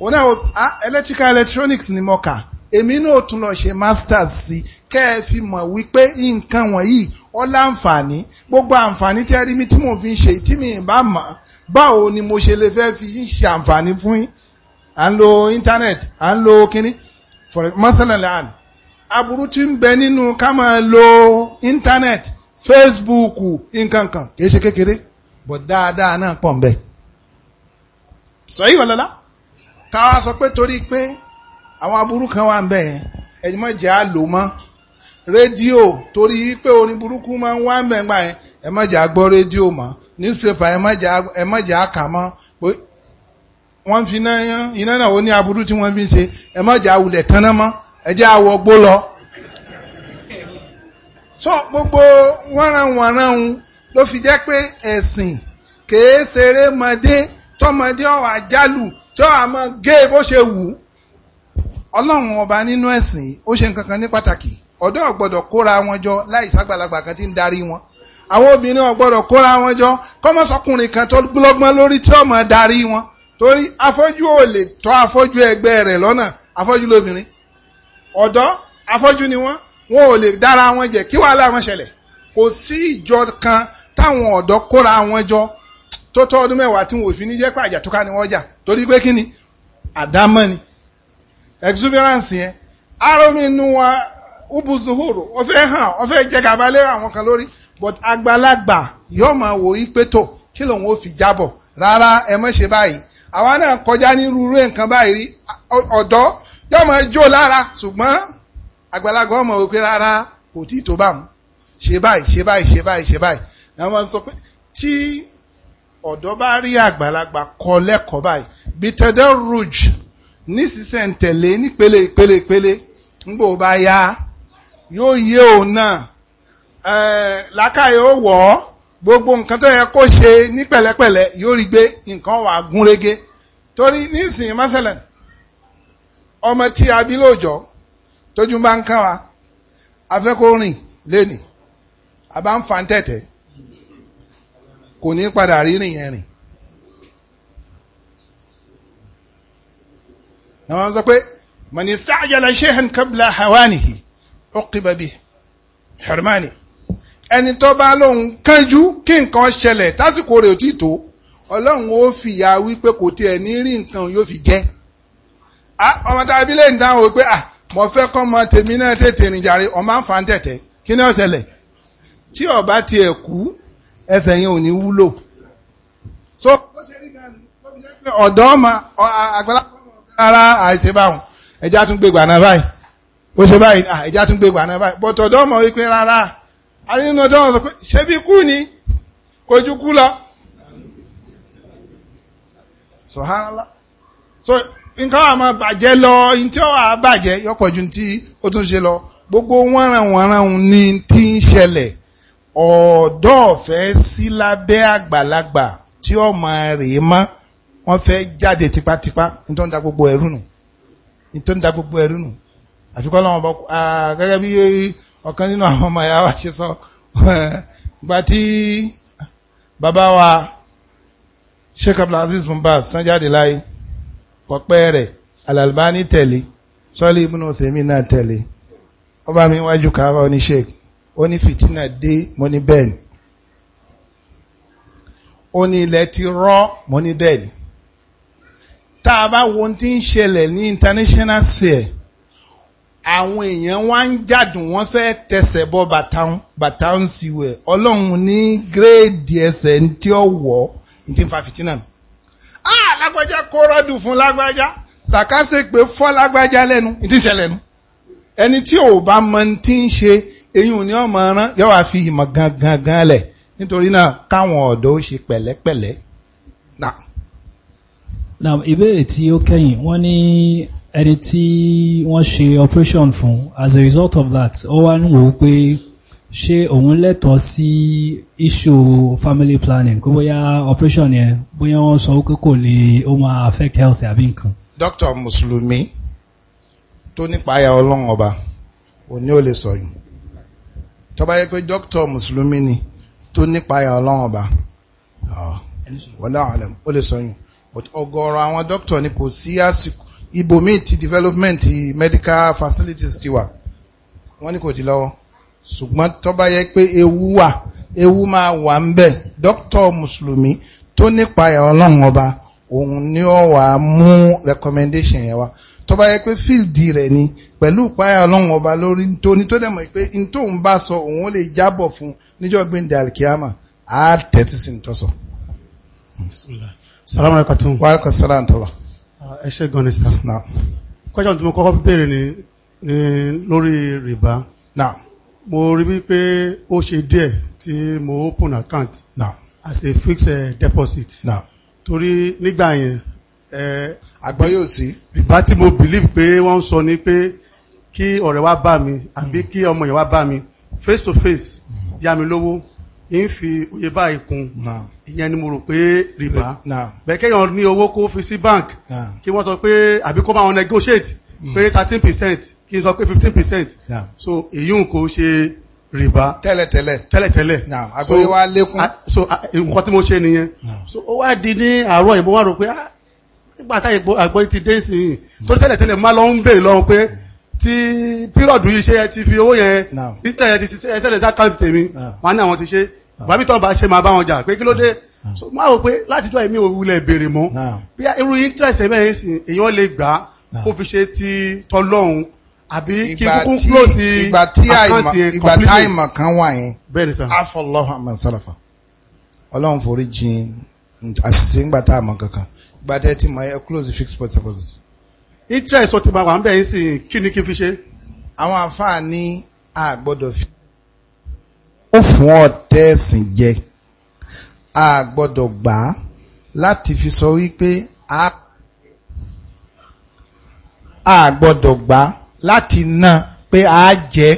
òun náà electrical electronics ni mo kà èmi náà tún lọ ṣe masters sí kẹ́ ẹ fi mọ̀ wípé nǹkan wọ̀nyí ó láǹfààní gbogbo àǹfààní tí ẹ rí mi tí mò ń ṣe tí mi bá mọ̀ báwo ni mo ṣe lè fẹ́ fi ṣe àǹfààní fún yín à ń lo internet à ń lo kínní for masalan aburú tí ń bẹ nínú ká máa lo internet Facebook nkankan kìí ṣe kékeré bọ̀ dáadáa náà pọ̀ nbẹ. sọ sọ pé torí pé àwọn aburú kan wà nbẹ yẹn ẹ̀yìn mọ̀ jẹ́ àlò mọ́ rédíò torí pé orin burúkú máa ń wá nbẹ gbà yẹn ẹ̀ mọ̀ jẹ́ ma rédíò mọ́ newspaper mọ́ pé wọ́n fi iná náà ó ní aburú tí wọ́n fi ń ṣe ẹ̀ mọ̀ lọ. so gbogbo wọ́nranwọ̀nranun ló fi jẹ́ pé ẹ̀sìn kèé ṣeré mọ́dé tọ́mọdé ọ̀wà jálù tí ọ̀wà mọ́ gé bó ṣe wù ú ọlọ́run ọba nínú ẹ̀sìn ó ṣe nǹkan kan ní pàtàkì ọ̀dọ́ ọ̀gbọ́dọ̀ kóra wọn jọ láì ságbàlagbà kan tí ń darí wọn àwọn obìnrin ọ̀gbọ́dọ̀ kóra wọn jọ kọ́mọ́sọkùnrin kan tó gbọ́lọ́gbọ́n lórí tí ọmọ darí wọn torí afọ́jú ò lè tọ́ afọ́jú ẹgbẹ́ rẹ̀ lọ́nà afọ́jú lóbìnrin ọ̀dọ́ afọ́jú ni wọ́n wọn ò lè dára wọn jẹ kí wàhálà wọn ṣẹlẹ̀ kò sí ìjọ kan táwọn ọ̀dọ́ kóra wọn jọ tó tọ́ ọdún mẹ́wàá tí wọn ò fi ní jẹ́ pé àjàtúkà ni wọ́n jà torí pé kí ni àdámọ́ ni exuberance yẹn aromi nu wa ubu zuhuru wọ́n hàn wọ́n fẹ́ jẹ gàba lé àwọn kan lórí but agbalagba yóò máa wò í pé tó kí lòun ò fi jábọ̀ rárá ẹ má ṣe báyìí àwa náà kọjá ní nǹkan báyìí rí ọ̀dọ́ yóò máa jó lára ṣùgbọ́n àgbàlagbà ọmọ wípé rárá kò tí tó bá mu ṣe báyìí ṣe báyìí ṣe báyìí ṣe báyìí àwọn ọmọ sọ pé tí ọ̀dọ́ bá rí àgbàlagbà kọ́ lẹ́kọ̀ọ́ báyìí bitẹ́dẹ́ rouge nísinsìnyẹ̀ntẹ̀lé nípele ìpele ìpele ńgbò bá yá yóò yé òun náà làákàyè ó wọ̀ ọ́ gbogbo nǹkan tó yẹ kó ṣe ní pẹ̀lẹ́pẹ̀lẹ́ yóò rí gbé nǹkan wà gúnrégé torí nísinsìnyí mọ́sálẹ̀ ọmọ tí a bí lóòjọ́ tójú bá ń kán wa afẹ́ kó rìn lẹ́nì àbá ń fa tẹ̀tẹ̀ kò ní padà rírìn yẹn rìn. àwọn sọ pé mani sàjàlá shehan kabla hawanihi uqiba bihi hermani ẹni tó bá lóun kánjú kí nǹkan ṣẹlẹ̀ tásìkò rẹ̀ ò tí tó ọlọ́run ó fìyà wípé kò tiẹ̀ ní rí nǹkan yóò fi jẹ́ ọmọ tàbí lè dáhùn wípé ah, mo fẹ́ kọ́ mọ tèmi náà tètè rìn jàre ọmọ àǹfààní tẹ̀tẹ̀ kí ni ó tí ó bá tiẹ̀ kú ẹsẹ̀ yẹn ò ní wúlò so ọ̀dọ́ ọmọ àgbàlagbà rárá àìṣe báwọn ẹja tún gbégbà náà báyìí ó ṣe báyìí ẹja tún gbégbà náà báyìí bọ́tọ̀ ọ̀dọ́ ọmọ wípé rárá arínú ọjọ́ ọ̀sán pé ṣé kú ni kojú kú lọ so nǹkan wà máa bàjẹ́ lọ ní tí ó wà bàjẹ́ yọpọ̀ ju ti ó tún ṣe lọ gbogbo wọ́nranwọ̀nran ni ti ń ṣẹlẹ̀ ọ̀dọ́ ọ̀fẹ́ sí lábẹ́ àgbàlagbà tí ó máa rèé mọ́ wọ́n fẹ́ jáde tipátipá ní tó ń da gbogbo ẹrú nù ní tó ń da gbogbo ẹrú nù àfikọ́ lọ́wọ́n bọ́ gẹ́gẹ́ bí ọ̀kan nínú àwọn ọmọ ìyá wa ṣe sọ gba tí bàbá wa Sheikh Abdulaziz Mumbaz tán jáde láyé kọ̀pẹ́ rẹ̀ Al-Albani tẹ̀lé sọ́lé ibùnú tèmi náà tẹ̀lé ọba mi wájú káàbà oníṣẹ́ ó ní fìtínà dé mo ní bẹ́ẹ̀ ni ó ní ilẹ̀ ti rọ́ mo ní ni tá a bá wo ti ń ṣẹlẹ̀ ní international sphere àwọn èèyàn wá ń jàdùn wọ́n fẹ́ tẹsẹ̀ bọ́ bàtà ń siwẹ̀ ọlọ́run ní gírèdì ẹsẹ̀ tí ó wọ̀ ní ti fa fìtínà mi ah lágbájá kó rọ́dù fún lágbájá sàkásẹ̀ pé fọ́ lágbájá lẹ́nu ìdí ìṣẹ̀lẹ̀ nu ẹni tí ò bá mọ ti ń ṣe eyín ò ọmọ rán yóò wá fi ìmọ̀ gangan gan lẹ̀ nítorí náà káwọn ọ̀dọ́ ṣe pẹ̀lẹ́pẹ̀lẹ́. ìbéèrè tí ó kẹ́yìn wọ́n ní ẹni tí wọ́n ṣe operation fún as a result of that ó wá ń wò ó pé ṣé òun lẹ́tọ̀ọ́ sí issue family planning kó bóyá operation yẹn bóyá wọ́n sọ wípé kò lè ó máa affect health àbí nǹkan. dókítà mùsùlùmí tó nípa àyà ọlọ́run ọba òní ò lè sọ yìí tó bá yẹ pé dókítà mùsùlùmí ni tó nípa àyà ọlọ́run ọba wọ́n dáhùn àlẹ́ ó lè sọ yìí but ọ̀gọ̀ọ̀rọ̀ àwọn doctor ni kò sí àsìkò ibòmíì ti development medical facilities ti wà wọ́n ní kò di lọ́wọ́ ṣùgbọ́n tó bá yẹ pé ewu wà ewu máa wà ń bẹ̀ dókítà mùsùlùmí tó nípa ẹ̀ ọlọ́run ọba òun ni ó wà á mú recommendation yẹn wá tó bá yẹ pé fíìdì rẹ̀ ni pẹ̀lú ìpáyà ọlọ́run ọba lórí tóní tó dẹ̀ mọ̀ pé n tóun bá sọ òun lè jábọ̀ fún níjọ́ gbẹ̀ndẹ̀ alikiyama á tẹ̀tí sí ní tọ́sọ̀. salamu alaykum. wa alaykum salaam tọ́lá. Ah, ẹ ṣe gan ni sir. question tí mo kọ́kọ́ béèrè ni lórí rìbá. now mo rí wípé ó ṣe díẹ̀ tí mo open account now as a fixed eh, deposit now torí nígbà yẹn eh, àgbọ́yé ò sí. ìbá tí mo believe pé wọ́n ń sọ ni pé kí ọ̀rẹ́ wa bá mi àbí hmm. kí ọmọ yẹn wá bá mi face to face hmm. yá mi lówó ń fi òye báyìí kún ìyẹn ni mo rò pé rìbá bẹ́ẹ̀ kéèyàn ní owó kó fi sí bank kí wọ́n sọ pé àbí kó bá wọn negotiate Hmm. pé thirteen percent kí n sọ pé fifteen percent so èyí kò ṣe rìbá tẹ́lẹ̀tẹ́lẹ̀ tẹ́lẹ̀tẹ́lẹ̀ so wa lékún so nǹkan tí mo ṣe nìyẹn so ó wá di ní àárọ̀ ìbọn wà rò pé ah, nígbà tá àgbọ̀n ti dé sí yìí tó tẹ́lẹ̀tẹ́lẹ̀ má lọ ń béèrè lọ́wọ́ pé hmm. tí pírọ̀dù yìí ṣe ti fi owó yẹn nítorí ti ṣẹlẹ̀ sí àkáǹtì tèmi wọn ní àwọn ti ṣe bàbí tó bá ṣe máa bá wọn jà pé kí ló dé so máa wò pé látijọ́ èmi ò wulẹ̀ béèrè mọ́ bí irú interest ẹ̀mẹ́yẹsìn èèyàn lè gbà á Ah. kó fi ṣe ti tọ́lọ́hún àbí kí kúkú close àkáǹtì ẹ̀ completely. ìgbà tí àìmọ̀ kan wà yẹn afọlọ́hún àmọ̀ sálàfà ọlọ́run forí jìn àṣìṣe ńgbà tá àmọ̀ kankan ìgbà tí ẹ ti mọ̀ ẹ close fixed point deposit. interest ọtí bàbá ń bẹ̀ yín sí kí ni kí n fi ṣe. àwọn àfáà a gbọ́dọ̀ fi. ó fún ọ̀tẹ̀ ẹ̀sìn jẹ a gbọ́dọ̀ gbà láti fi sọ wípé a a gbọ́dọ̀ gbà láti ná pé a jẹ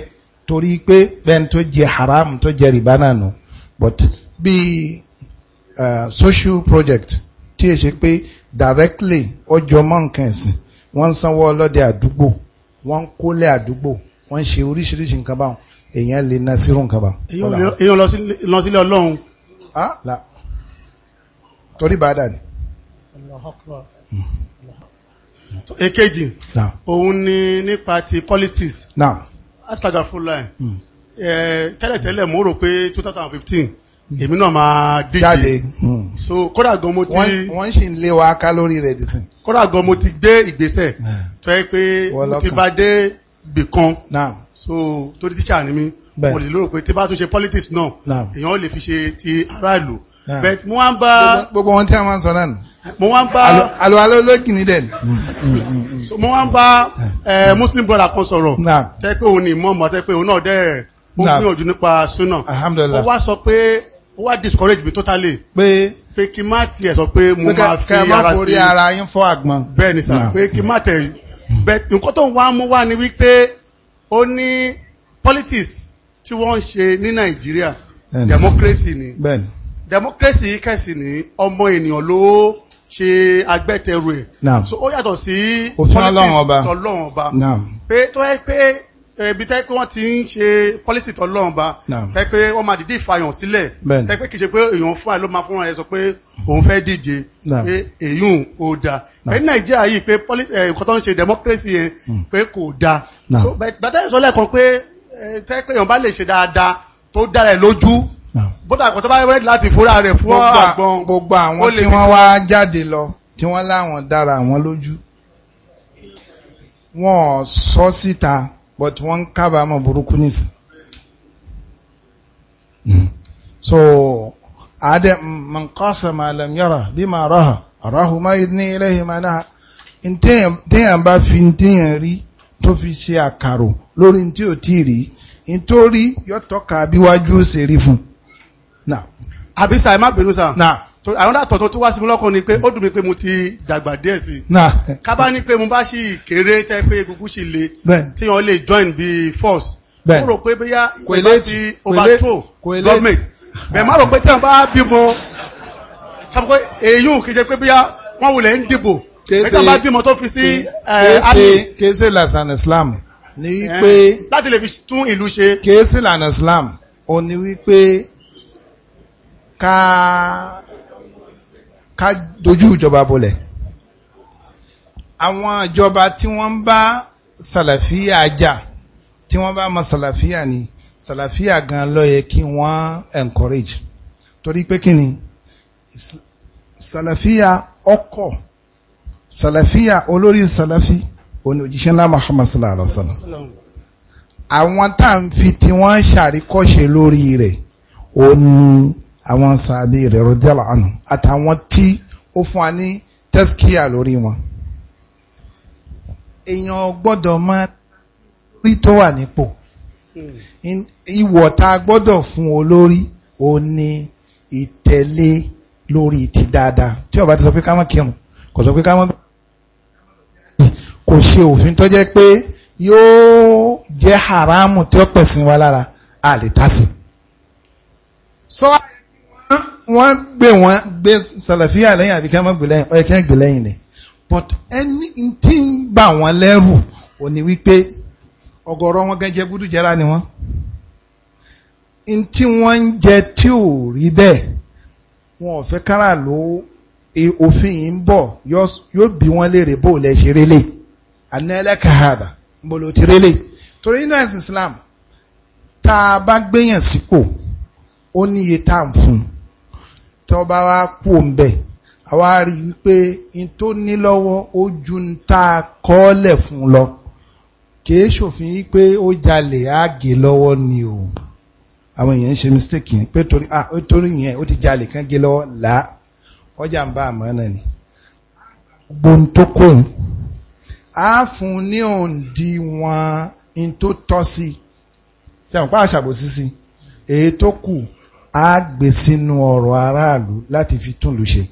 torí pé bẹ́ẹ̀ni tó jẹ haram tó jẹ rìbá náà nù but bí uh, social project tí èsì pé directly ọjọ́ mọ́ nǹkan ẹ̀sìn wọ́n ń sanwó ọlọ́dẹ àdúgbò wọ́n ń kólé àdúgbò wọ́n ń ṣe oríṣiríṣi nǹkan báwọn èèyàn lè na sírù nǹkan èèyàn lọ sílé ọlọ́run. ah la torí bàdà ni èkejì òun ni nípa ti politics asagafula hmm. ẹ̀ tẹ́lẹ̀tẹ́lẹ̀ mo rò pé 2015 hmm. èmi náà máa díje hmm. so kódà gan mo ti wọ́n sì ń lé wa kálórì rẹ̀ dì sìn. kódà gan mo ti gbé ìgbésẹ̀ tó yẹ pé mo ti bá dé bìkan so torí tíṣà ni mí mo lè lérò pé tí bá tún ṣe politics náà èèyàn lè fi ṣe ti aráàlú Ah. but mo wá ń bá. gbogbo wọn tí a máa ń sọ náà nù. mo wá ń bá. àlùwalẹ̀ olóògì ni dẹ̀. Mm, mm, mm, mo wá ń bá ah. eh, muslim brother kan sọ̀rọ̀. tẹ́ pé òun ni mọ́ọ̀mọ́ tẹ́ pé òun náà dẹ́ ó gbìyànjú nípa súnà. alhamdulilah ó wá sọ pé ó wá discourage mi totally. pé pé kí má tiẹ̀ sọ pé mo máa fi ara sí. pé ká má forí ara yín fọ́ àgbọn. bẹ́ẹ̀ ni sà pé kí má tẹ̀ bẹ́ẹ̀ nǹkan tó ń wá mú wá ni wípé ó ní politics tí wọ́n ń ṣe ní nàìjíríà democracy ni. bẹ́ẹ̀ ni democracy kẹ̀sì ní ọmọ ènìyàn ló ṣe agbẹ́tẹ̀rù ẹ̀. so ó yàtọ̀ sí òfin ọlọ́run ọba tọlọ́run ọba pé tó yẹ pé ẹbí tẹ́ pé wọ́n ti ń ṣe policy tọlọ́run ọba tẹ́ pé wọ́n máa dìde ìfàyàn sílẹ̀ tẹ́ pé kì í ṣe pé èèyàn fún ẹ máa fún ẹ pé òun fẹ́ díje pé èyún ò dáa pé nàìjíríà yìí pé nǹkan tó ń ṣe democracy yẹn hmm. pé kò dáa so bàtà ìsọlẹ̀ kan pé tẹ́ pé èèyàn bá lè ṣe dáadáa tó dára lójú bóta àkọ́tọ́ bá rẹ́dì láti fúra rẹ̀ fún àwọn. gbogbo àwọn tí wọ́n wá jáde lọ tí wọ́n láwọn dára àwọn lójú wọ́n sọ síta but wọ́n ń kábàámọ̀ burúkú nìsín. Hmm. so àádẹ́ man qasama lam yara bima raha arahu ma ní ilayhi ma náà téèyàn bá fi téèyàn rí tó fi ṣe àkàrò lórí tí ò tí ì rí nítorí yọtọ̀ka bíwájú ṣe rí fún un àbí sáà ẹ má bínú sáà àrọ́dà tọ̀tọ̀ tó wá sí mi lọ́kàn ni pé ó dùn mí pé mo ti dàgbà díẹ̀ sí kábà ní pé mo bá sì kéré tẹ́ pé egungun sì le téèyàn lè join bí force mo rò pé bóyá ìgbà ti overthrow government bẹ́ẹ̀ má rò pé téèyàn bá bímọ sàpọ̀ èyún kì í ṣe pé bóyá wọ́n wulẹ̀ ń dìbò bẹ́ẹ̀ bá bímọ tó fi sí àmì. kéésì Islam ni wípé láti lè fi tún ìlú ṣe. kéésì làṣàn Islam ò ní wípé ká ká dojú ìjọba bolẹ̀ àwọn ìjọba tí wọ́n ń bá sàlàfíà jà tí wọ́n bá mọ sàlàfíà ni sàlàfíà gan ló yẹ kí wọ́n encourage torí pé kí ni sàlàfíà ọkọ̀ sàlàfíà olórí sàlàfí òní òjíṣẹ́ ńlá Muhammad sallallahu alaihi wa sallam àwọn tá à ń fi tí wọ́n ṣàríkọ́ṣe lórí rẹ̀ òní àwọn sàbí rẹ̀ rọ́díàlà ànú àtàwọn tí ó fún wa ní tẹ́síkíà lórí wọn. èèyàn gbọ́dọ̀ máa rí tó wà nípò hmm. ìwọ̀ tá a gbọ́dọ̀ fún olórí ó ní ìtẹ̀lé lórí ti dáadáa tí ó ti sọ pé ká má kírun kò sọ pé ká má kò ṣe òfin tó jẹ́ pé yóò jẹ́ haramu tí ó pẹ̀sìn wa lára a tásì. sọ́ọ́ wọ́n gbé wọ́n gbé sàlàfíà lẹ́yìn àbí kẹ́mọ́ gbé lẹ́yìn ọ̀yẹ́ kẹ́mọ́ gbé lẹ́yìn ni but ẹni tí ń gbà wọ́n lẹ́rù ò ní wípé ọ̀gọ̀rọ̀ wọn gẹ́jẹ́ gbúdú jẹ́ra ni wọ́n n tí wọ́n ń jẹ tí ò rí bẹ́ẹ̀ wọn ò fẹ́ kára ló e òfin yìí ń bọ̀ yóò bí wọ́n léèrè bó lẹ́ ṣe rélẹ̀ àná ẹlẹ́kàáda ń ti rélẹ̀ torí nínú ẹ̀sìn Islam tá a bá gbéyàn sípò ó níye tá à ń fún un tó bá wá kú òǹbẹ àwa rí wípé n tó ní lọ́wọ́ ó ju ń ta kọ́ọ́lẹ̀ fún lọ kìí ṣòfin wípé ó jalè àgè lọ́wọ́ ni o àwọn èèyàn ń ṣe mistake yẹn pé torí ah, yẹn ó ti jalè kán gé lọ́wọ́ là ọjà ń bá àmọ́ náà ni gbóhùn tó kóhùn á fún ní òǹdí wọn n tó tọ́ sí ṣàǹpá àṣàbòsí sí èyí tó kù á gbé sínú ọ̀rọ̀ aráàlú láti fi tún lù ṣe.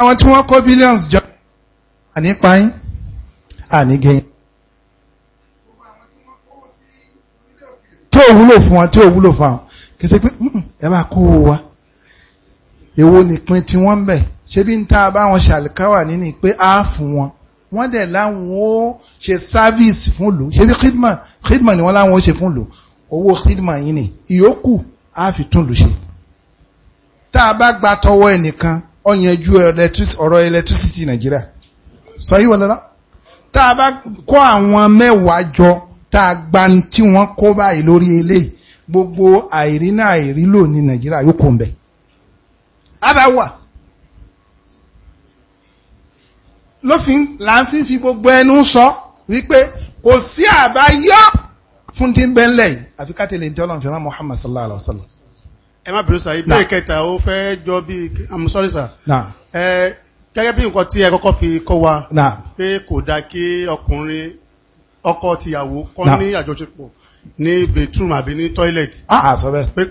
àwọn tí wọ́n kó billions jọ àní payín àní gẹ̀yìn. tí ò wúlò fún wọn tí ò wúlò fún àwọn kì í ṣe pé hmm, ẹ bá kó o wa èwo nìpín tí wọ́n ń bẹ̀ ṣé bí ń ta báwọn ṣàlùkáwà nínú pé á fún wọn wọ́n dẹ̀ láwọn ó ṣe service fún lò ṣé bí khidma khidma ni wọ́n láwọn ó ṣe fún lò owó khidma yín ni ìyókù á fi tún lù ṣe tá a bá gba tọwọ́ ẹnìkan ó yanjú electricity Nàìjíríà sọ yìí wọlé lọ tá a bá kó àwọn mẹ́wàá jọ tá a gba tí wọ́n kó báyìí lórí eléyìí gbogbo àìrí náà àìrí lò ní Nàìjíríà yóò kó ń bẹ̀ ara wà lófin là ń fi fi gbogbo ẹnu sọ wípé kò sí àbáyọ. fún tí ń bẹ́ ńlẹ̀ yìí àfi ká tẹ̀lé ní tọ́lọ́n Muhammad sallallahu alaihi wa sallam. ẹ má jọ bí ẹ gẹ́gẹ́ bí nǹkan tí ẹ kọ́kọ́ fi kọ́ wa pé kò dáa kí ọkùnrin ọkọ tìyàwó kọ́ ní àjọṣepọ̀ ní bedroom àbí ní toilet. a sọ bẹ́ẹ̀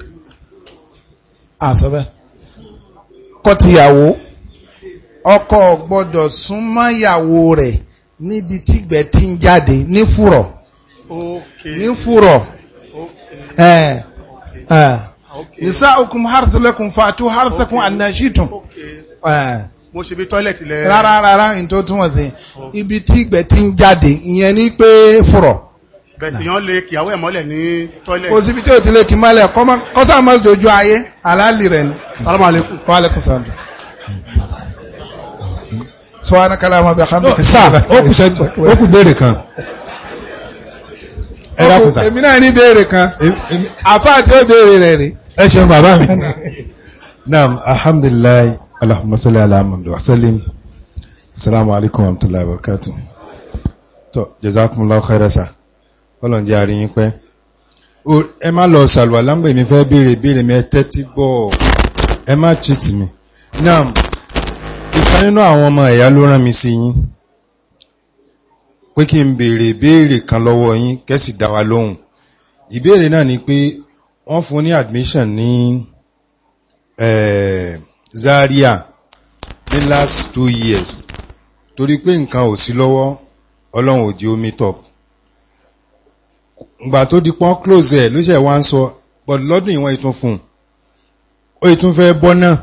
a sọ bẹ́ẹ̀ kọ́ tìyàwó ọkọ gbọ́dọ̀ súnmọ́ yàwó rẹ̀ ti ń jáde ní ní fúrọ̀ nisa'ukum harthulakum fatu harthakum annashitum mo ṣe bí tọ́lẹ̀tì lẹ́yìn rárá rárá n tó túnmọ̀ sí ibi tí ìgbẹ́ ti ń jáde ìyẹn ní pé fúrọ̀ bẹ̀tìyàn lè kìyàwó ẹ̀ mọ́lẹ̀ ní tọ́lẹ̀tì kò síbi tí ò ti lè kì mọ́lẹ̀ kọ́sà máa dojú ayé aláàlì rẹ̀ ni salamu alaikum wa alaikum salam sọ wọn kálá wọn bẹ hàn mí. ó kù bèrè kan ẹ dákúsà. èmi náà ní béèrè kan àfáà tí ó béèrè rẹ̀ rè. ẹ ṣeun bàbá mi. naam alhamdulilayi alahumma salli ala muhammad wa sallim asalaamu alaykum wa rahmatulahi wa barakatu. tọ jazakumulaw khaira sa Ọlọ́run jẹ́ àríyìn pẹ́ ẹ má lọ ṣàlùwà lámbà èmi fẹ́ béèrè béèrè mi ẹ tẹ́tí gbọ́ ẹ má treat mi. naam ìkan nínú àwọn ọmọ ẹ̀yà ló rán mi sí yín pé kí n béèrè ìbéèrè kan lọ́wọ́ yín kẹ́sì dá wa lóhùn ìbéèrè náà ni pé wọ́n fún ní admission ní eh, Zaria ní last two years torí pé nǹkan ò sí lọ́wọ́ ọlọ́run ò di omi top ìgbà tó di pọ́n close ẹ̀ ló ṣe wá ń sọ but lọ́dún ìwọ̀n ìtún fún un ó ìtún fẹ́ bọ́ náà